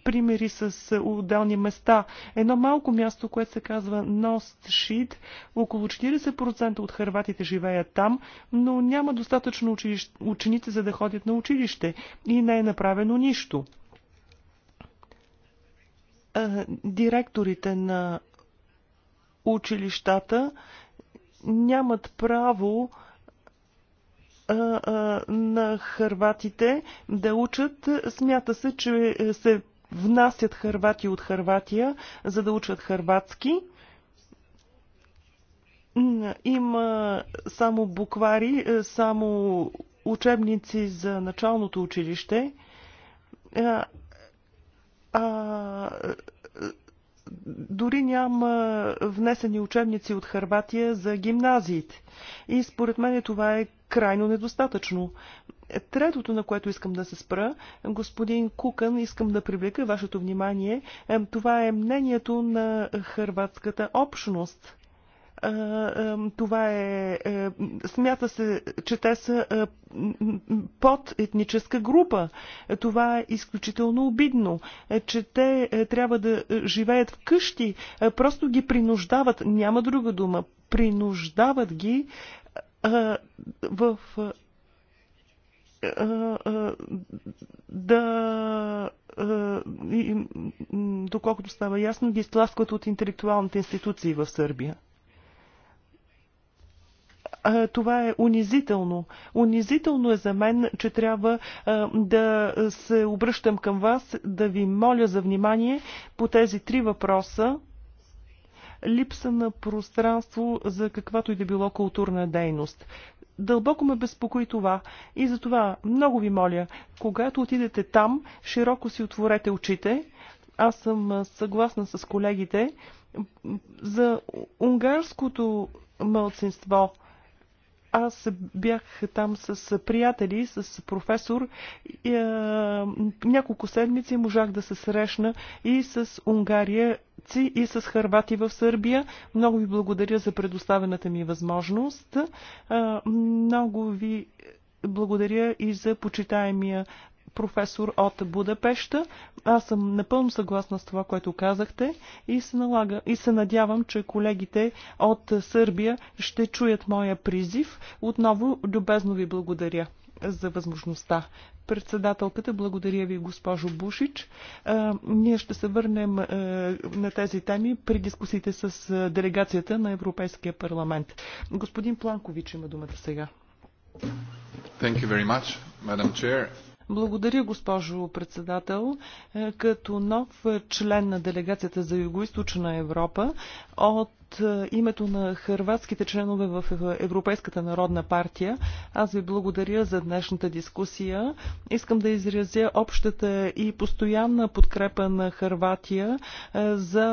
примери с е, отделни места. Едно малко място, което се казва Ност Шид, около 40% от харватите живеят там, но няма достатъчно училищ... ученици за да ходят на училище и не е направено нищо. Е, директорите на училищата нямат право е, на харватите да учат. Смята се, че се внасят хървати от Харватия, за да учат хърватски. Има само буквари, само учебници за началното училище. А, а, дори няма внесени учебници от Харватия за гимназиите. И според мен това е крайно недостатъчно. Третото, на което искам да се спра, господин Кукън, искам да привлека вашето внимание. Това е мнението на хърватската общност е, това е, е, смята се, че те са е, под етническа група. Това е изключително обидно, че те трябва да живеят в къщи, просто ги принуждават, няма друга дума, принуждават ги в да доколкото става ясно, ги изтласкват от интелектуалните институции в Сърбия. Това е унизително. Унизително е за мен, че трябва да се обръщам към вас, да ви моля за внимание по тези три въпроса липса на пространство за каквато и да било културна дейност. Дълбоко ме безпокои това и затова много ви моля, когато отидете там, широко си отворете очите. Аз съм съгласна с колегите за унгарското мълцинство – аз бях там с приятели, с професор. И, а, е, няколко седмици можах да се срещна и с Унгария Ци и с Харвати в Сърбия. Много ви благодаря за предоставената ми възможност. А, е, много ви благодаря и за почитаемия професор от Будапешта. Аз съм напълно съгласна с това, което казахте и се, налага, и се надявам, че колегите от Сърбия ще чуят моя призив. Отново любезно ви благодаря за възможността. Председателката, благодаря ви, госпожо Бушич. А, ние ще се върнем а, на тези теми при дискусиите с а, делегацията на Европейския парламент. Господин Планкович има думата сега. Thank you very much, Madam Chair. Благодаря, госпожо председател. Е, като нов член на делегацията за Юго-Источна Европа от от е, името на хърватските членове в Европейската народна партия. Аз ви благодаря за днешната дискусия. Искам да изразя общата и постоянна подкрепа на Хърватия е, за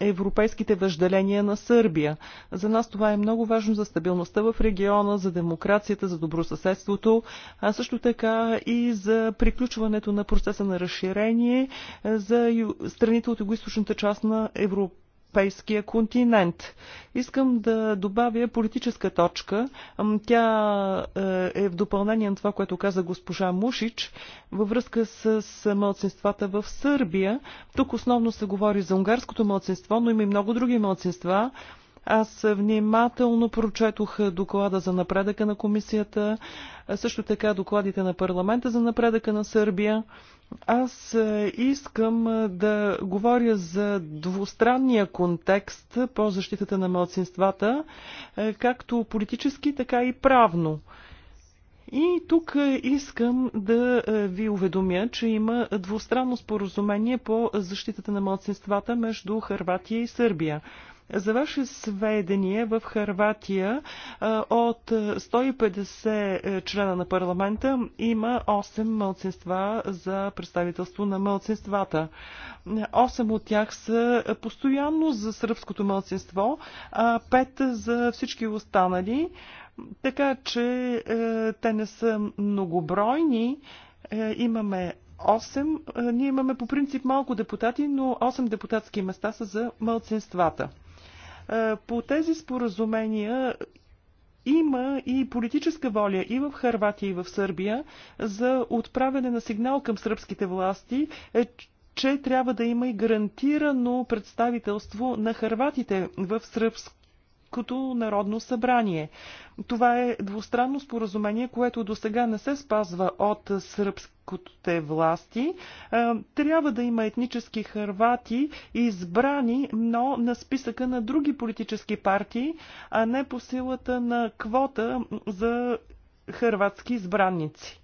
е, европейските въжделения на Сърбия. За нас това е много важно за стабилността в региона, за демокрацията, за добросъседството, а също така и за приключването на процеса на разширение за страните от югоизточната част на Европа европейския континент. Искам да добавя политическа точка. Тя е, е в допълнение на това, което каза госпожа Мушич във връзка с младсинствата в Сърбия. Тук основно се говори за унгарското младсинство, но има и много други младсинства. Аз внимателно прочетох доклада за напредъка на комисията, също така докладите на парламента за напредъка на Сърбия. Аз искам да говоря за двустранния контекст по защитата на младсинствата, е, както политически, така и правно. И тук искам да е, ви уведомя, че има двустранно споразумение по защитата на младсинствата между Харватия и Сърбия. За ваше сведение, в Харватия от 150 е, члена на парламента има 8 мълцинства за представителство на мълцинствата. 8 от тях са постоянно за сръбското мълцинство, а 5 за всички останали. Така че е, те не са многобройни. Е, имаме 8. Ние имаме по принцип малко депутати, но 8 депутатски места са за мълцинствата. По тези споразумения има и политическа воля и в Харватия, и в Сърбия за отправяне на сигнал към сръбските власти, е, че трябва да има и гарантирано представителство на харватите в сръбск като народно събрание. Това е двустранно споразумение, което до сега не се спазва от сръбските власти. Е, трябва да има етнически хървати, избрани, но на списъка на други политически партии, а не по силата на квота за хърватски избранници.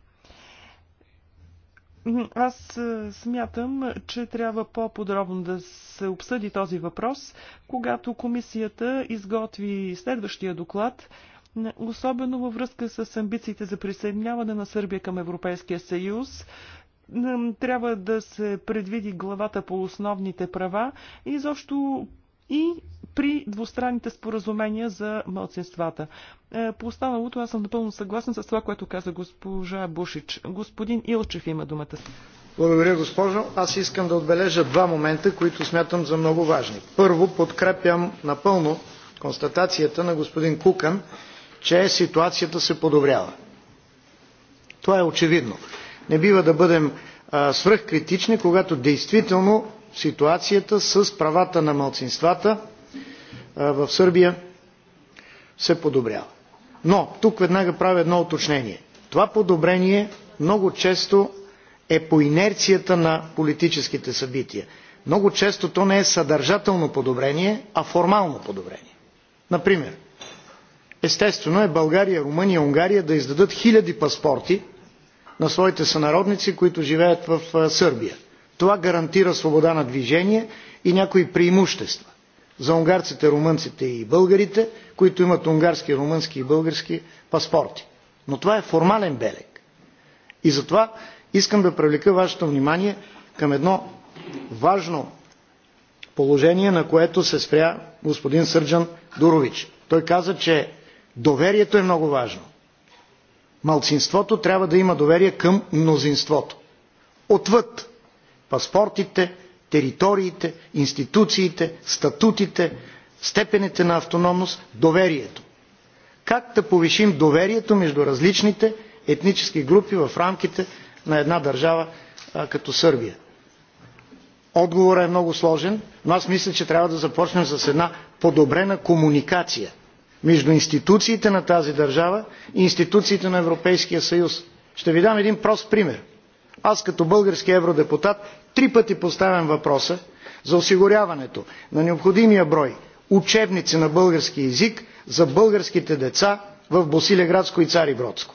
Аз смятам, че трябва по-подробно да се обсъди този въпрос, когато комисията изготви следващия доклад, особено във връзка с амбициите за присъединяване на Сърбия към Европейския съюз. Трябва да се предвиди главата по основните права и защо и при двустранните споразумения за младсинствата. Е, по останалото аз съм напълно съгласен с това, което каза госпожа Бушич. Господин Илчев има думата. Благодаря, госпожо. Аз искам да отбележа два момента, които смятам за много важни. Първо, подкрепям напълно констатацията на господин Кукан, че ситуацията се подобрява. Това е очевидно. Не бива да бъдем свръхкритични, когато действително ситуацията с правата на малцинствата в Сърбия се подобрява. Но тук веднага правя едно уточнение. Това подобрение много често е по инерцията на политическите събития. Много често то не е съдържателно подобрение, а формално подобрение. Например, естествено е България, Румъния, Унгария да издадат хиляди паспорти на своите сънародници, които живеят в Сърбия. Това гарантира свобода на движение и някои преимущества за унгарците, румънците и българите, които имат унгарски, румънски и български паспорти. Но това е формален белег. И затова искам да привлека вашето внимание към едно важно положение, на което се спря господин Сърджан Дурович. Той каза, че доверието е много важно. Малцинството трябва да има доверие към мнозинството. Отвъд паспортите, териториите, институциите, статутите, степените на автономност, доверието. Как да повишим доверието между различните етнически групи в рамките на една държава а, като Сърбия? Отговорът е много сложен, но аз мисля, че трябва да започнем с една подобрена комуникация между институциите на тази държава и институциите на Европейския съюз. Ще ви дам един прост пример. Аз като български евродепутат Три пъти поставям въпроса за осигуряването на необходимия брой учебници на български език за българските деца в Босилеградско и Бродско.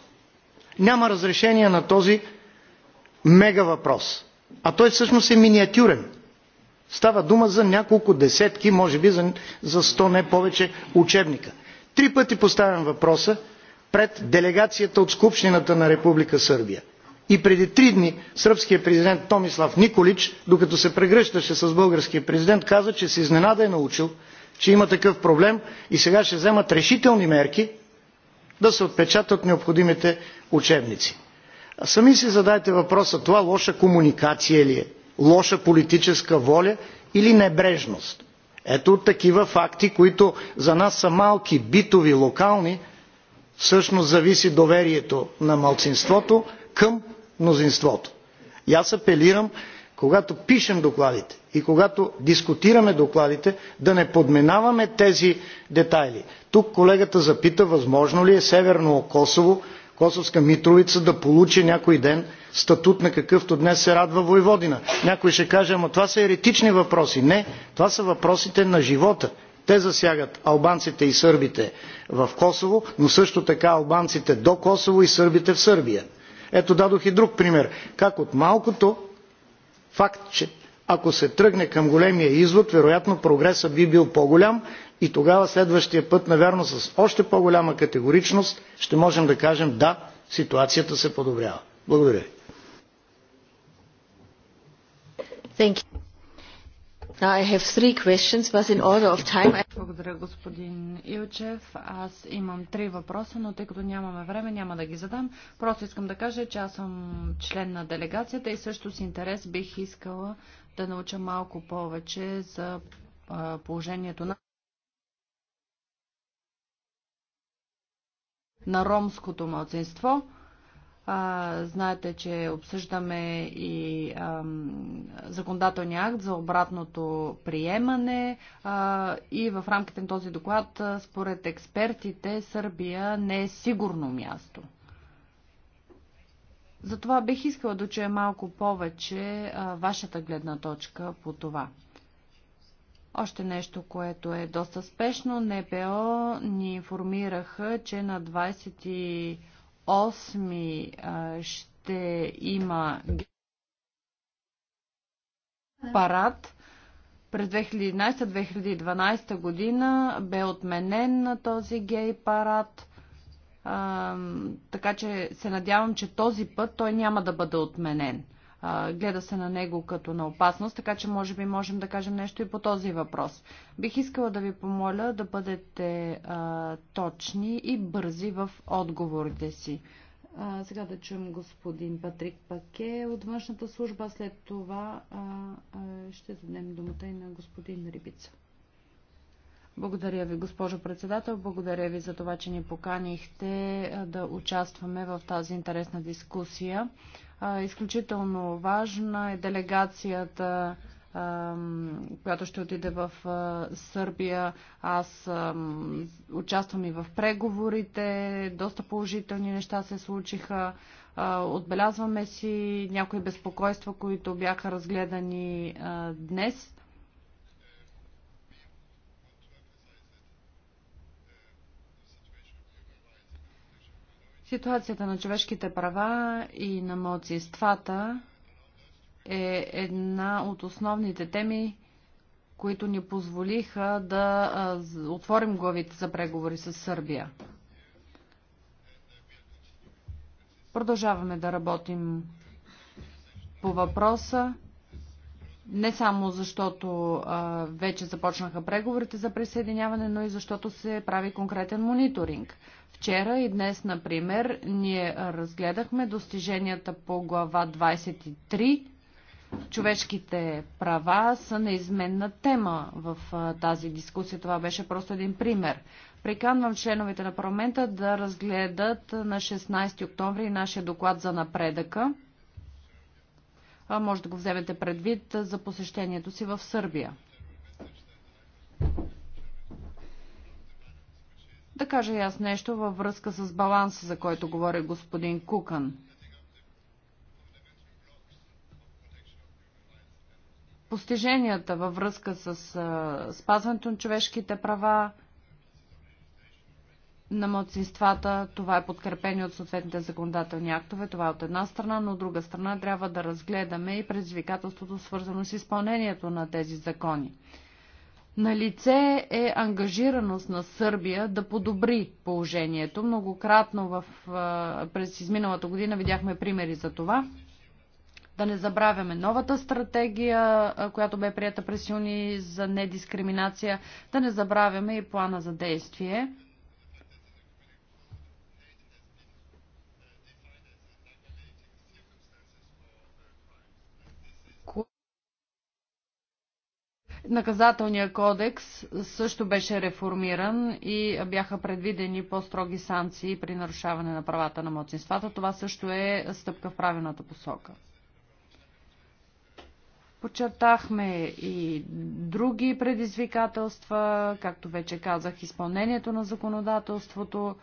Няма разрешение на този мега въпрос. А той всъщност е миниатюрен. Става дума за няколко десетки, може би за, за 100 не повече учебника. Три пъти поставям въпроса пред делегацията от Скупщината на Република Сърбия – и преди три дни сръбският президент Томислав Николич, докато се прегръщаше с българския президент, каза, че се изненада е научил, че има такъв проблем и сега ще вземат решителни мерки да се отпечатат необходимите учебници. Сами си задайте въпроса, това лоша комуникация ли е, лоша политическа воля или небрежност? Ето от такива факти, които за нас са малки, битови, локални, всъщност зависи доверието на малцинството към мнозинството. И аз апелирам, когато пишем докладите и когато дискутираме докладите, да не подминаваме тези детайли. Тук колегата запита, възможно ли е Северно Косово, Косовска Митровица да получи някой ден статут на какъвто днес се радва Войводина. Някой ще каже, ама това са еретични въпроси. Не, това са въпросите на живота. Те засягат албанците и сърбите в Косово, но също така албанците до Косово и сърбите в Сърбия. Ето дадох и друг пример. Как от малкото факт, че ако се тръгне към големия извод, вероятно прогресът би бил по-голям и тогава следващия път, навярно с още по-голяма категоричност, ще можем да кажем да, ситуацията се подобрява. Благодаря. Thank you. Благодаря, господин Илчев. Аз имам три въпроса, но тъй като нямаме време, няма да ги задам. Просто искам да кажа, че аз съм член на делегацията и също с интерес бих искала да науча малко повече за положението на на ромското младсинство. А, знаете, че обсъждаме и ам, законодателния акт за обратното приемане а, и в рамките на този доклад, според експертите, Сърбия не е сигурно място. Затова бих искала да чуя малко повече а, вашата гледна точка по това. Още нещо, което е доста спешно. НПО ни информираха, че на Осми ще има парад. През 2011-2012 година бе отменен на този гей парад. така че се надявам, че този път той няма да бъде отменен гледа се на него като на опасност, така че може би можем да кажем нещо и по този въпрос. Бих искала да ви помоля да бъдете а, точни и бързи в отговорите си. А, сега да чуем господин Патрик Паке от външната служба, след това а, а, ще зададем думата и на господин Рибица. Благодаря ви, госпожо председател. Благодаря ви за това, че ни поканихте да участваме в тази интересна дискусия. Изключително важна е делегацията която ще отиде в Сърбия. Аз участвам и в преговорите. Доста положителни неща се случиха. Отбелязваме си някои безпокойства, които бяха разгледани днес. Ситуацията на човешките права и на младсинствата е една от основните теми, които ни позволиха да отворим главите за преговори с Сърбия. Продължаваме да работим по въпроса, не само защото а, вече започнаха преговорите за присъединяване, но и защото се прави конкретен мониторинг. Вчера и днес, например, ние разгледахме достиженията по глава 23. Човешките права са неизменна тема в тази дискусия. Това беше просто един пример. Приканвам членовете на парламента да разгледат на 16 октомври нашия доклад за напредъка. Може да го вземете предвид за посещението си в Сърбия. Да кажа и аз нещо във връзка с баланса, за който говори господин Кукан. Постиженията във връзка с спазването на човешките права на младсинствата, това е подкрепено от съответните законодателни актове, това е от една страна, но от друга страна трябва да разгледаме и предизвикателството свързано с изпълнението на тези закони. На лице е ангажираност на Сърбия да подобри положението. Многократно в, през изминалата година видяхме примери за това. Да не забравяме новата стратегия, която бе прията през юни за недискриминация. Да не забравяме и плана за действие. Наказателният кодекс също беше реформиран и бяха предвидени по-строги санкции при нарушаване на правата на младсинствата. Това също е стъпка в правилната посока. Подчертахме и други предизвикателства, както вече казах, изпълнението на законодателството,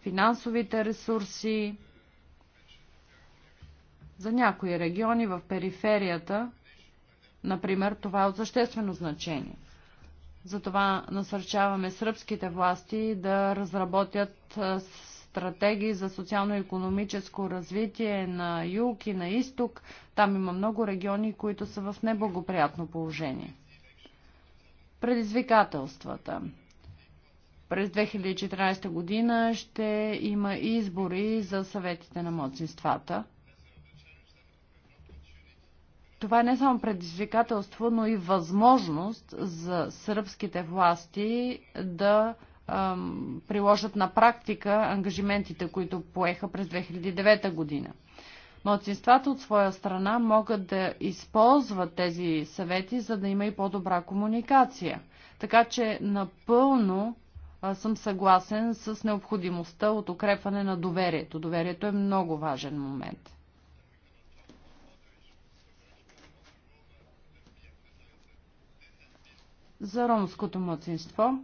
финансовите ресурси. За някои региони в периферията Например, това е от съществено значение. Затова насърчаваме сръбските власти да разработят стратегии за социално-економическо развитие на юг и на изток. Там има много региони, които са в неблагоприятно положение. Предизвикателствата. През 2014 година ще има избори за съветите на младсинствата това е не само предизвикателство, но и възможност за сръбските власти да ам, приложат на практика ангажиментите, които поеха през 2009 година. Младсинствата от своя страна могат да използват тези съвети, за да има и по-добра комуникация. Така че напълно съм съгласен с необходимостта от укрепване на доверието. Доверието е много важен момент. за ромското младсинство.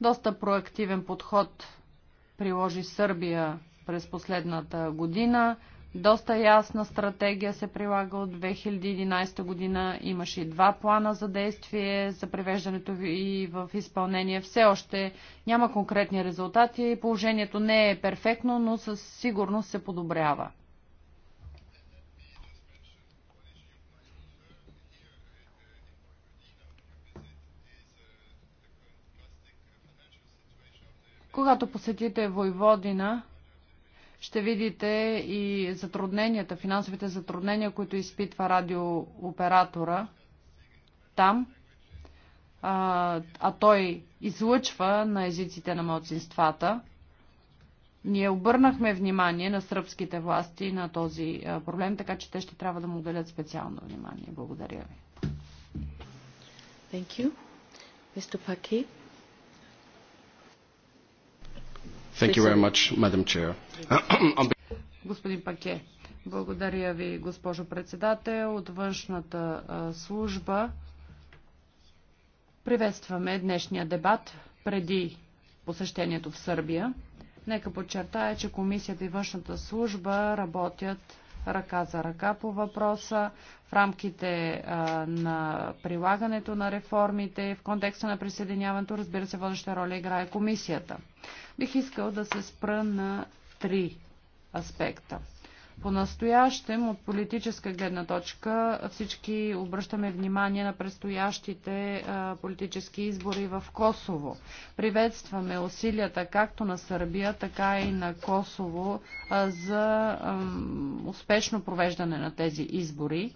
Доста проактивен подход приложи Сърбия през последната година. Доста ясна стратегия се прилага от 2011 година. Имаше и два плана за действие за превеждането и в изпълнение. Все още няма конкретни резултати. Положението не е перфектно, но със сигурност се подобрява. Когато посетите Войводина, ще видите и затрудненията, финансовите затруднения, които изпитва радиооператора там, а, а той излъчва на езиците на младсинствата. Ние обърнахме внимание на сръбските власти на този проблем, така че те ще трябва да му отделят специално внимание. Благодаря ви. Thank you. Mr. Господин Паке, благодаря ви, госпожо председател, от външната служба. Приветстваме днешния дебат преди посещението в Сърбия. Нека подчертая, че комисията и външната служба работят ръка за ръка по въпроса в рамките на прилагането на реформите. В контекста на присъединяването, разбира се, водеща роля играе комисията. Бих искал да се спра на три аспекта. По-настоящем от политическа гледна точка всички обръщаме внимание на предстоящите политически избори в Косово. Приветстваме усилията както на Сърбия, така и на Косово за успешно провеждане на тези избори.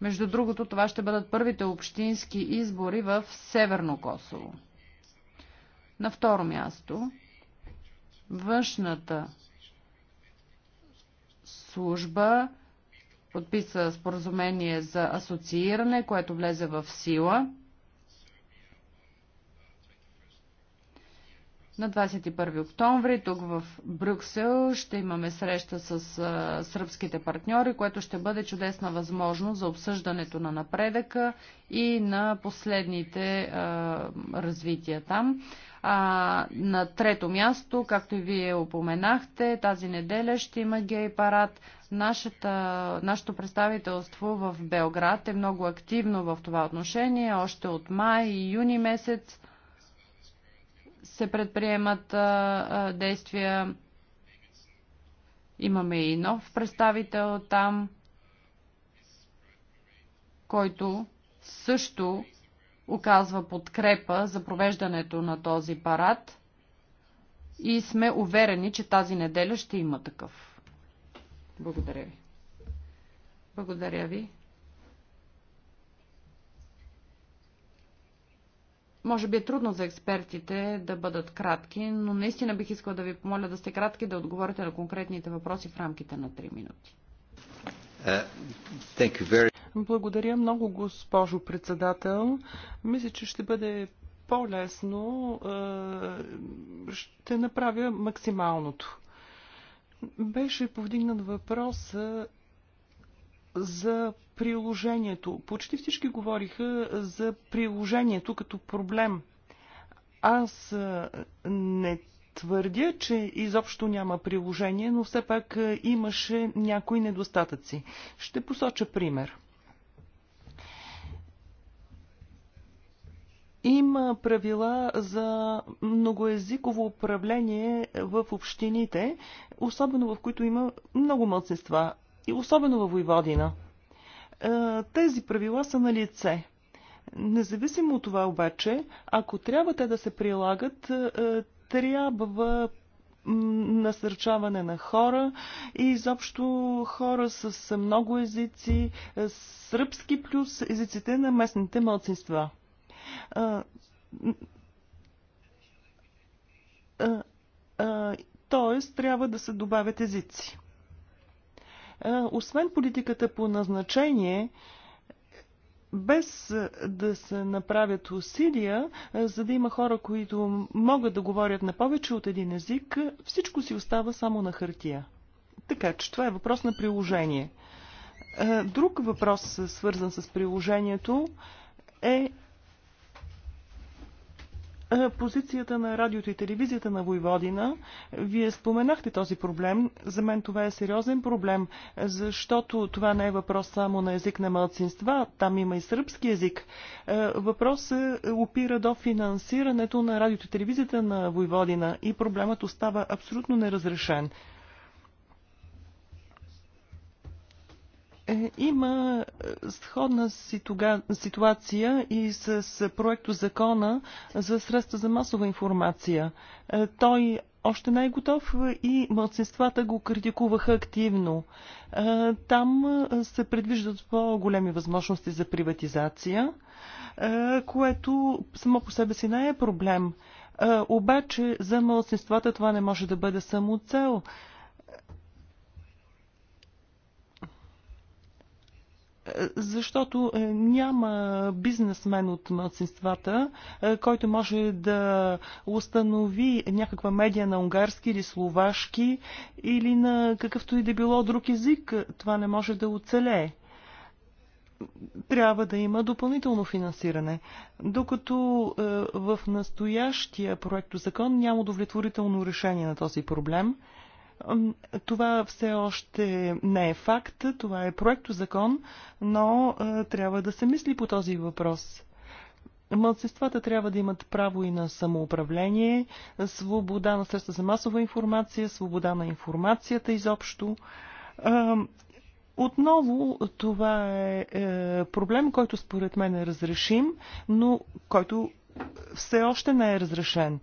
Между другото, това ще бъдат първите общински избори в Северно Косово. На второ място, външната служба подписа споразумение за асоцииране, което влезе в сила на 21 октомври. Тук в Брюксел ще имаме среща с сръбските партньори, което ще бъде чудесна възможност за обсъждането на напредъка и на последните развития там. А, на трето място, както и вие упоменахте, тази неделя ще има гей парад. Нашата, нашето представителство в Белград е много активно в това отношение. Още от май и юни месец се предприемат а, а, действия. Имаме и нов представител там, който също оказва подкрепа за провеждането на този парад и сме уверени, че тази неделя ще има такъв. Благодаря ви. Благодаря ви. Може би е трудно за експертите да бъдат кратки, но наистина бих искала да ви помоля да сте кратки да отговорите на конкретните въпроси в рамките на 3 минути. Благодаря много, госпожо председател. Мисля, че ще бъде по-лесно. Е, ще направя максималното. Беше повдигнат въпрос за приложението. Почти всички говориха за приложението като проблем. Аз е, не твърдя, че изобщо няма приложение, но все пак е, имаше някои недостатъци. Ще посоча пример. Има правила за многоязиково управление в общините, особено в които има много мълцинства, и особено във Войводина. Е, тези правила са на лице. Независимо от това обаче, ако трябва те да се прилагат, е, трябва насърчаване на хора и изобщо хора с много езици, е, сръбски плюс езиците на местните младсинства. Тоест, трябва да се добавят езици. Освен политиката по назначение, без да се направят усилия, за да има хора, които могат да говорят на повече от един език, всичко си остава само на хартия. Така че това е въпрос на приложение. Друг въпрос, свързан с приложението, е е, позицията на радиото и телевизията на Войводина. Вие споменахте този проблем. За мен това е сериозен проблем, защото това не е въпрос само на език на малцинства, там има и сръбски език. Е, въпрос опира до финансирането на радиото и телевизията на Войводина и проблемът остава абсолютно неразрешен. Е, има е, сходна ситуация и с проекто закона за средства за масова информация. Е, той още не е готов и младсинствата го критикуваха активно. Там се предвиждат по-големи възможности за приватизация, което само по себе си не е проблем. Обаче за младсинствата това не може да бъде само цел. защото е, няма бизнесмен от младсинствата, е, който може да установи някаква медия на унгарски или словашки или на какъвто и да било друг език. Това не може да оцелее. Трябва да има допълнително финансиране, докато е, в настоящия проект закон няма удовлетворително решение на този проблем – това все още не е факт, това е проекто закон, но трябва да се мисли по този въпрос. Младсинствата трябва да имат право и на самоуправление, свобода на средства за масова информация, свобода на информацията изобщо. Отново това е, е, проблем, който според мен е разрешим, но който все още не е разрешен.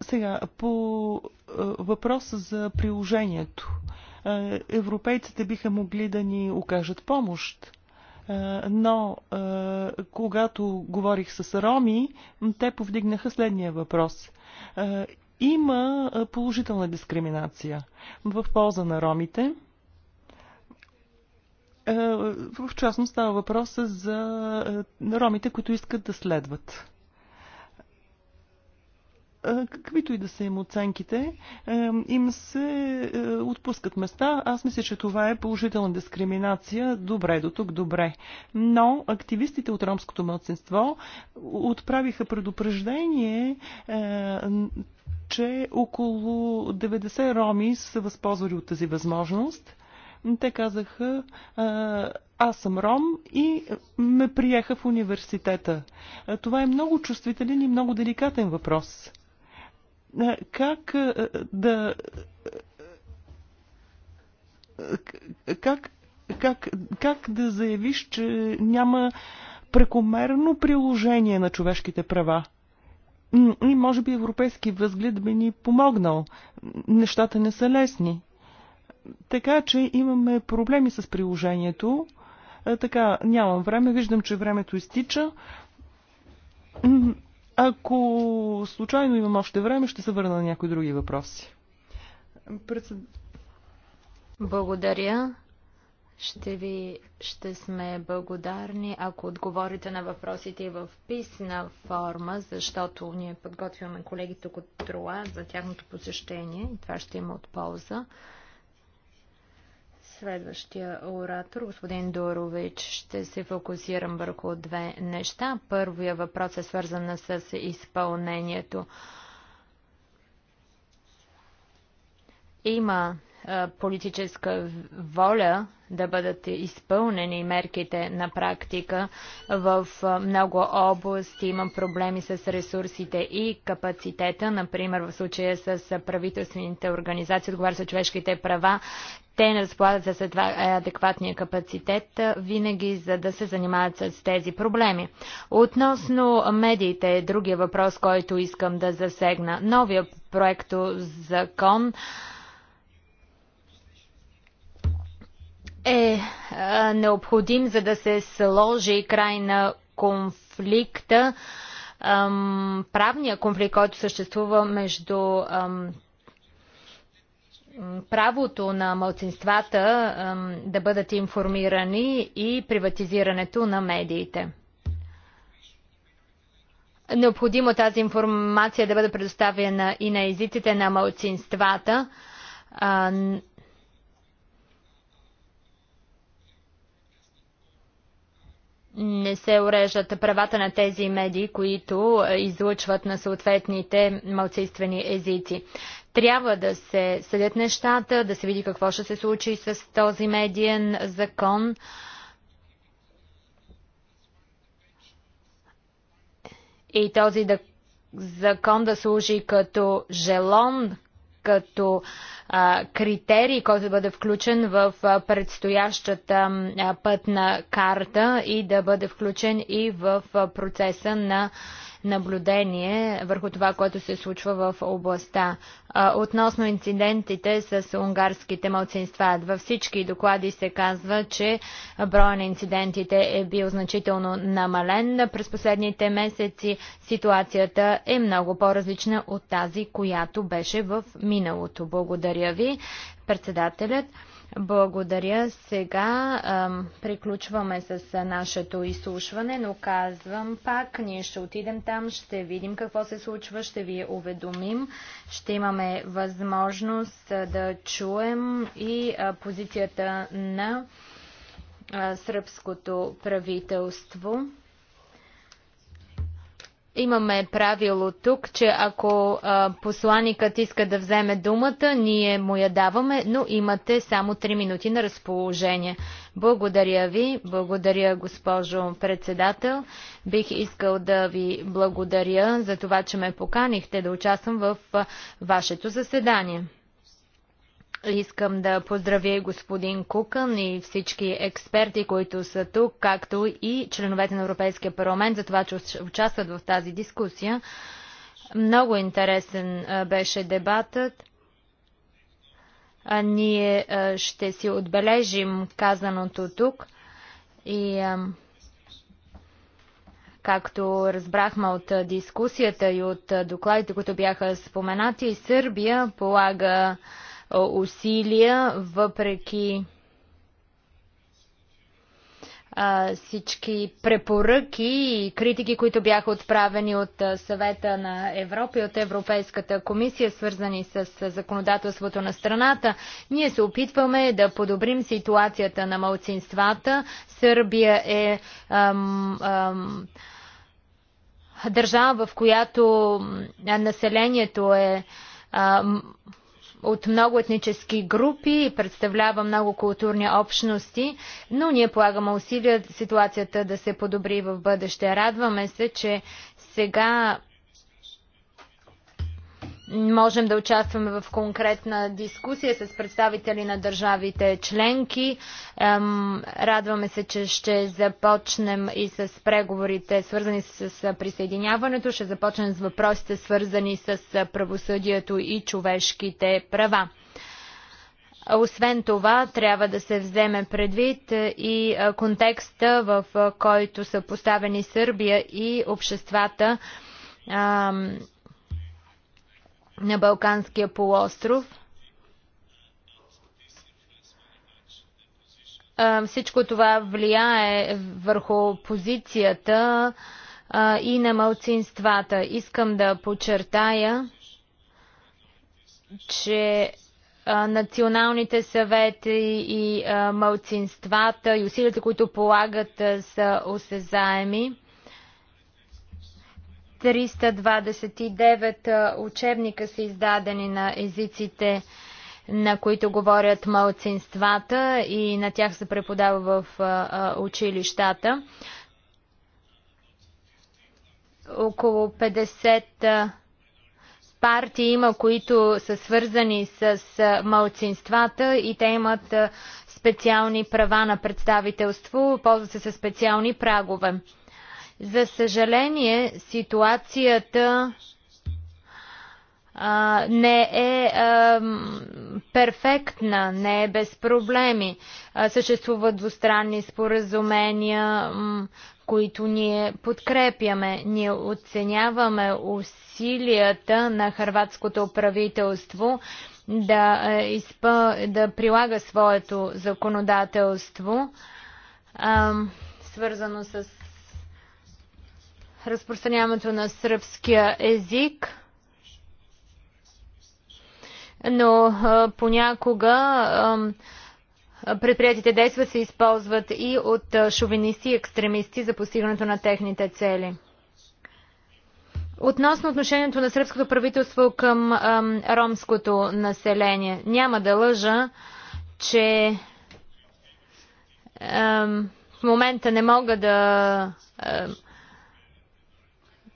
Сега, по е, въпроса за приложението. Е, европейците биха могли да ни окажат помощ е, но когато говорих с роми, те повдигнаха следния въпрос. Има положителна дискриминация в полза на ромите. В частност става въпроса за ромите, които искат да следват каквито и да са им оценките, им се отпускат места. Аз мисля, че това е положителна дискриминация. Добре, до тук добре. Но активистите от ромското младсинство отправиха предупреждение че около 90 роми са възползвали от тази възможност. Те казаха, аз съм ром и ме приеха в университета. Това е много чувствителен и много деликатен въпрос. Е, как е, да е, как, как, как да заявиш, че няма прекомерно приложение на човешките права? И може би европейски възглед би ни помогнал. Нещата не са лесни. Така че имаме проблеми с приложението. Така, нямам време. Виждам, че времето изтича. Ако случайно имам още време, ще се върна на някои други въпроси. Председ... Благодаря. Ще ви ще сме благодарни, ако отговорите на въпросите в писна форма, защото ние подготвяме колегите от Труа за тяхното посещение и това ще има от полза. Следващия оратор, господин Дорович, ще се фокусирам върху две неща. Първия въпрос е свързан с изпълнението. Има политическа воля да бъдат изпълнени мерките на практика. В много области има проблеми с ресурсите и капацитета, например в случая с правителствените организации, отговаря за човешките права. Те не разполагат с е, адекватния капацитет винаги, за да се занимават с тези проблеми. Относно медиите е другия въпрос, който искам да засегна. Новия проекто закон Е, е необходим, за да се сложи край на конфликта, правния конфликт, който съществува между правото на мълцинствата да бъдат информирани и приватизирането на медиите. Необходимо тази информация да бъде предоставена и на езиците на мълцинствата, не се уреждат правата на тези медии, които е, излучват на съответните малцинствени езици. Трябва да се съдят нещата, да се види какво ще се случи с този медиен закон. И този да, закон да служи като желон като а, критерий, който да бъде включен в предстоящата пътна карта и да бъде включен и в процеса на наблюдение върху това, което се случва в областта. Относно инцидентите с унгарските мълцинства, във всички доклади се казва, че броя на инцидентите е бил значително намален. През последните месеци ситуацията е много по-различна от тази, която беше в миналото. Благодаря ви, председателят. Благодаря. Сега ам, приключваме с нашето изслушване, но казвам пак, ние ще отидем там, ще видим какво се случва, ще ви уведомим, ще имаме възможност да чуем и а, позицията на а, сръбското правителство. Имаме правило тук, че ако а, посланикът иска да вземе думата, ние му я даваме, но имате само 3 минути на разположение. Благодаря ви, благодаря госпожо председател. Бих искал да ви благодаря за това, че ме поканихте да участвам в вашето заседание. Искам да поздравя и господин Кукън и всички експерти, които са тук, както и членовете на Европейския парламент за това, че участват в тази дискусия. Много интересен беше дебатът. Ние ще си отбележим казаното тук и както разбрахме от дискусията и от докладите, които бяха споменати, Сърбия полага усилия, въпреки всички препоръки и критики, които бяха отправени от съвета на Европа и от Европейската комисия, свързани с законодателството на страната. Ние се опитваме да подобрим ситуацията на малцинствата. Сърбия е ам, ам, държава, в която населението е ам, от много етнически групи и представлява много културни общности, но ние полагаме усилия ситуацията да се подобри в бъдеще. Радваме се, че сега можем да участваме в конкретна дискусия с представители на държавите членки. Радваме се, че ще започнем и с преговорите, свързани с присъединяването. Ще започнем с въпросите, свързани с правосъдието и човешките права. Освен това, трябва да се вземе предвид и е, контекста, в е, който са поставени Сърбия и обществата на Балканския полуостров. Всичко това влияе върху позицията и на малцинствата. Искам да подчертая, че националните съвети и малцинствата и усилията, които полагат, са осезаеми. 329 учебника са издадени на езиците, на които говорят малцинствата и на тях се преподава в училищата. Около 50 партии има, които са свързани с малцинствата и те имат специални права на представителство, ползват се с специални прагове. За съжаление, ситуацията а, не е а, перфектна, не е без проблеми. А, съществуват двустранни споразумения, които ние подкрепяме. Ние оценяваме усилията на хрватското правителство да, е, изпъ... да прилага своето законодателство, а, свързано с разпространяването на сръбския език но понякога предприятите действа се използват и от шовинисти и екстремисти за постигането на техните цели. Относно отношението на сръбското правителство към ромското население, няма да лъжа, че в момента не мога да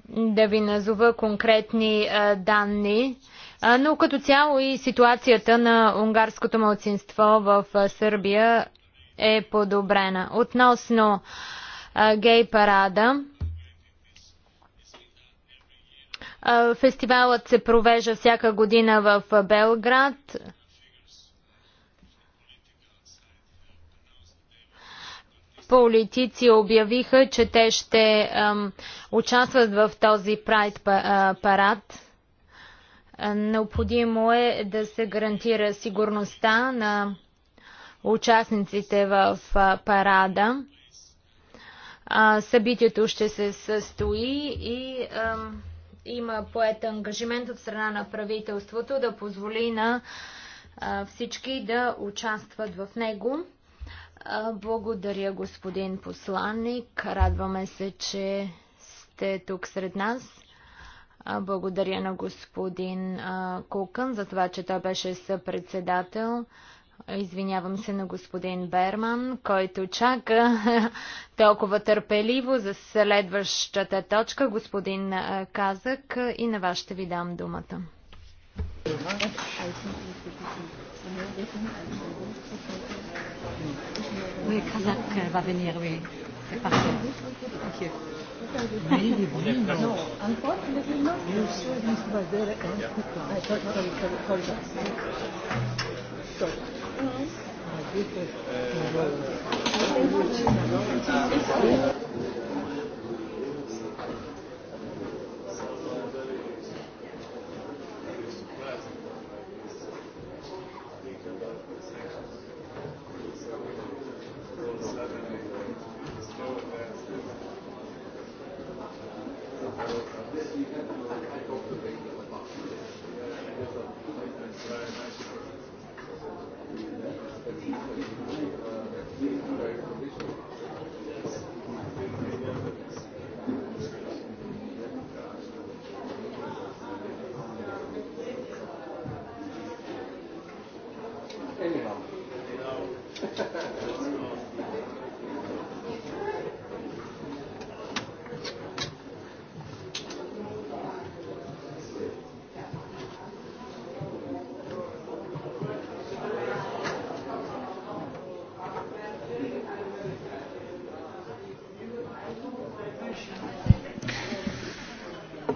да ви назова конкретни а, данни, а, но като цяло и ситуацията на унгарското младсинство в а, Сърбия е подобрена. Относно а, гей парада, а, фестивалът се провежда всяка година в Белград. политици обявиха, че те ще ам, участват в този прайд парад. Необходимо е да се гарантира сигурността на участниците в парада. А, събитието ще се състои и ам, има поет ангажимент от страна на правителството да позволи на а, всички да участват в него. Благодаря, господин посланник. Радваме се, че сте тук сред нас. Благодаря на господин Кукън за това, че той беше съпредседател. Извинявам се на господин Берман, който чака толкова търпеливо за следващата точка. Господин Казак, и на вас ще ви дам думата. Oui, Kanak va venir, oui. C'est parfait. Thank you. Really, really no. Unfortunately, not you should miss by there and I thought sorry, sorry, sorry. Sorry. Mm -hmm.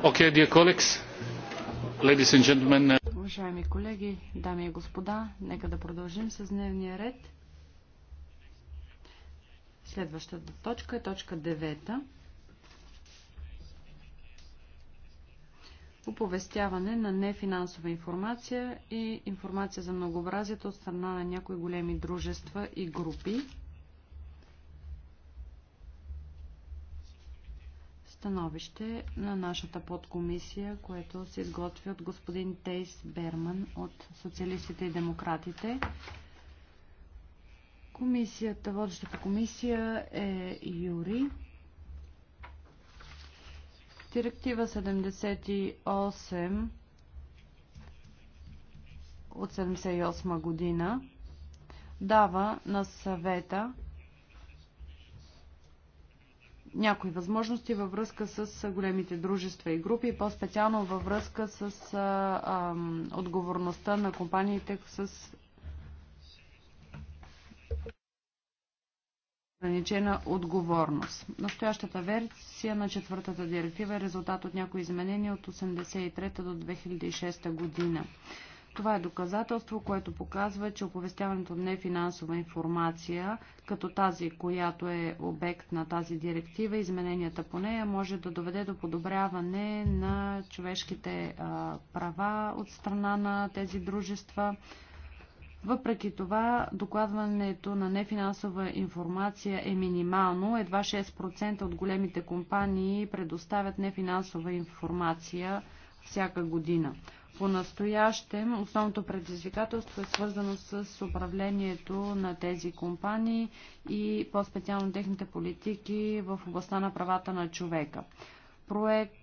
Uh, Уважаеми колеги, дами и господа, нека да продължим с дневния ред. Следващата точка е точка 9. Оповестяване на нефинансова информация и информация за многообразието от страна на някои големи дружества и групи. становище на нашата подкомисия, което се изготви от господин Тейс Берман от Социалистите и Демократите. Комисията, водещата комисия е Юри. Директива 78 от 78 година дава на съвета някои възможности във връзка с големите дружества и групи, по-специално във връзка с а, а, отговорността на компаниите с ограничена отговорност. Настоящата версия на четвъртата директива е резултат от някои изменения от 1983 до 2006 година. Това е доказателство, което показва, че оповестяването на нефинансова информация, като тази, която е обект на тази директива, измененията по нея може да доведе до подобряване на човешките права от страна на тези дружества. Въпреки това, докладването на нефинансова информация е минимално. Едва 6% от големите компании предоставят нефинансова информация всяка година. По-настоящем основното предизвикателство е свързано с управлението на тези компании и по-специално техните политики в областта на правата на човека. Проект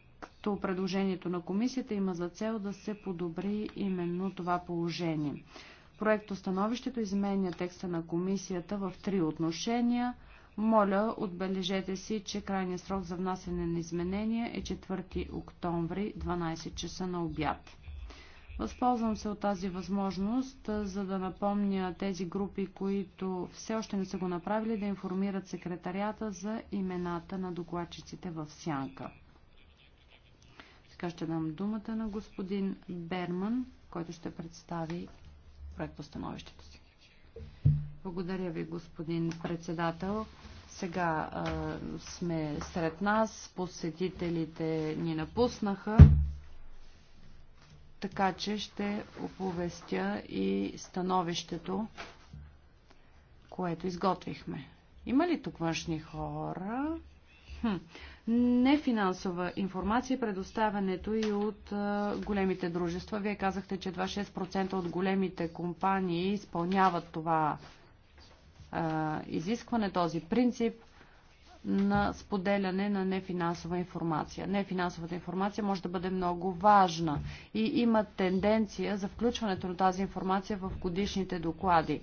предложението на комисията има за цел да се подобри именно това положение. становището изменя текста на комисията в три отношения. Моля, отбележете си, че крайният срок за внасяне на изменения е 4 октомври, 12 часа на обяд. Възползвам се от тази възможност, за да напомня тези групи, които все още не са го направили, да информират секретарията за имената на докладчиците в Сянка. Сега ще дам думата на господин Берман, който ще представи проект по становището си. Благодаря ви, господин председател. Сега а, сме сред нас, посетителите ни напуснаха така че ще оповестя и становището, което изготвихме. Има ли тук външни хора? Хм. финансова информация предоставянето и от а, големите дружества. Вие казахте, че 26% от големите компании изпълняват това а, изискване, този принцип на споделяне на нефинансова информация. Нефинансовата информация може да бъде много важна и има тенденция за включването на тази информация в годишните доклади.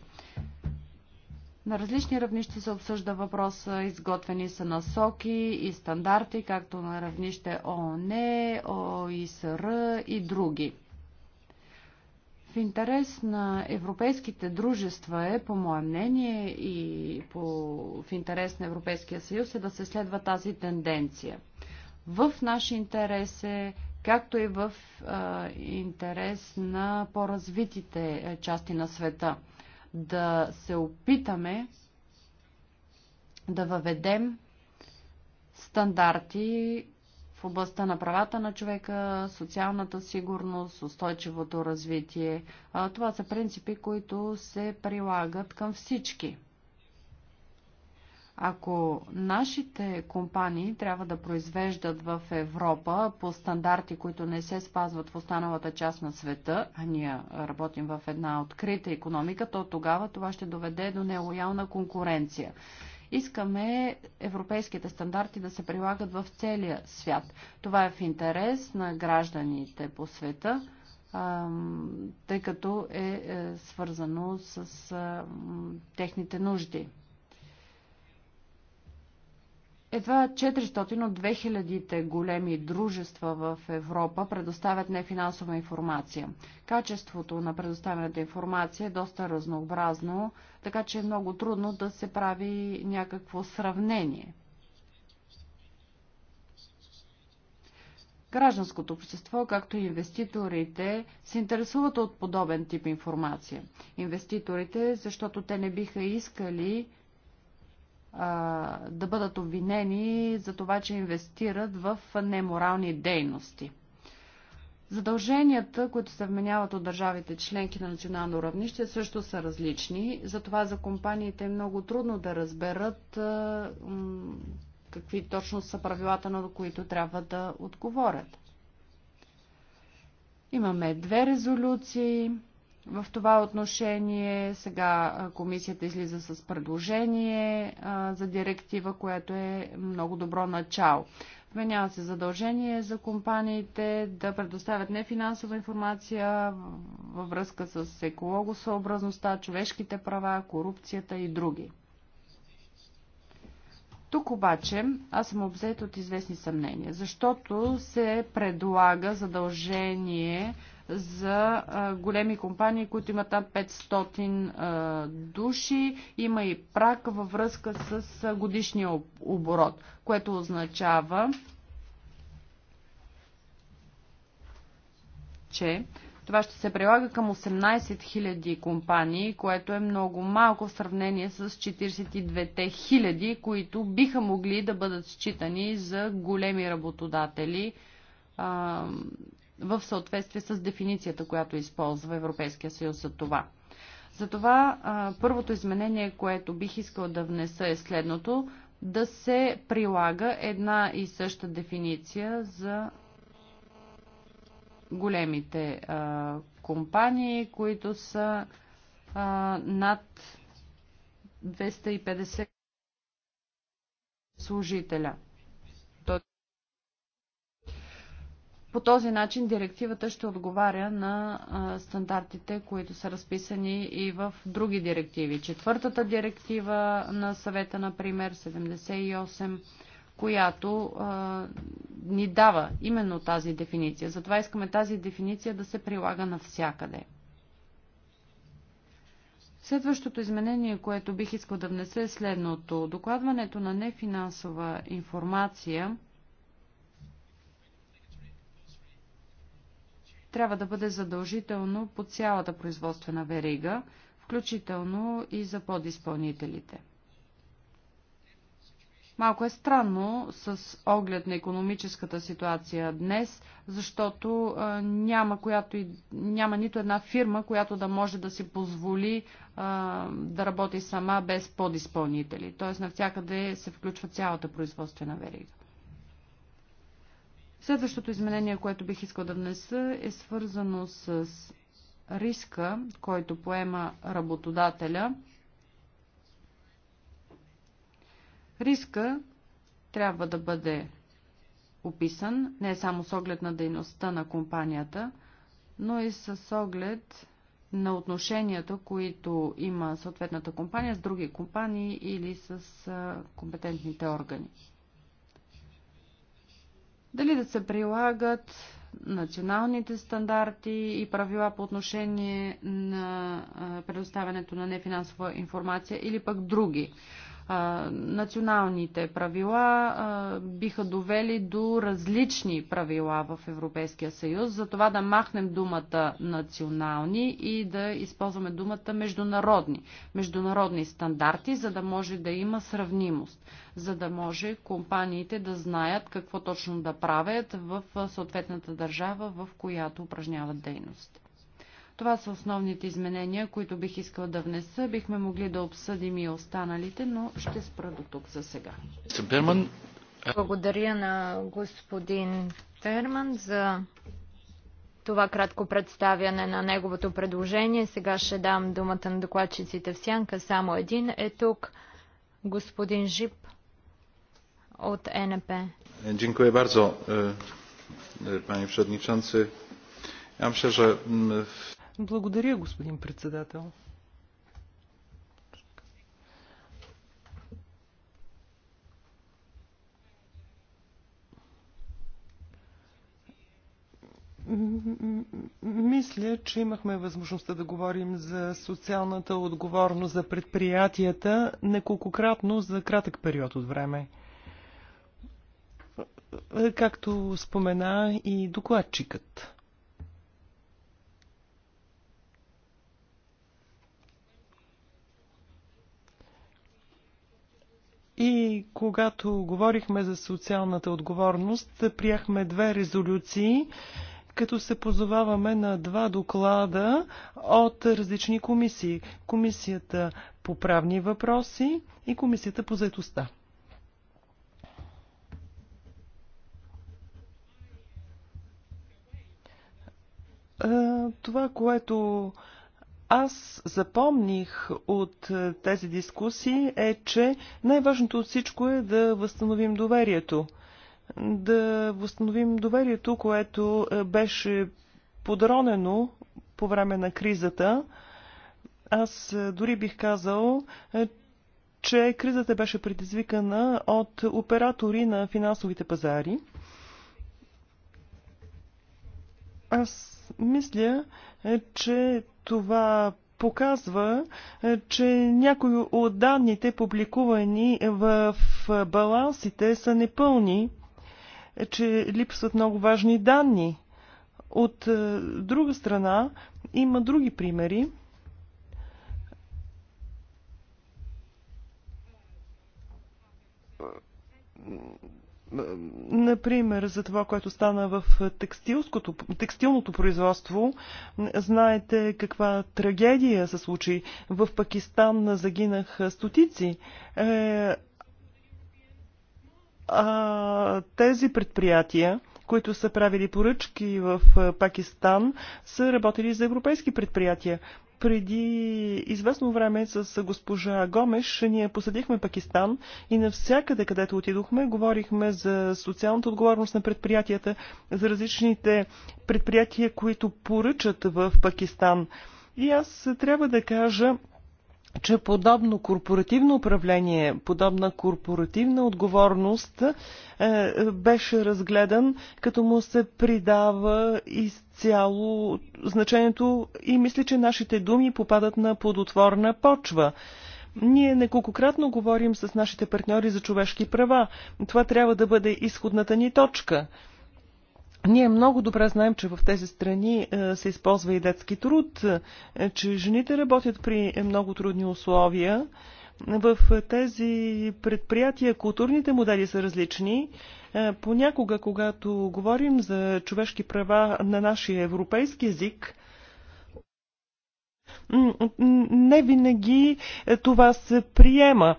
На различни равнища се обсъжда въпроса, изготвени са насоки и стандарти, както на равнище ООН, ОИСР и други. В интерес на европейските дружества е, по мое мнение, и по, в интерес на Европейския съюз е да се следва тази тенденция. В наш интерес е, както и в а, интерес на по-развитите части на света, да се опитаме да въведем стандарти, в областта на правата на човека, социалната сигурност, устойчивото развитие. Това са принципи, които се прилагат към всички. Ако нашите компании трябва да произвеждат в Европа по стандарти, които не се спазват в останалата част на света, а ние работим в една открита економика, то тогава това ще доведе до нелоялна конкуренция. Искаме европейските стандарти да се прилагат в целия свят. Това е в интерес на гражданите по света, тъй като е, е свързано с техните нужди. Едва 400 от 2000-те големи дружества в Европа предоставят нефинансова информация. Качеството на предоставената информация е доста разнообразно, така че е много трудно да се прави някакво сравнение. Гражданското общество, както и инвеститорите, се интересуват от подобен тип информация. Инвеститорите, защото те не биха искали да бъдат обвинени за това, че инвестират в неморални дейности. Задълженията, които се вменяват от държавите членки на национално равнище, също са различни. Затова за компаниите е много трудно да разберат какви точно са правилата, на които трябва да отговорят. Имаме две резолюции. В това отношение сега комисията излиза с предложение за директива, което е много добро начало. Вменява се задължение за компаниите да предоставят нефинансова информация във връзка с екологосъобразността, човешките права, корупцията и други. Тук обаче аз съм обзет от известни съмнения, защото се предлага задължение за големи компании, които имат над 500 души. Има и прак във връзка с годишния оборот, което означава, че това ще се прилага към 18 000 компании, което е много малко в сравнение с 42 000, които биха могли да бъдат считани за големи работодатели в съответствие с дефиницията, която използва Европейския съюз за това. Затова първото изменение, което бих искала да внеса е следното да се прилага една и съща дефиниция за големите а, компании, които са а, над 250 служителя. По този начин директивата ще отговаря на стандартите, които са разписани и в други директиви. Четвъртата директива на съвета, например, 78 която а, ни дава именно тази дефиниция. Затова искаме тази дефиниция да се прилага навсякъде. Следващото изменение, което бих искал да внеса е следното. Докладването на нефинансова информация трябва да бъде задължително по цялата производствена верига, включително и за подизпълнителите. Малко е странно с оглед на економическата ситуация днес, защото а, няма, която и, няма нито една фирма, която да може да си позволи а, да работи сама без подизпълнители. Тоест навсякъде се включва цялата производствена верига. Следващото изменение, което бих искал да внеса, е свързано с риска, който поема работодателя. Риска трябва да бъде описан не само с оглед на дейността на компанията, но и с оглед на отношенията, които има съответната компания с други компании или с компетентните органи. Дали да се прилагат националните стандарти и правила по отношение на предоставянето на нефинансова информация или пък други националните правила биха довели до различни правила в Европейския съюз. за това да махнем думата национални и да използваме думата международни. Международни стандарти, за да може да има сравнимост, за да може компаниите да знаят какво точно да правят в съответната държава, в която упражняват дейност. Това са основните изменения, които бих искал да внеса. Бихме могли да обсъдим и останалите, но ще спра до тук за сега. Благодаря на господин Терман за това кратко представяне на неговото предложение. Сега ще дам думата на докладчиците в сянка. Само един е тук. Господин Жип от НП. Dziękuję bardzo, e, e, panie przewodniczący. Ja myślę, że mm, благодаря, господин председател. Мисля, че имахме възможността да говорим за социалната отговорност за предприятията неколкократно за кратък период от време. Както спомена и докладчикът. И когато говорихме за социалната отговорност, приехме две резолюции, като се позоваваме на два доклада от различни комисии. Комисията по правни въпроси и Комисията по заедостта. Това, което аз запомних от е, тези дискусии е, че най-важното от всичко е да възстановим доверието. Да възстановим доверието, което е, беше подронено по време на кризата. Аз е, дори бих казал, че кризата беше предизвикана от оператори на финансовите пазари. Аз мисля, че това показва, е, че някои от данните, публикувани в балансите, са непълни, е, че липсват много важни данни. От е, друга страна, има други примери. Например, за това, което стана в текстилното производство, знаете каква трагедия се случи. В Пакистан загинах стотици. Е, а тези предприятия, които са правили поръчки в е, Пакистан, са работили за европейски предприятия. Преди известно време с госпожа Гомеш ние посъдихме Пакистан и навсякъде, където отидохме, говорихме за социалната отговорност на предприятията, за различните предприятия, които поръчат в Пакистан. И аз трябва да кажа, че подобно корпоративно управление, подобна корпоративна отговорност е, беше разгледан, като му се придава изцяло значението и мисля, че нашите думи попадат на плодотворна почва. Ние неколкократно говорим с нашите партньори за човешки права. Това трябва да бъде изходната ни точка. Ние много добре знаем, че в тези страни е, се използва и детски труд, е, че жените работят при много трудни условия. В тези предприятия културните модели са различни. Е, понякога, когато говорим за човешки права на нашия европейски език, не винаги това се приема.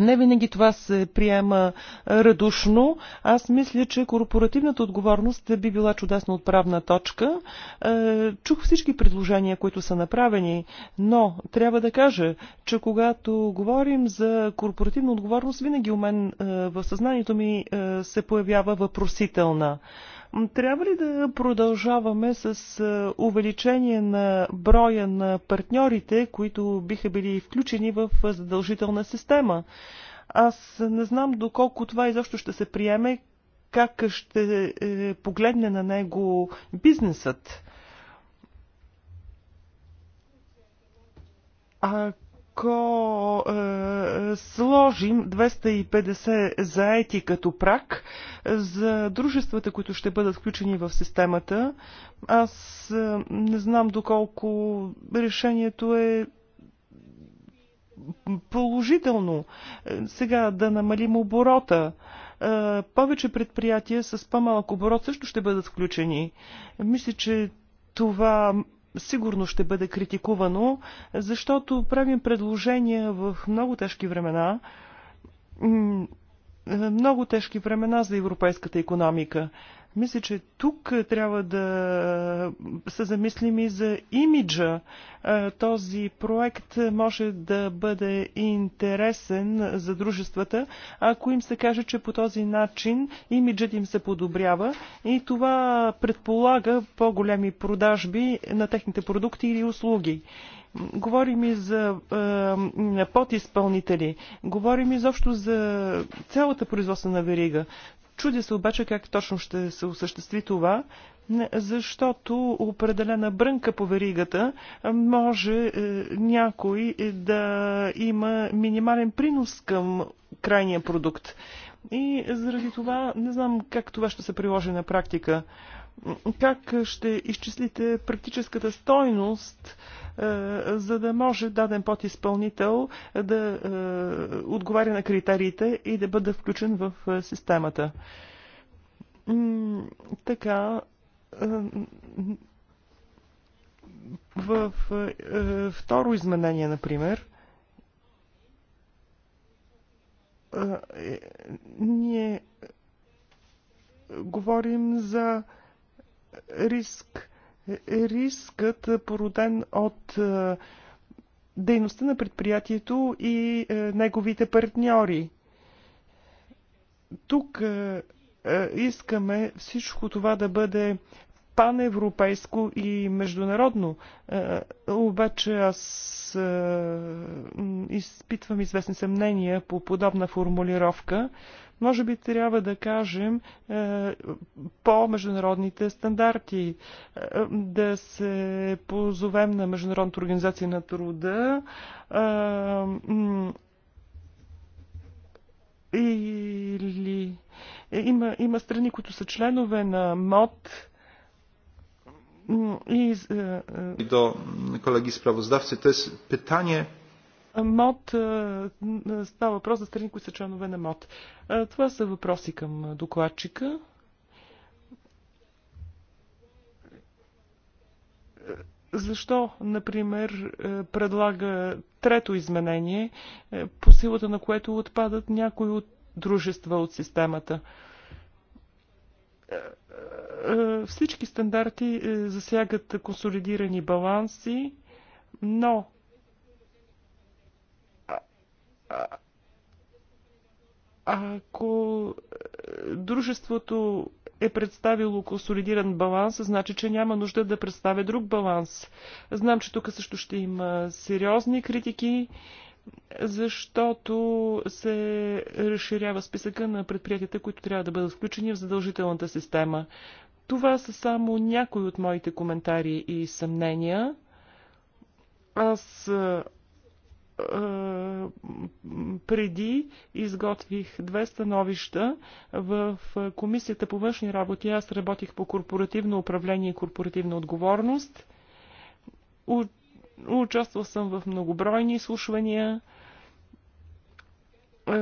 Не винаги това се приема е, радушно. Аз мисля, че корпоративната отговорност би била чудесна отправна точка. Е, чух всички предложения, които са направени, но трябва да кажа, че когато говорим за корпоративна отговорност, винаги у мен е, в съзнанието ми се появява въпросителна. Трябва ли да продължаваме с увеличение на броя на партньорите, които биха били включени в задължителна система? Аз не знам доколко това изобщо ще се приеме, как ще е, погледне на него бизнесът. А ако е, сложим 250 заети като прак е, за дружествата, които ще бъдат включени в системата, аз е, не знам доколко решението е положително. Е, сега да намалим оборота. Е, повече предприятия с по-малък оборот също ще бъдат включени. Мисля, че това сигурно ще бъде критикувано, защото правим предложения в много тежки времена много тежки времена за европейската економика. Мисля, че тук е, трябва да се замислим и за имиджа. Е, този проект може да бъде интересен за дружествата, ако им се каже, че по този начин имиджът им се подобрява и това предполага по-големи продажби на техните продукти или услуги говорим и за е, подизпълнители, говорим изобщо за цялата производствена верига. Чудя се обаче как точно ще се осъществи това, защото определена брънка по веригата може е, някой е, да има минимален принос към крайния продукт. И заради това не знам как това ще се приложи на практика. Как ще изчислите практическата стойност е, за да може даден подизпълнител да е, отговаря на критериите и да бъде включен в е, системата. Така, в второ изменение, например, ние говорим за риск рискът е, породен от е, дейността на предприятието и е, неговите партньори. Тук искаме всичко това да бъде паневропейско и международно. Е, обаче аз е, изпитвам известни съмнения по подобна формулировка. Може би трябва да кажем е, по международните стандарти, да се позовем на Международната организация на труда или има, има страни, които са членове на МОД, I, do kolegi sprawozdawcy, to jest pytanie. МОД, е, е, става въпрос за страни, които са членове на МОД. Е, това са въпроси към докладчика. Защо, например, предлага трето изменение, по силата на което отпадат някои от дружества от системата? Всички стандарти е, засягат консолидирани баланси, но ако е, дружеството е представило консолидиран баланс, значи, че няма нужда да представя друг баланс. Знам, че тук също ще има сериозни критики защото се разширява списъка на предприятията, които трябва да бъдат включени в задължителната система. Това са само някои от моите коментари и съмнения. Аз а, а, преди изготвих две становища в Комисията по външни работи. Аз работих по корпоративно управление и корпоративна отговорност. От Участвал съм в многобройни изслушвания. Е,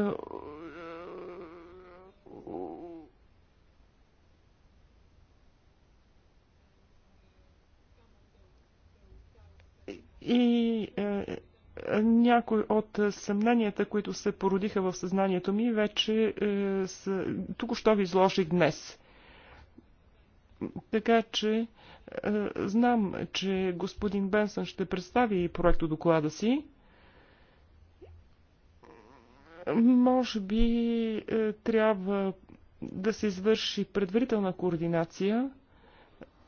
и е, е, някои от съмненията, които се породиха в съзнанието ми, вече е, са, тук що ви изложих днес. Така че е, знам, че господин Бенсън ще представи проекто доклада си. Може би е, трябва да се извърши предварителна координация,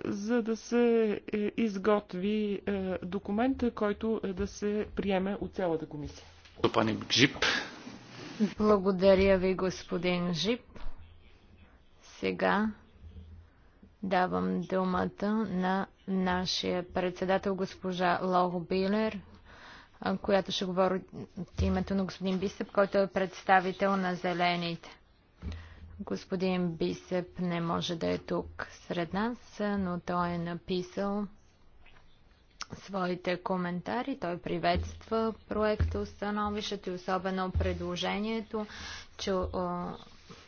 за да се е, изготви документа, който да се приеме от цялата комисия. Благодаря ви, господин Жип. Сега Давам думата на нашия председател госпожа Лоро Билер, която ще говори от името на господин Бисеп, който е представител на Зелените. Господин Бисеп не може да е тук сред нас, но той е написал своите коментари. Той приветства проекта, установището и особено предложението, че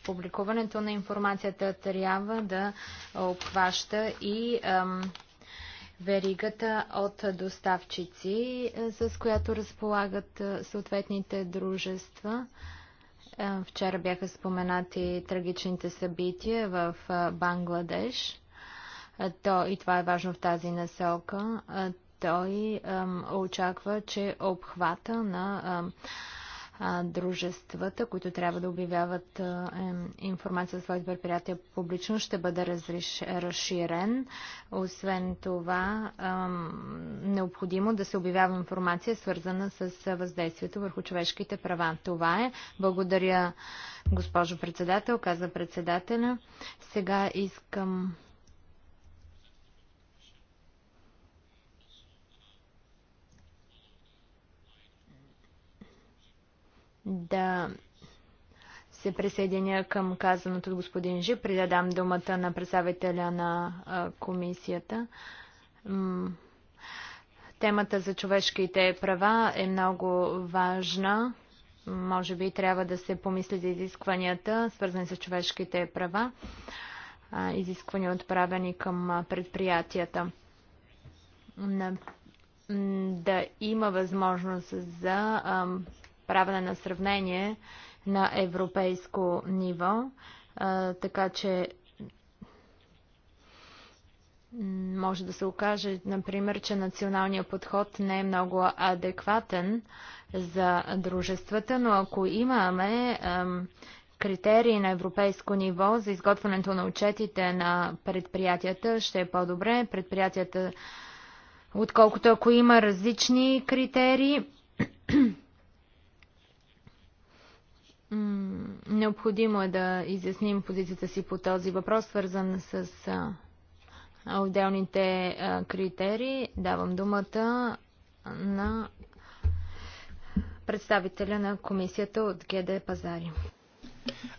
публикуването на информацията трябва да обхваща и веригата от доставчици, е, с която разполагат е, съответните дружества. Е, вчера бяха споменати трагичните събития в Бангладеш. То, и това е важно в тази насока. Той очаква, че обхвата на дружествата, които трябва да обявяват информация за своите предприятия публично, ще бъде разреш... разширен. Освен това, необходимо да се обявява информация, свързана с въздействието върху човешките права. Това е. Благодаря, госпожо председател, каза председателя. Сега искам да се присъединя към казаното от господин Жи, преди да дам думата на представителя на комисията. Темата за човешките права е много важна. Може би трябва да се помисли за изискванията, свързани с човешките права, изисквания отправени към предприятията. Да има възможност за правене на сравнение на европейско ниво, така че може да се окаже, например, че националният подход не е много адекватен за дружествата, но ако имаме критерии на европейско ниво за изготвянето на отчетите на предприятията, ще е по-добре. Предприятията, отколкото ако има различни критерии, Необходимо е да изясним позицията си по този въпрос, свързан с отделните критерии. Давам думата на представителя на комисията от ГД Пазари.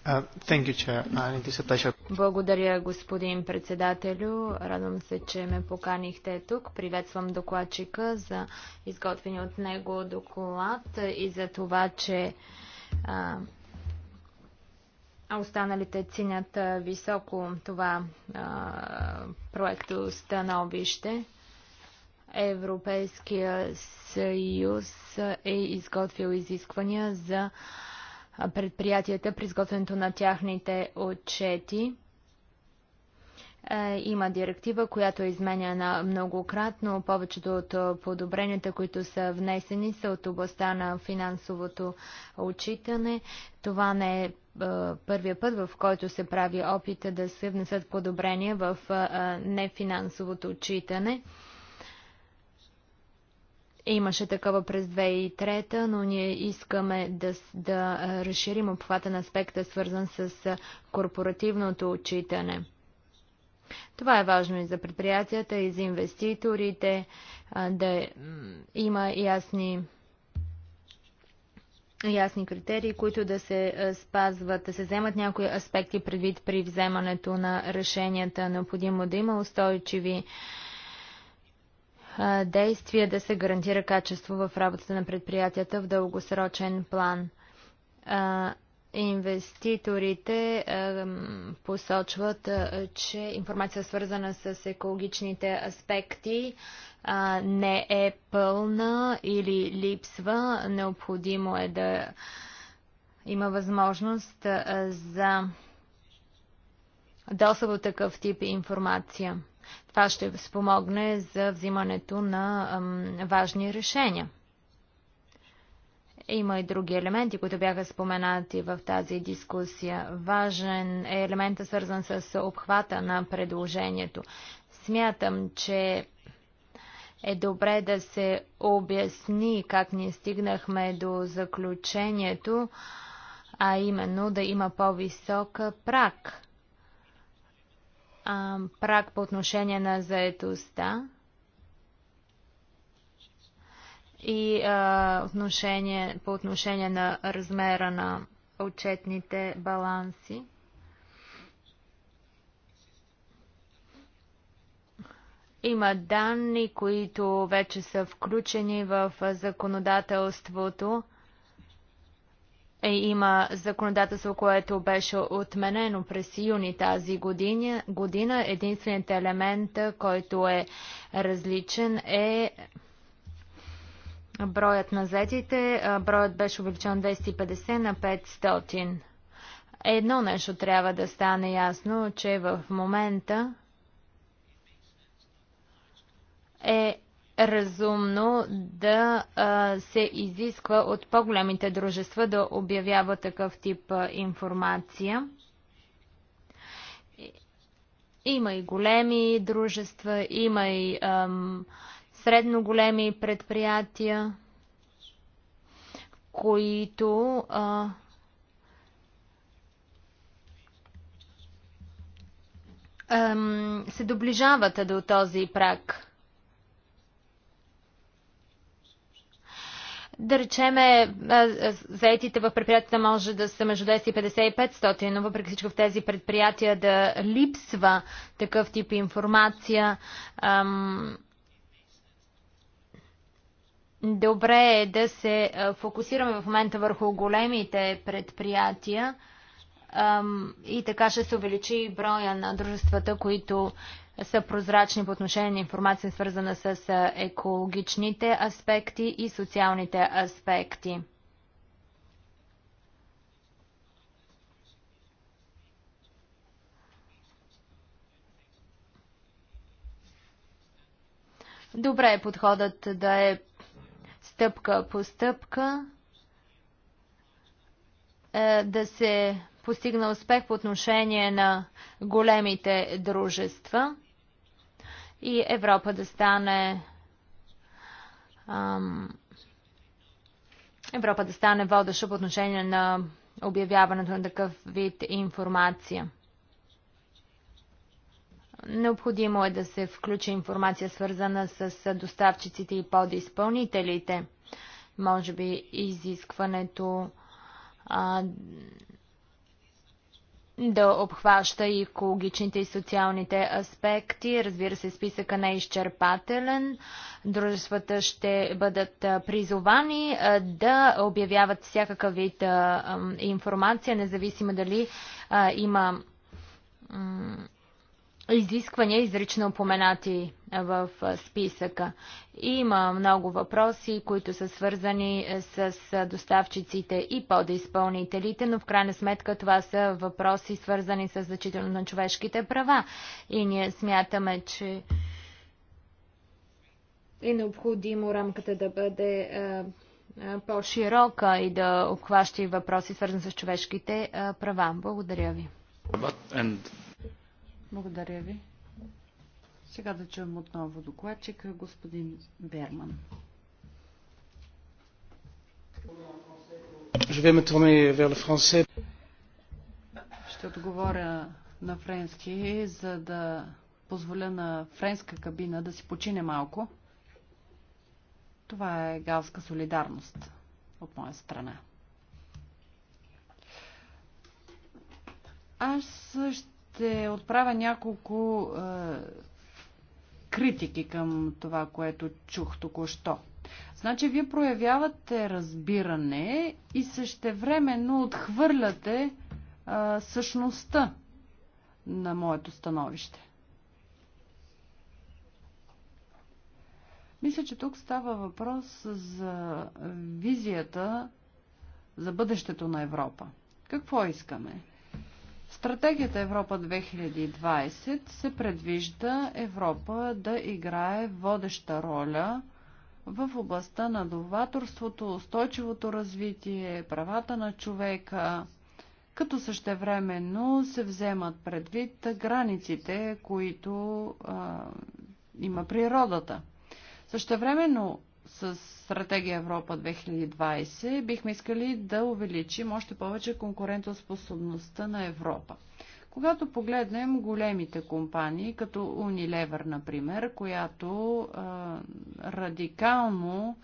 Uh, you, Благодаря, господин председателю. Радвам се, че ме поканихте тук. Приветствам докладчика за изготвени от него доклад и за това, че uh, а останалите ценят високо това проекто становище. Европейския съюз е изготвил изисквания за предприятията при изготвянето на тяхните отчети. Е, има директива, която е изменяна многократно. Повечето от е, подобренията, които са внесени, са от областта на финансовото отчитане. Това не е, е първия път, в който се прави опита да се внесат подобрения в нефинансовото отчитане. Имаше такава през 2003, но ние искаме да, да разширим обхвата на аспекта, свързан с корпоративното отчитане. Това е важно и за предприятията, и за инвеститорите, да има ясни, ясни критерии, които да се спазват, да се вземат някои аспекти предвид при вземането на решенията. Необходимо да има устойчиви действия, да се гарантира качество в работата на предприятията в дългосрочен план Инвеститорите посочват, че информация свързана с екологичните аспекти не е пълна или липсва. Необходимо е да има възможност за достъп от такъв тип информация. Това ще спомогне за взимането на важни решения. Има и други елементи, които бяха споменати в тази дискусия. Важен е елемента е свързан с обхвата на предложението. Смятам, че е добре да се обясни как ни стигнахме до заключението, а именно да има по-висок прак. прак по отношение на заетостта и а, отношение, по отношение на размера на отчетните баланси. Има данни, които вече са включени в законодателството. Е, има законодателство, което беше отменено през юни тази година. година. Единственият елемент, който е различен е Броят на заетите, броят беше увеличен 250 на 500. Едно нещо трябва да стане ясно, че в момента е разумно да а, се изисква от по-големите дружества да обявява такъв тип а, информация. Има и големи дружества, има и ам, средно големи предприятия, които а, ам, се доближават до този прак. Да речеме, заетите в предприятията може да са между 10 и 50 и 500, но въпреки всичко в тези предприятия да липсва такъв тип информация, ам, Добре е да се фокусираме в момента върху големите предприятия и така ще се увеличи броя на дружествата, които са прозрачни по отношение на информация, свързана с екологичните аспекти и социалните аспекти. Добре е подходът да е стъпка по стъпка е, да се постигна успех по отношение на големите дружества и Европа да стане Европа да стане водеща по отношение на обявяването на такъв вид информация. Необходимо е да се включи информация свързана с доставчиците и подизпълнителите. Може би изискването а, да обхваща и екологичните и социалните аспекти. Разбира се, списъка не е изчерпателен. Дружествата ще бъдат призовани да обявяват всякакъв вид информация, независимо дали има изисквания, изрично упоменати в списъка. Има много въпроси, които са свързани с доставчиците и подизпълнителите, но в крайна сметка това са въпроси, свързани с значително на човешките права. И ние смятаме, че е необходимо рамката да бъде по-широка и да обхваща и въпроси, свързани с човешките права. Благодаря ви. And благодаря ви. Сега да чуем отново докладчика господин Берман. Ще отговоря на френски, за да позволя на френска кабина да си почине малко. Това е галска солидарност от моя страна. Аз ще ще отправя няколко е, критики към това, което чух току-що. Значи, вие проявявате разбиране и същевременно отхвърляте е, същността на моето становище. Мисля, че тук става въпрос за визията за бъдещето на Европа. Какво искаме? Стратегията Европа 2020 се предвижда Европа да играе водеща роля в областта на новаторството, устойчивото развитие, правата на човека, като същевременно се вземат предвид границите, които а, има природата. Същевременно с стратегия Европа 2020 бихме искали да увеличим още повече конкурентоспособността на Европа. Когато погледнем големите компании, като Unilever, например, която а, радикално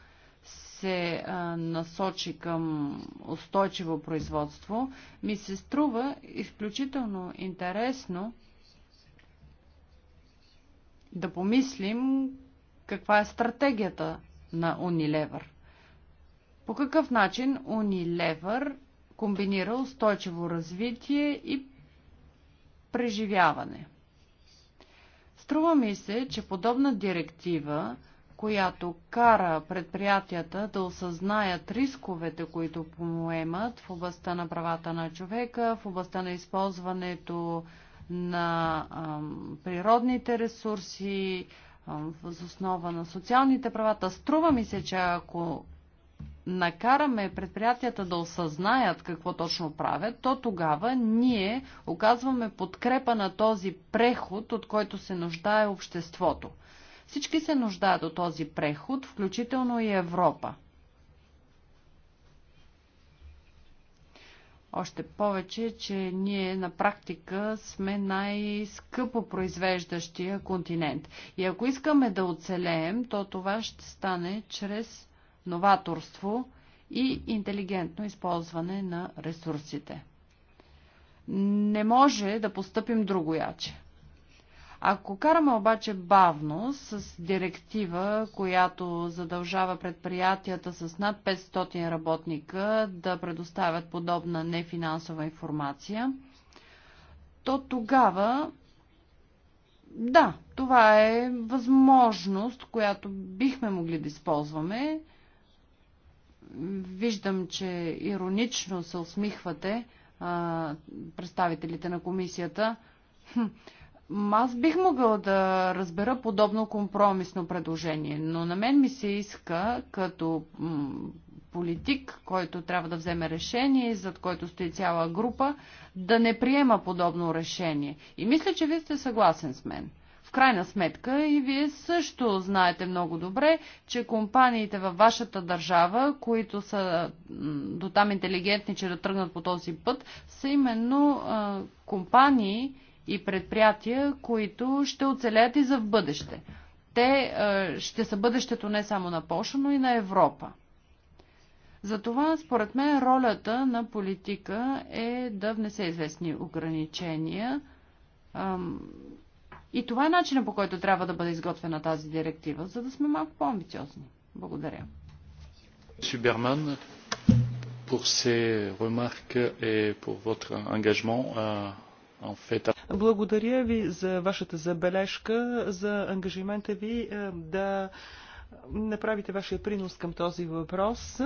се а, насочи към устойчиво производство, ми се струва изключително интересно да помислим каква е стратегията на Unilever. По какъв начин Unilever комбинира устойчиво развитие и преживяване? Струва ми се, че подобна директива, която кара предприятията да осъзнаят рисковете, които поемат в областта на правата на човека, в областта на използването на ам, природните ресурси, въз основа на социалните правата. Струва ми се, че ако накараме предприятията да осъзнаят какво точно правят, то тогава ние оказваме подкрепа на този преход, от който се нуждае обществото. Всички се нуждаят от този преход, включително и Европа. Още повече, че ние на практика сме най-скъпо произвеждащия континент. И ако искаме да оцелеем, то това ще стане чрез новаторство и интелигентно използване на ресурсите. Не може да постъпим другояче. Ако караме обаче бавно с директива, която задължава предприятията с над 500 работника да предоставят подобна нефинансова информация, то тогава да, това е възможност, която бихме могли да използваме. Виждам, че иронично се усмихвате представителите на комисията. Хм, аз бих могъл да разбера подобно компромисно предложение, но на мен ми се иска като политик, който трябва да вземе решение, зад който стои цяла група, да не приема подобно решение. И мисля, че вие сте съгласен с мен. В крайна сметка и вие също знаете много добре, че компаниите във вашата държава, които са до там интелигентни, че да тръгнат по този път, са именно а, компании, и предприятия, които ще оцелят и за в бъдеще. Те ще са бъдещето не само на Польша, но и на Европа. Затова, според мен, ролята на политика е да внесе известни ограничения. И това е начинът по който трябва да бъде изготвена тази директива, за да сме малко по-амбициозни. Благодаря. Берман, pour ces remarques et pour votre engagement. Euh, благодаря ви за вашата забележка, за ангажимента ви е, да направите вашия принос към този въпрос. Е,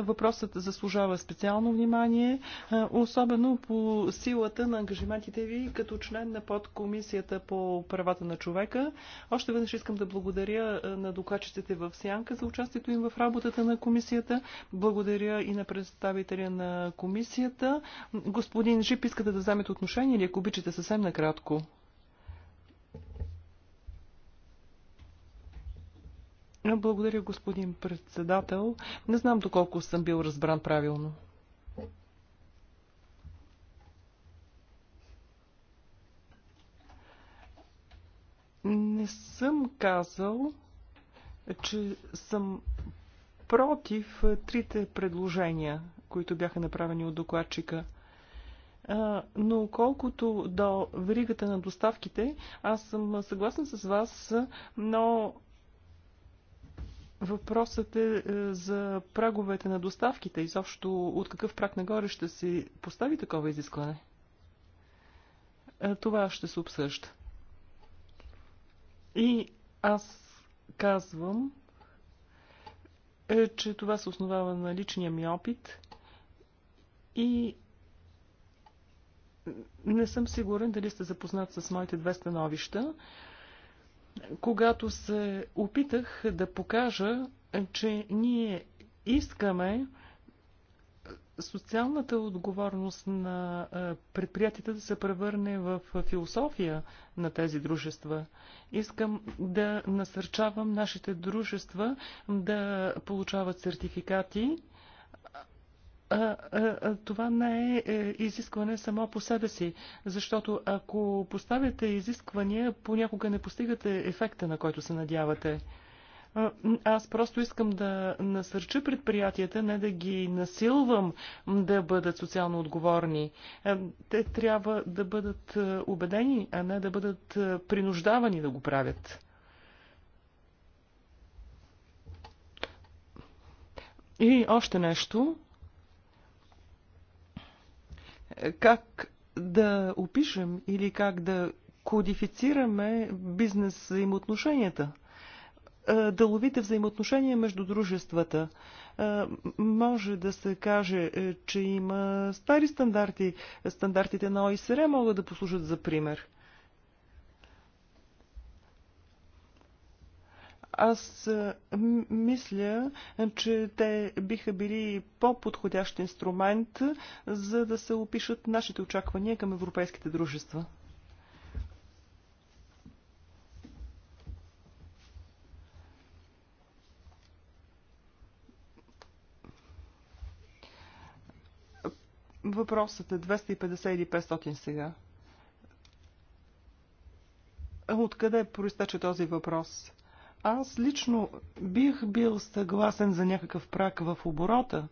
въпросът заслужава специално внимание, е, особено по силата на ангажиментите ви като член на подкомисията по правата на човека. Още веднъж искам да благодаря е, на докладчиците в Сянка за участието им в работата на комисията. Благодаря и на представителя на комисията. Господин Жип, искате да вземете отношение или ако обичате съвсем накратко? Благодаря, господин председател. Не знам доколко съм бил разбран правилно. Не съм казал, че съм против трите предложения, които бяха направени от докладчика. Но колкото до веригата на доставките, аз съм съгласна с вас, но Въпросът е, е за праговете на доставките. Изобщо от какъв праг нагоре ще се постави такова изискване? Е, това ще се обсъжда. И аз казвам, е, че това се основава на личния ми опит и не съм сигурен дали сте запознат с моите две становища когато се опитах да покажа, че ние искаме социалната отговорност на предприятията да се превърне в философия на тези дружества. Искам да насърчавам нашите дружества да получават сертификати това не е, е изискване само по себе си, защото ако поставяте изисквания, понякога не постигате ефекта, на който се надявате. Аз просто искам да насърча предприятията, не да ги насилвам да бъдат социално отговорни. Те трябва да бъдат убедени, а не да бъдат принуждавани да го правят. И още нещо. Как да опишем или как да кодифицираме бизнес взаимоотношенията? Деловите взаимоотношения между дружествата. Може да се каже, е, че има стари стандарти. Стандартите на ОИСР могат да послужат за пример – Аз мисля, че те биха били по-подходящ инструмент, за да се опишат нашите очаквания към европейските дружества. Въпросът е 250 или 500 сега. Откъде проистече този въпрос? Аз лично бих бил съгласен за някакъв прак в оборота,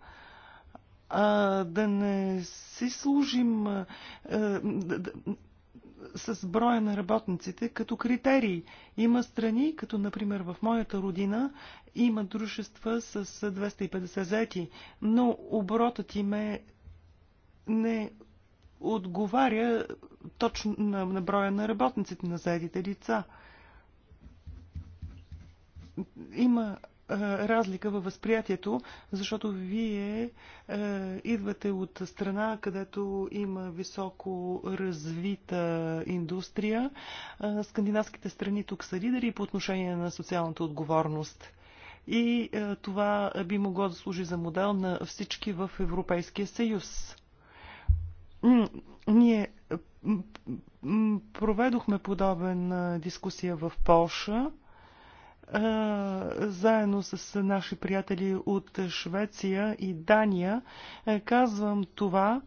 а, да не си служим а, да, да, с броя на работниците като критерии. Има страни, като например в моята родина, има дружества с 250 заети, но оборотът им е не отговаря точно на, на броя на работниците, на заедите лица има разлика във възприятието, защото вие е, идвате от страна, където има високо развита индустрия. Е, скандинавските страни тук са лидери по отношение на социалната отговорност. И е, това би могло да служи за модел на всички в Европейския съюз. Ние проведохме подобен дискусия в Полша заедно с наши приятели от Швеция и Дания. Казвам това,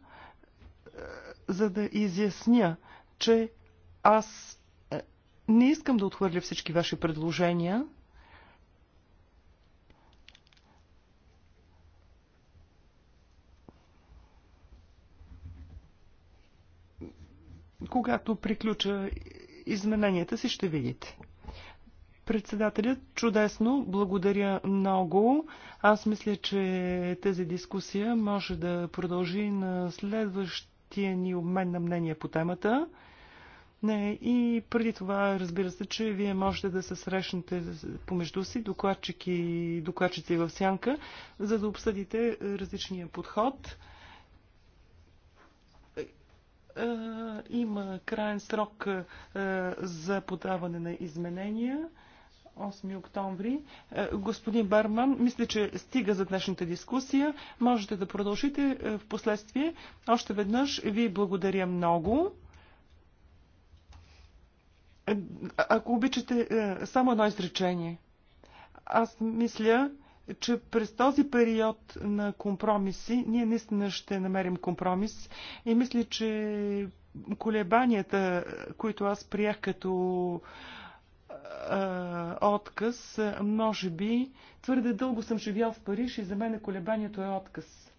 за да изясня, че аз не искам да отхвърля всички ваши предложения. Когато приключа измененията си, ще видите. Председателят, чудесно, благодаря много. Аз мисля, че тази дискусия може да продължи на следващия ни обмен на мнение по темата. Не, и преди това, разбира се, че вие можете да се срещнете помежду си, докладчики, докладчици в сянка, за да обсъдите различния подход. Е, има крайен срок е, за подаване на изменения. 8 октомври. Е, господин Барман, мисля, че стига за днешната дискусия. Можете да продължите е, в последствие. Още веднъж ви благодаря много. Е, ако обичате, само едно изречение. Аз мисля, че през този период на компромиси ние наистина ще намерим компромис и мисля, че колебанията, които аз приех като отказ, може би, твърде дълго съм живял в Париж и за мен колебанието е отказ.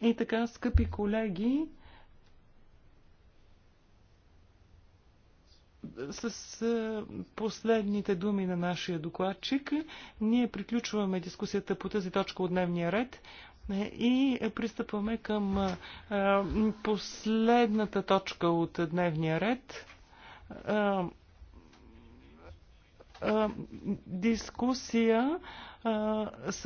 И така, скъпи колеги, с последните думи на нашия докладчик, ние приключваме дискусията по тази точка от дневния ред и пристъпваме към последната точка от дневния ред дискусия с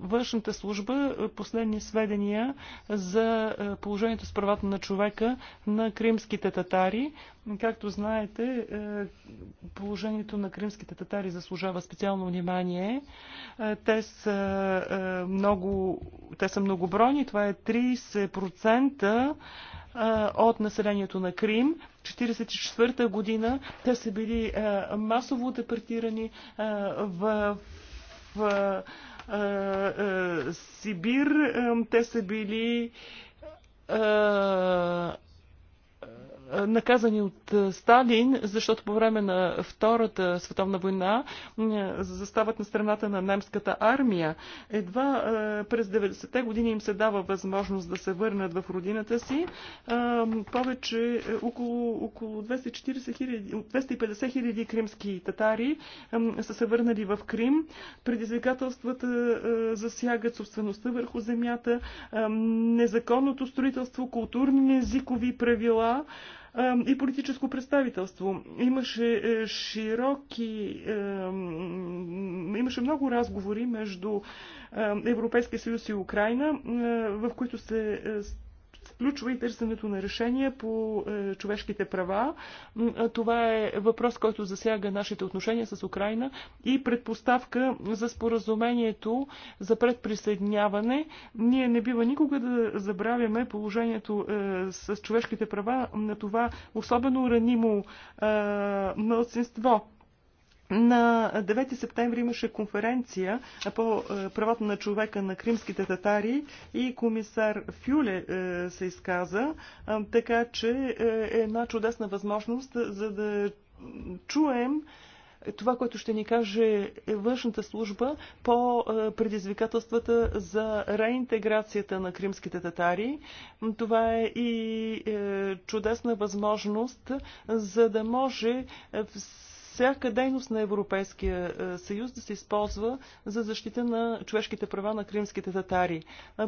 външната служба последни сведения за положението с правата на човека на кримските татари. Както знаете, положението на кримските татари заслужава специално внимание. Те са много, те са многобройни. Това е 30% от населението на Крим. 1944 година те са били масово депортирани в в Сибир. Те са били наказани от Сталин, защото по време на Втората световна война застават на страната на немската армия. Едва през 90-те години им се дава възможност да се върнат в родината си. Повече е, около, около 240 250 хиляди кримски татари са се върнали в Крим. Предизвикателствата засягат собствеността върху земята, незаконното строителство, културни езикови правила, и политическо представителство. Имаше е, широки, имаше много разговори между Европейския съюз и Украина, е, в които се е, включва и търсенето на решения по е, човешките права. Това е въпрос, който засяга нашите отношения с Украина и предпоставка за споразумението за предприсъединяване. Ние не бива никога да забравяме положението е, с човешките права на това особено ранимо е, мълцинство. На 9 септември имаше конференция по е, правата на човека на кримските татари и комисар Фюле е, се изказа, е, така че е една чудесна възможност за да чуем това, което ще ни каже външната служба по предизвикателствата за реинтеграцията на кримските татари. Това е и чудесна възможност, за да може всяка дейност на Европейския е, съюз да се използва за защита на човешките права на кримските татари.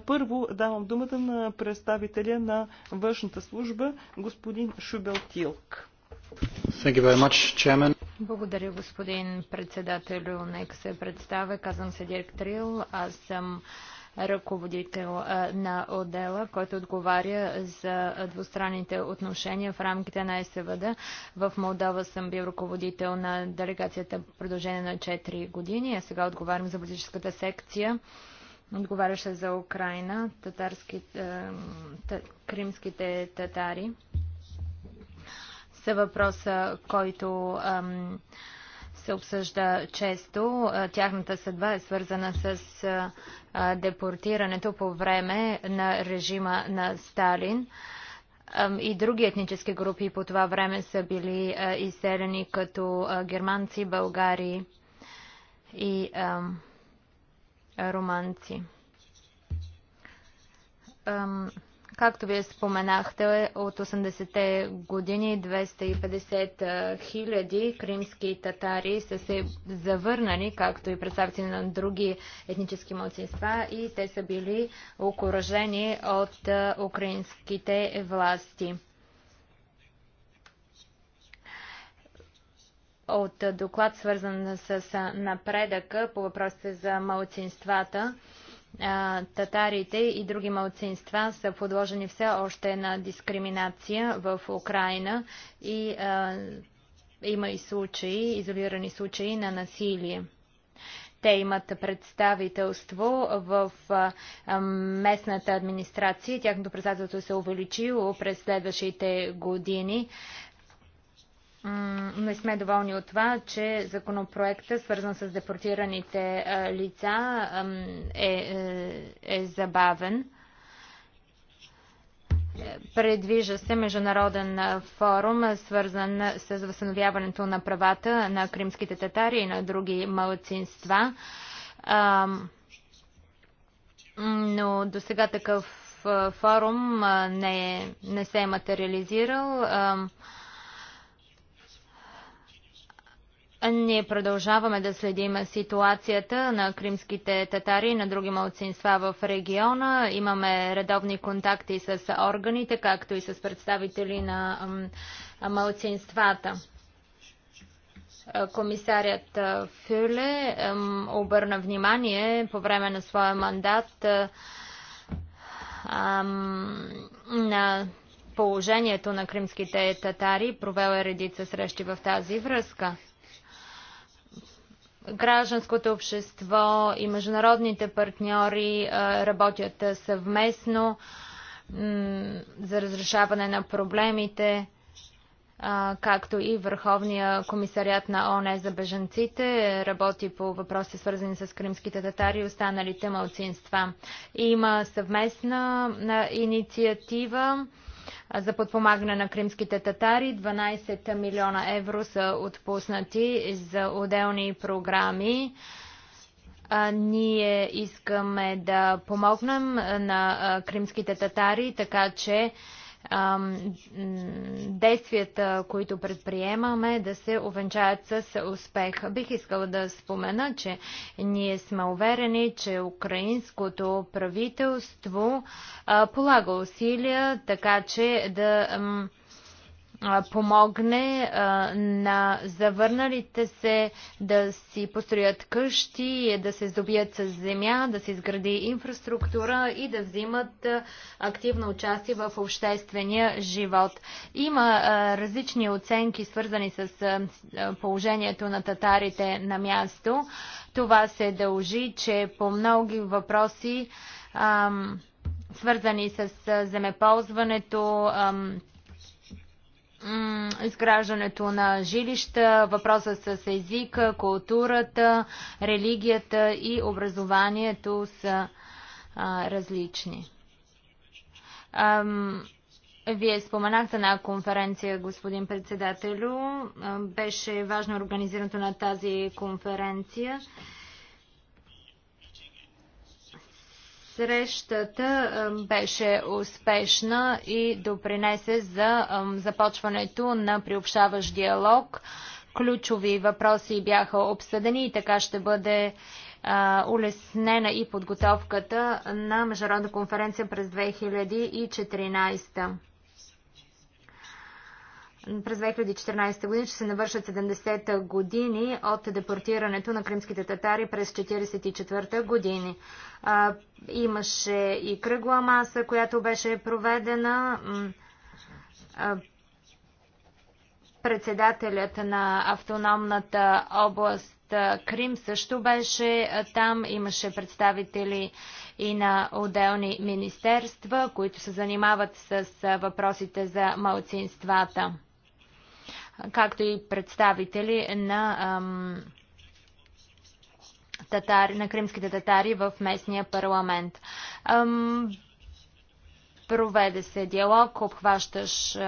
Първо давам думата на представителя на външната служба, господин Шубел Тилк. Much, Благодаря, господин председателю. Нека се представя. Казвам се Дирк Трил. Аз съм ръководител на отдела, който отговаря за двустранните отношения в рамките на СВД. В Молдова съм бил ръководител на делегацията в продължение на 4 години, а сега отговарям за политическата секция отговаряше за Украина, татарски, кримските татари. Са въпроса, който ам, се обсъжда често. Тяхната съдба е свързана с депортирането по време на режима на Сталин. И други етнически групи по това време са били изселени като германци, българи и руманци Както вие споменахте, от 80-те години 250 хиляди кримски татари са се завърнали, както и представители на други етнически младсинства, и те са били окоръжени от украинските власти. От доклад, свързан с напредъка по въпросите за малцинствата, татарите и други малцинства са подложени все още на дискриминация в Украина и а, има и случаи, изолирани случаи на насилие. Те имат представителство в местната администрация. Тяхното представителство се е увеличило през следващите години не сме доволни от това, че законопроекта, свързан с депортираните лица, е, е, е забавен. Предвижда се международен форум, свързан с възстановяването на правата на кримските татари и на други малцинства. Но до сега такъв форум не, е, не се е материализирал. Ние продължаваме да следим ситуацията на кримските татари и на други младсинства в региона. Имаме редовни контакти с органите, както и с представители на малцинствата. Комисарят Фюле обърна внимание по време на своя мандат на положението на кримските татари, провела е редица срещи в тази връзка гражданското общество и международните партньори е, работят е, съвместно за разрешаване на проблемите, е, както и Върховния комисарият на ОНЕ за бежанците работи по въпроси свързани с кримските татари и останалите малцинства. Има съвместна инициатива за подпомагане на кримските татари. 12 милиона евро са отпуснати за отделни програми. А, ние искаме да помогнем на кримските татари, така че действията, които предприемаме, да се увенчаят с успех. Бих искала да спомена, че ние сме уверени, че украинското правителство полага усилия, така че да помогне на завърналите се да си построят къщи, да се здобият с земя, да се изгради инфраструктура и да взимат активно участие в обществения живот. Има различни оценки, свързани с положението на татарите на място. Това се дължи, че по много въпроси, свързани с земеползването, изграждането на жилища, въпроса с езика, културата, религията и образованието са а, различни. вие споменахте на конференция, господин председателю. Беше важно организирането на тази конференция. Срещата беше успешна и допринесе за започването на приобщаващ диалог. Ключови въпроси бяха обсъдени и така ще бъде улеснена и подготовката на Международна конференция през 2014 през 2014 година, ще се навършат 70 години от депортирането на кримските татари през 1944 години. А, имаше и кръгла маса, която беше проведена. председателят на автономната област Крим също беше там. Имаше представители и на отделни министерства, които се занимават с въпросите за малцинствата както и представители на, ам, татари, на кримските татари в местния парламент. Ам, проведе се диалог, обхващаш а,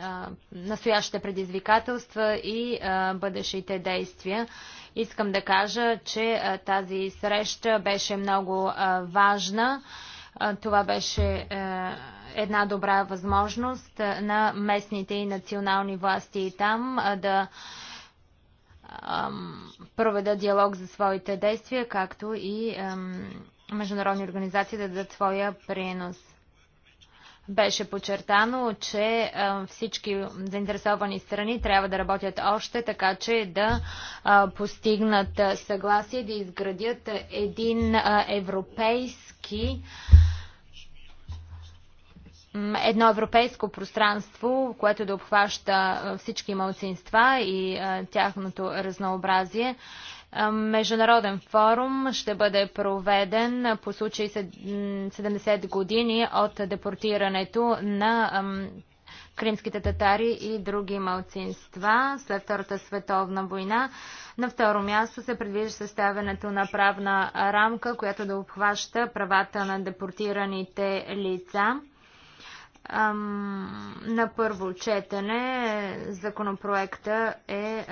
а, настоящите предизвикателства и а, бъдещите действия. Искам да кажа, че а, тази среща беше много а, важна. А, това беше. А, е, една добра възможност на местните и национални власти там да проведат диалог за своите действия, както и международни организации да дадат своя принос. Беше подчертано, че всички заинтересовани страни трябва да работят още, така че да постигнат съгласие, да изградят един европейски едно европейско пространство, което да обхваща всички малцинства и тяхното разнообразие. международен форум ще бъде проведен по случай 70 години от депортирането на кримските татари и други малцинства след Втората световна война. На второ място се предвижда съставянето на правна рамка, която да обхваща правата на депортираните лица на първо четене законопроекта е, е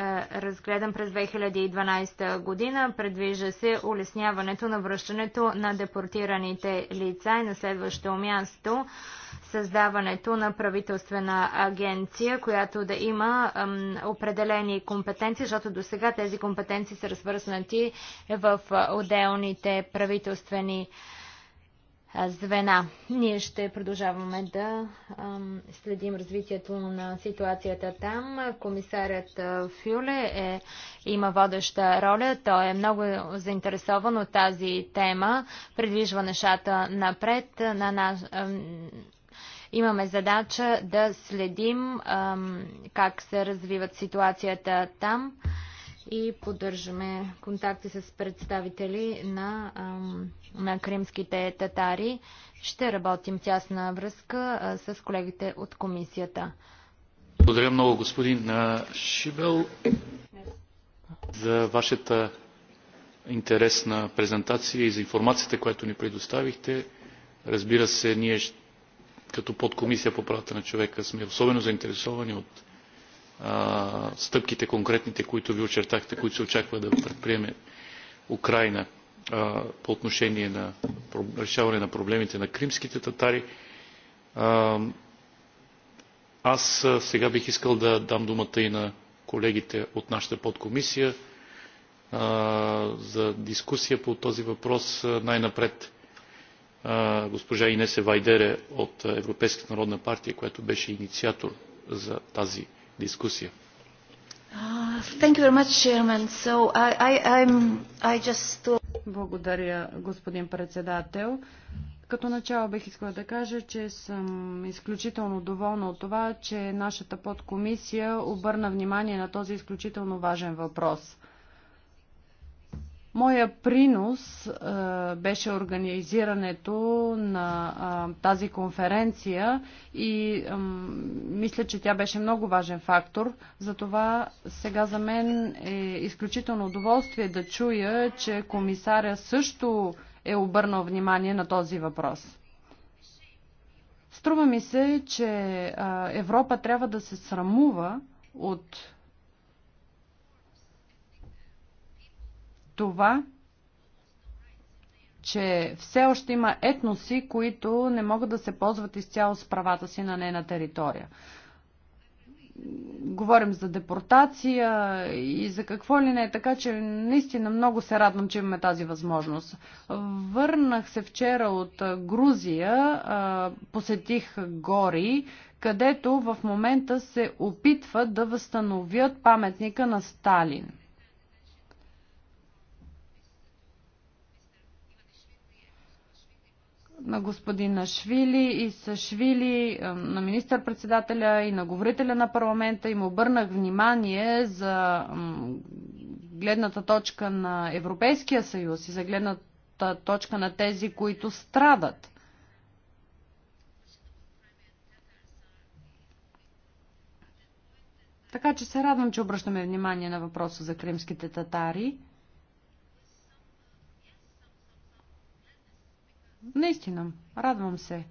разгледан през 2012 година. Предвижда се улесняването на връщането на депортираните лица и на следващо място създаването на правителствена агенция, която да има определени компетенции, защото до сега тези компетенции са развързнати в отделните правителствени агенции звена. Ние ще продължаваме да следим развитието на ситуацията там. Комисарят Фюле е, има водеща роля. Той е много заинтересован от тази тема. Предвижва нещата напред. На наш, имаме задача да следим как се развиват ситуацията там и поддържаме контакти с представители на, на кримските татари. Ще работим тясна връзка с колегите от комисията. Благодаря много, господин Шибел, за вашата интересна презентация и за информацията, която ни предоставихте. Разбира се, ние като подкомисия по правата на човека сме особено заинтересовани от стъпките конкретните, които ви очертахте, които се очаква да предприеме Украина по отношение на решаване на проблемите на кримските татари. Аз сега бих искал да дам думата и на колегите от нашата подкомисия за дискусия по този въпрос. Най-напред госпожа Инесе Вайдере от Европейската народна партия, която беше инициатор за тази дискусия. Благодаря, господин председател. Като начало бих искала да кажа, че съм изключително доволна от това, че нашата подкомисия обърна внимание на този изключително важен въпрос – Моя принос а, е, беше организирането на а, е, тази конференция и а, е, мисля, че тя беше много важен фактор. Затова сега за мен е изключително удоволствие да чуя, че комисаря също е обърнал внимание на този въпрос. Струва ми се, че Европа трябва да се срамува от това, че все още има етноси, които не могат да се ползват изцяло с правата си на нейна територия. Говорим за депортация и за какво ли не е, така че наистина много се радвам, че имаме тази възможност. Върнах се вчера от Грузия, посетих гори, където в момента се опитват да възстановят паметника на Сталин. на господина Швили и Сашвили, на министър-председателя и на говорителя на парламента им обърнах внимание за гледната точка на Европейския съюз и за гледната точка на тези, които страдат. Така че се радвам, че обръщаме внимание на въпроса за кримските татари. Наистина, радвам се.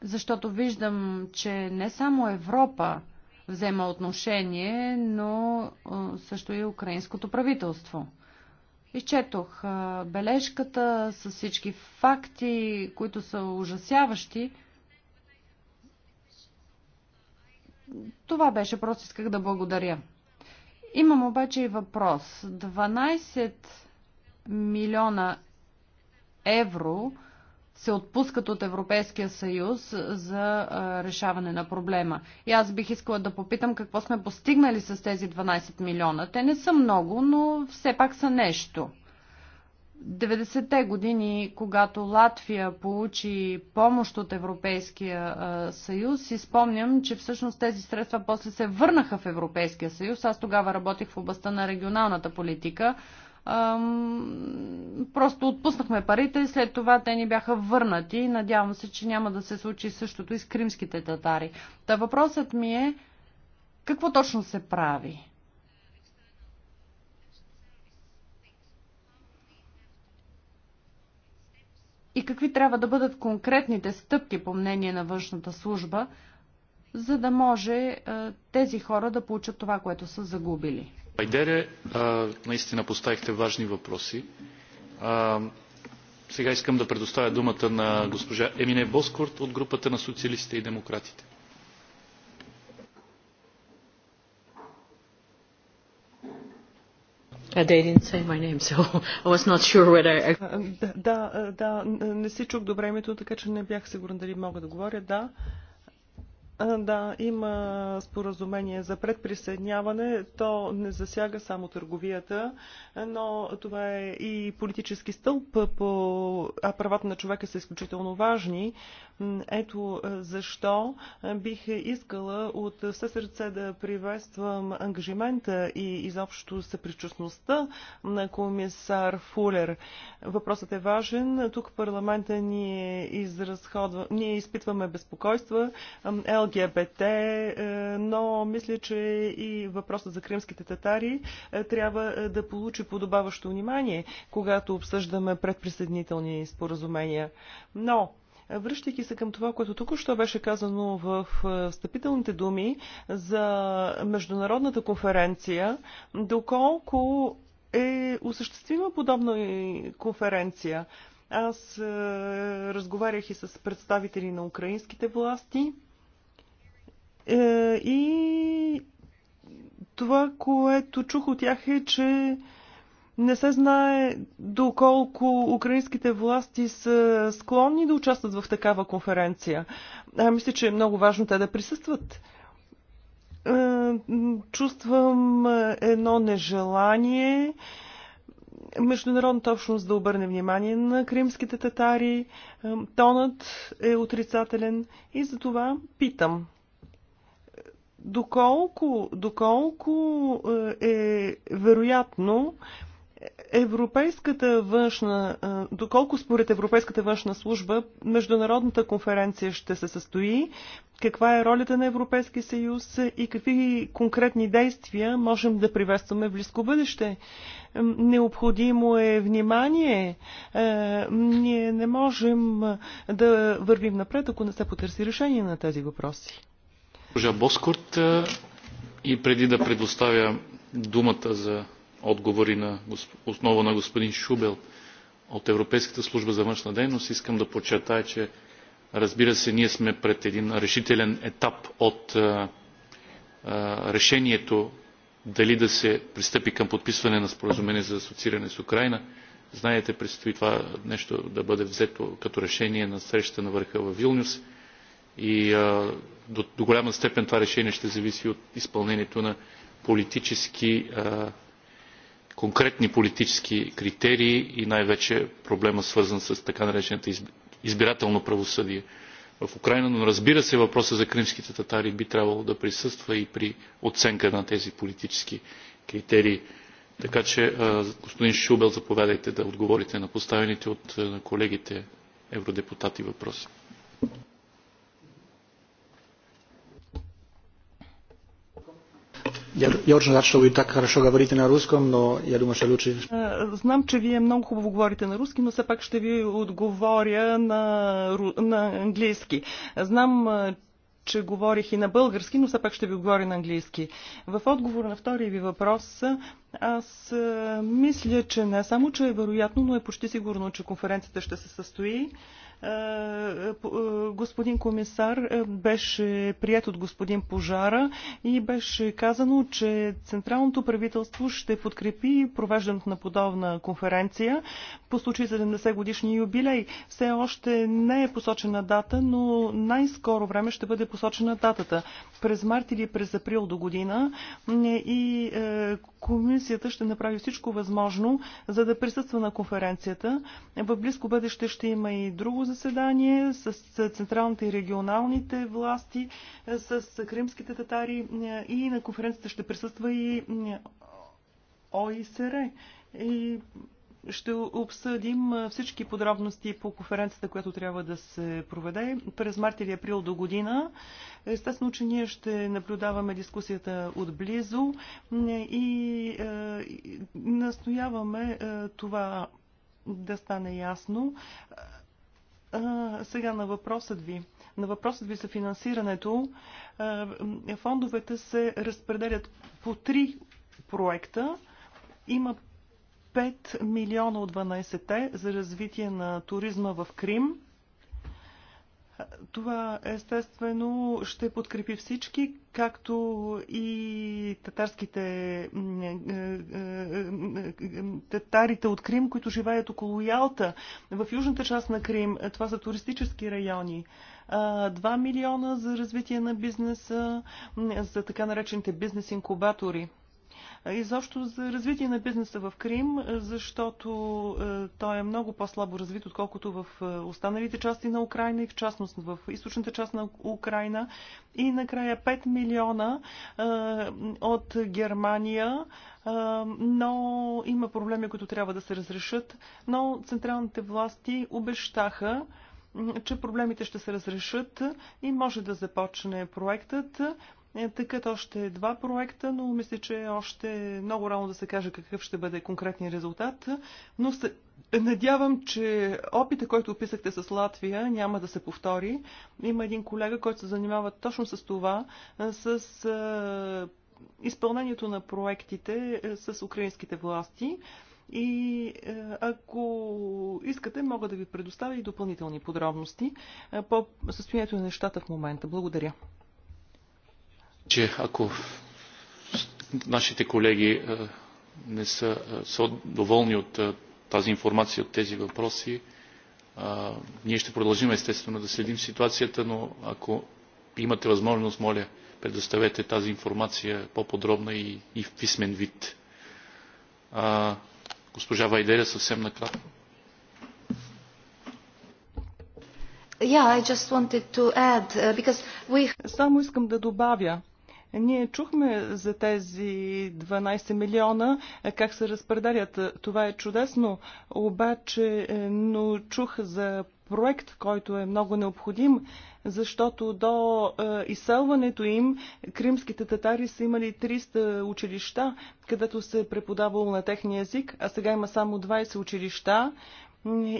Защото виждам, че не само Европа взема отношение, но също и украинското правителство. Изчетох бележката с всички факти, които са ужасяващи. Това беше, просто исках да благодаря. Имам обаче и въпрос. 12 милиона евро се отпускат от Европейския съюз за решаване на проблема. И аз бих искала да попитам какво сме постигнали с тези 12 милиона. Те не са много, но все пак са нещо. 90-те години, когато Латвия получи помощ от Европейския съюз, си спомням, че всъщност тези средства после се върнаха в Европейския съюз. Аз тогава работих в областта на регионалната политика просто отпуснахме парите, след това те ни бяха върнати. Надявам се, че няма да се случи същото и с кримските татари. Та въпросът ми е, какво точно се прави? И какви трябва да бъдат конкретните стъпки, по мнение на външната служба, за да може тези хора да получат това, което са загубили? Айдере, наистина поставихте важни въпроси. Сега искам да предоставя думата на госпожа Емине Боскорт от групата на социалистите и демократите. Uh, uh, uh, да, да, не си чух добре името, така че не бях сигурен дали мога да говоря. Да. Uh, да, има споразумение за предприсъединяване. То не засяга само търговията, но това е и политически стълб, по... а правата на човека са изключително важни. Ето е, защо е, бих искала от все сърце да приветствам ангажимента и изобщо съпричастността на комисар Фулер. Въпросът е важен. Тук парламента ние, изразходва, ние изпитваме безпокойства, е, ЛГБТ, но мисля, че и въпросът за кримските татари трябва да получи подобаващо внимание, когато обсъждаме предприсъединителни споразумения. Но Връщайки се към това, което тук що беше казано в е, встъпителните думи за международната конференция, доколко е осъществима подобна конференция. Аз е, разговарях и с представители на украинските власти е, и това, което чух от тях е, че не се знае доколко украинските власти са склонни да участват в такава конференция. А, мисля, че е много важно те да присъстват. Е, чувствам едно нежелание международната общност да обърне внимание на кримските татари. Е, тонът е отрицателен и за това питам. Доколко, доколко е вероятно Европейската външна, доколко според Европейската външна служба международната конференция ще се състои, каква е ролята на Европейския съюз и какви конкретни действия можем да приветстваме в близко бъдеще. Необходимо е внимание. Е, ние не можем да вървим напред, ако не се потърси решение на тези въпроси. Госпожа Боскорт, е, и преди да предоставя думата за отговори на, основа на господин Шубел от Европейската служба за външна дейност, искам да подчертая, че разбира се, ние сме пред един решителен етап от а, а, решението дали да се пристъпи към подписване на споразумение за асоцииране с Украина. Знаете, предстои това нещо да бъде взето като решение на среща на върха в Вилнюс и а, до, до голяма степен това решение ще зависи от изпълнението на политически а, конкретни политически критерии и най-вече проблема свързан с така наречената избирателно правосъдие в Украина, но разбира се въпроса за кримските татари би трябвало да присъства и при оценка на тези политически критерии. Така че, господин Шубел, заповядайте да отговорите на поставените от колегите евродепутати въпроси. Я, я очень рад, что вы так хорошо говорите на русском, но я думаю, что лучше... Е, знам, че вие много хубаво говорите на руски, но все пак ще ви отговоря на, на английски. Знам, е, че говорих и на български, но все пак ще ви говоря на английски. В отговор на втория ви въпрос, аз е, мисля, че не само, че е вероятно, но е почти сигурно, че конференцията ще се състои. Е, е, господин комисар, е, беше прият от господин Пожара и беше казано, че Централното правителство ще подкрепи провеждането на подобна конференция по случай 70 годишни юбилей. Все още не е посочена дата, но най-скоро време ще бъде посочена датата. През март или през април до година и комисията ще направи всичко възможно, за да присъства на конференцията. В близко бъдеще ще има и друго заседание с централните и регионалните власти, е, с кримските татари е, и на конференцията ще присъства и е, ОИСР. И ще обсъдим всички подробности по конференцията, която трябва да се проведе през март или април до година. Естествено, че ние ще наблюдаваме дискусията отблизо и настояваме това да стане ясно сега на въпросът ви. На въпросът ви за финансирането, фондовете се разпределят по три проекта. Има 5 милиона от 12-те за развитие на туризма в Крим. Това естествено ще подкрепи всички, както и татарските е, е, е, татарите от Крим, които живеят около Ялта. В южната част на Крим това са туристически райони. 2 милиона за развитие на бизнеса, за така наречените бизнес инкубатори изобщо за развитие на бизнеса в Крим, защото е, той е много по-слабо развит, отколкото в е, останалите части на Украина и в частност в източната част на Украина. И накрая 5 милиона е, от Германия но има проблеми, които трябва да се разрешат. Но централните власти обещаха, че проблемите ще се разрешат и може да започне проектът. Е, Тъкът още два проекта, но мисля, че е още много рано да се каже какъв ще бъде конкретният резултат. Но се... надявам, че опита, който описахте с Латвия, няма да се повтори. Има един колега, който се занимава точно с това, с изпълнението на проектите е, с украинските власти. И е, ако искате, мога да ви предоставя и допълнителни подробности по състоянието на нещата в момента. Благодаря. Че ако нашите колеги е, не са, е, са доволни от е, тази информация, от тези въпроси, ние ще продължим естествено да следим ситуацията, но ако имате възможност, моля, предоставете тази информация по-подробна и, и в писмен вид. А, госпожа Вайдеря, съвсем накратко. Yeah, I just wanted to add, uh, because we... Само искам да добавя, ние чухме за тези 12 милиона, е, как се разпределят. Това е чудесно, обаче, е, но чух за проект, който е много необходим, защото до е, изселването им кримските татари са имали 300 училища, където се е преподавало на техния език, а сега има само 20 училища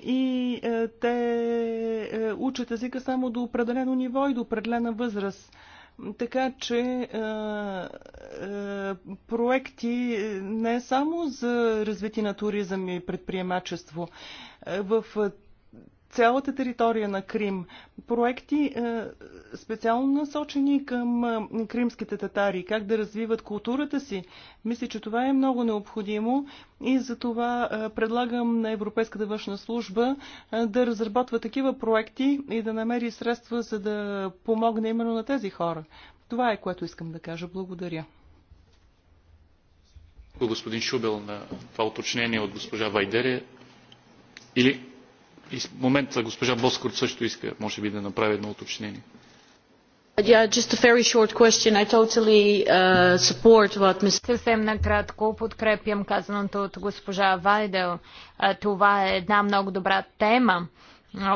и е, те е, учат езика само до определено ниво и до определена възраст така че е, е, проекти не само за развитие на туризъм и предприемачество. Е, в цялата територия на Крим. Проекти е, специално насочени към е, кримските татари, как да развиват културата си. Мисля, че това е много необходимо и за това е, предлагам на Европейската външна служба да разработва такива проекти и да намери средства, за да помогне именно на тези хора. Това е което искам да кажа. Благодаря. Господин Шубел на това уточнение от госпожа Вайдере. Или и в момента госпожа Боскор също иска, може би, да направи едно уточнение. Yeah, totally, uh, Съвсем накратко подкрепям казаното от госпожа Вайдел. Това е една много добра тема.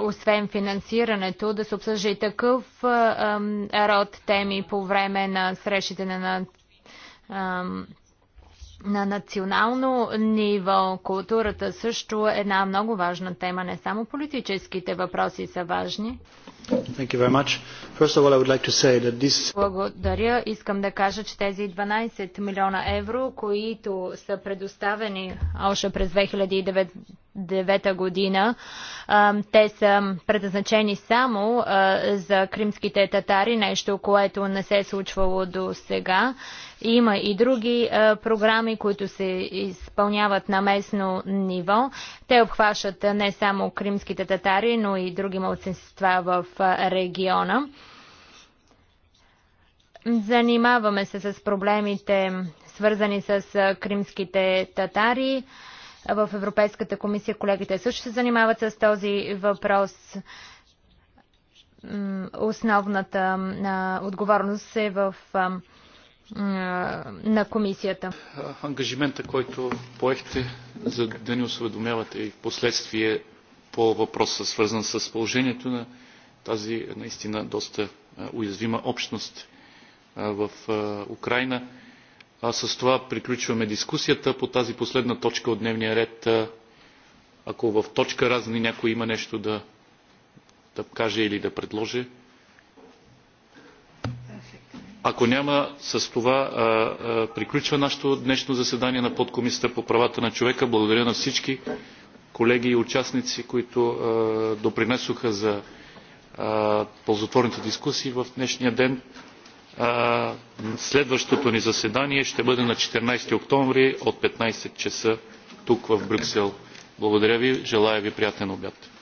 Освен финансирането, да се обсъжда и такъв род теми по време на срещите на uh, на национално ниво културата също е една много важна тема. Не само политическите въпроси са важни. Thank you very much. Благодаря. Искам да кажа, че тези 12 милиона евро, които са предоставени още през 2009, 2009 година, те са предназначени само за кримските татари, нещо, което не се е случвало до сега. Има и други програми, които се изпълняват на местно ниво. Те обхващат не само кримските татари, но и други малцинства в региона. Занимаваме се с проблемите, свързани с кримските татари. В Европейската комисия колегите също се занимават с този въпрос. Основната отговорност е в на комисията. Ангажимента, който поехте, за да ни осведомявате и последствие по въпроса, свързан с положението на тази наистина доста уязвима общност в Украина. А с това приключваме дискусията по тази последна точка от дневния ред. Ако в точка разни някой има нещо да, да каже или да предложи. Ако няма, с това а, а, приключва нашето днешно заседание на подкомисията по правата на човека. Благодаря на всички колеги и участници, които а, допринесоха за ползотворните дискусии в днешния ден следващото ни заседание ще бъде на 14 октомври от 15 часа тук в Брюксел. Благодаря ви, желая ви приятен обяд.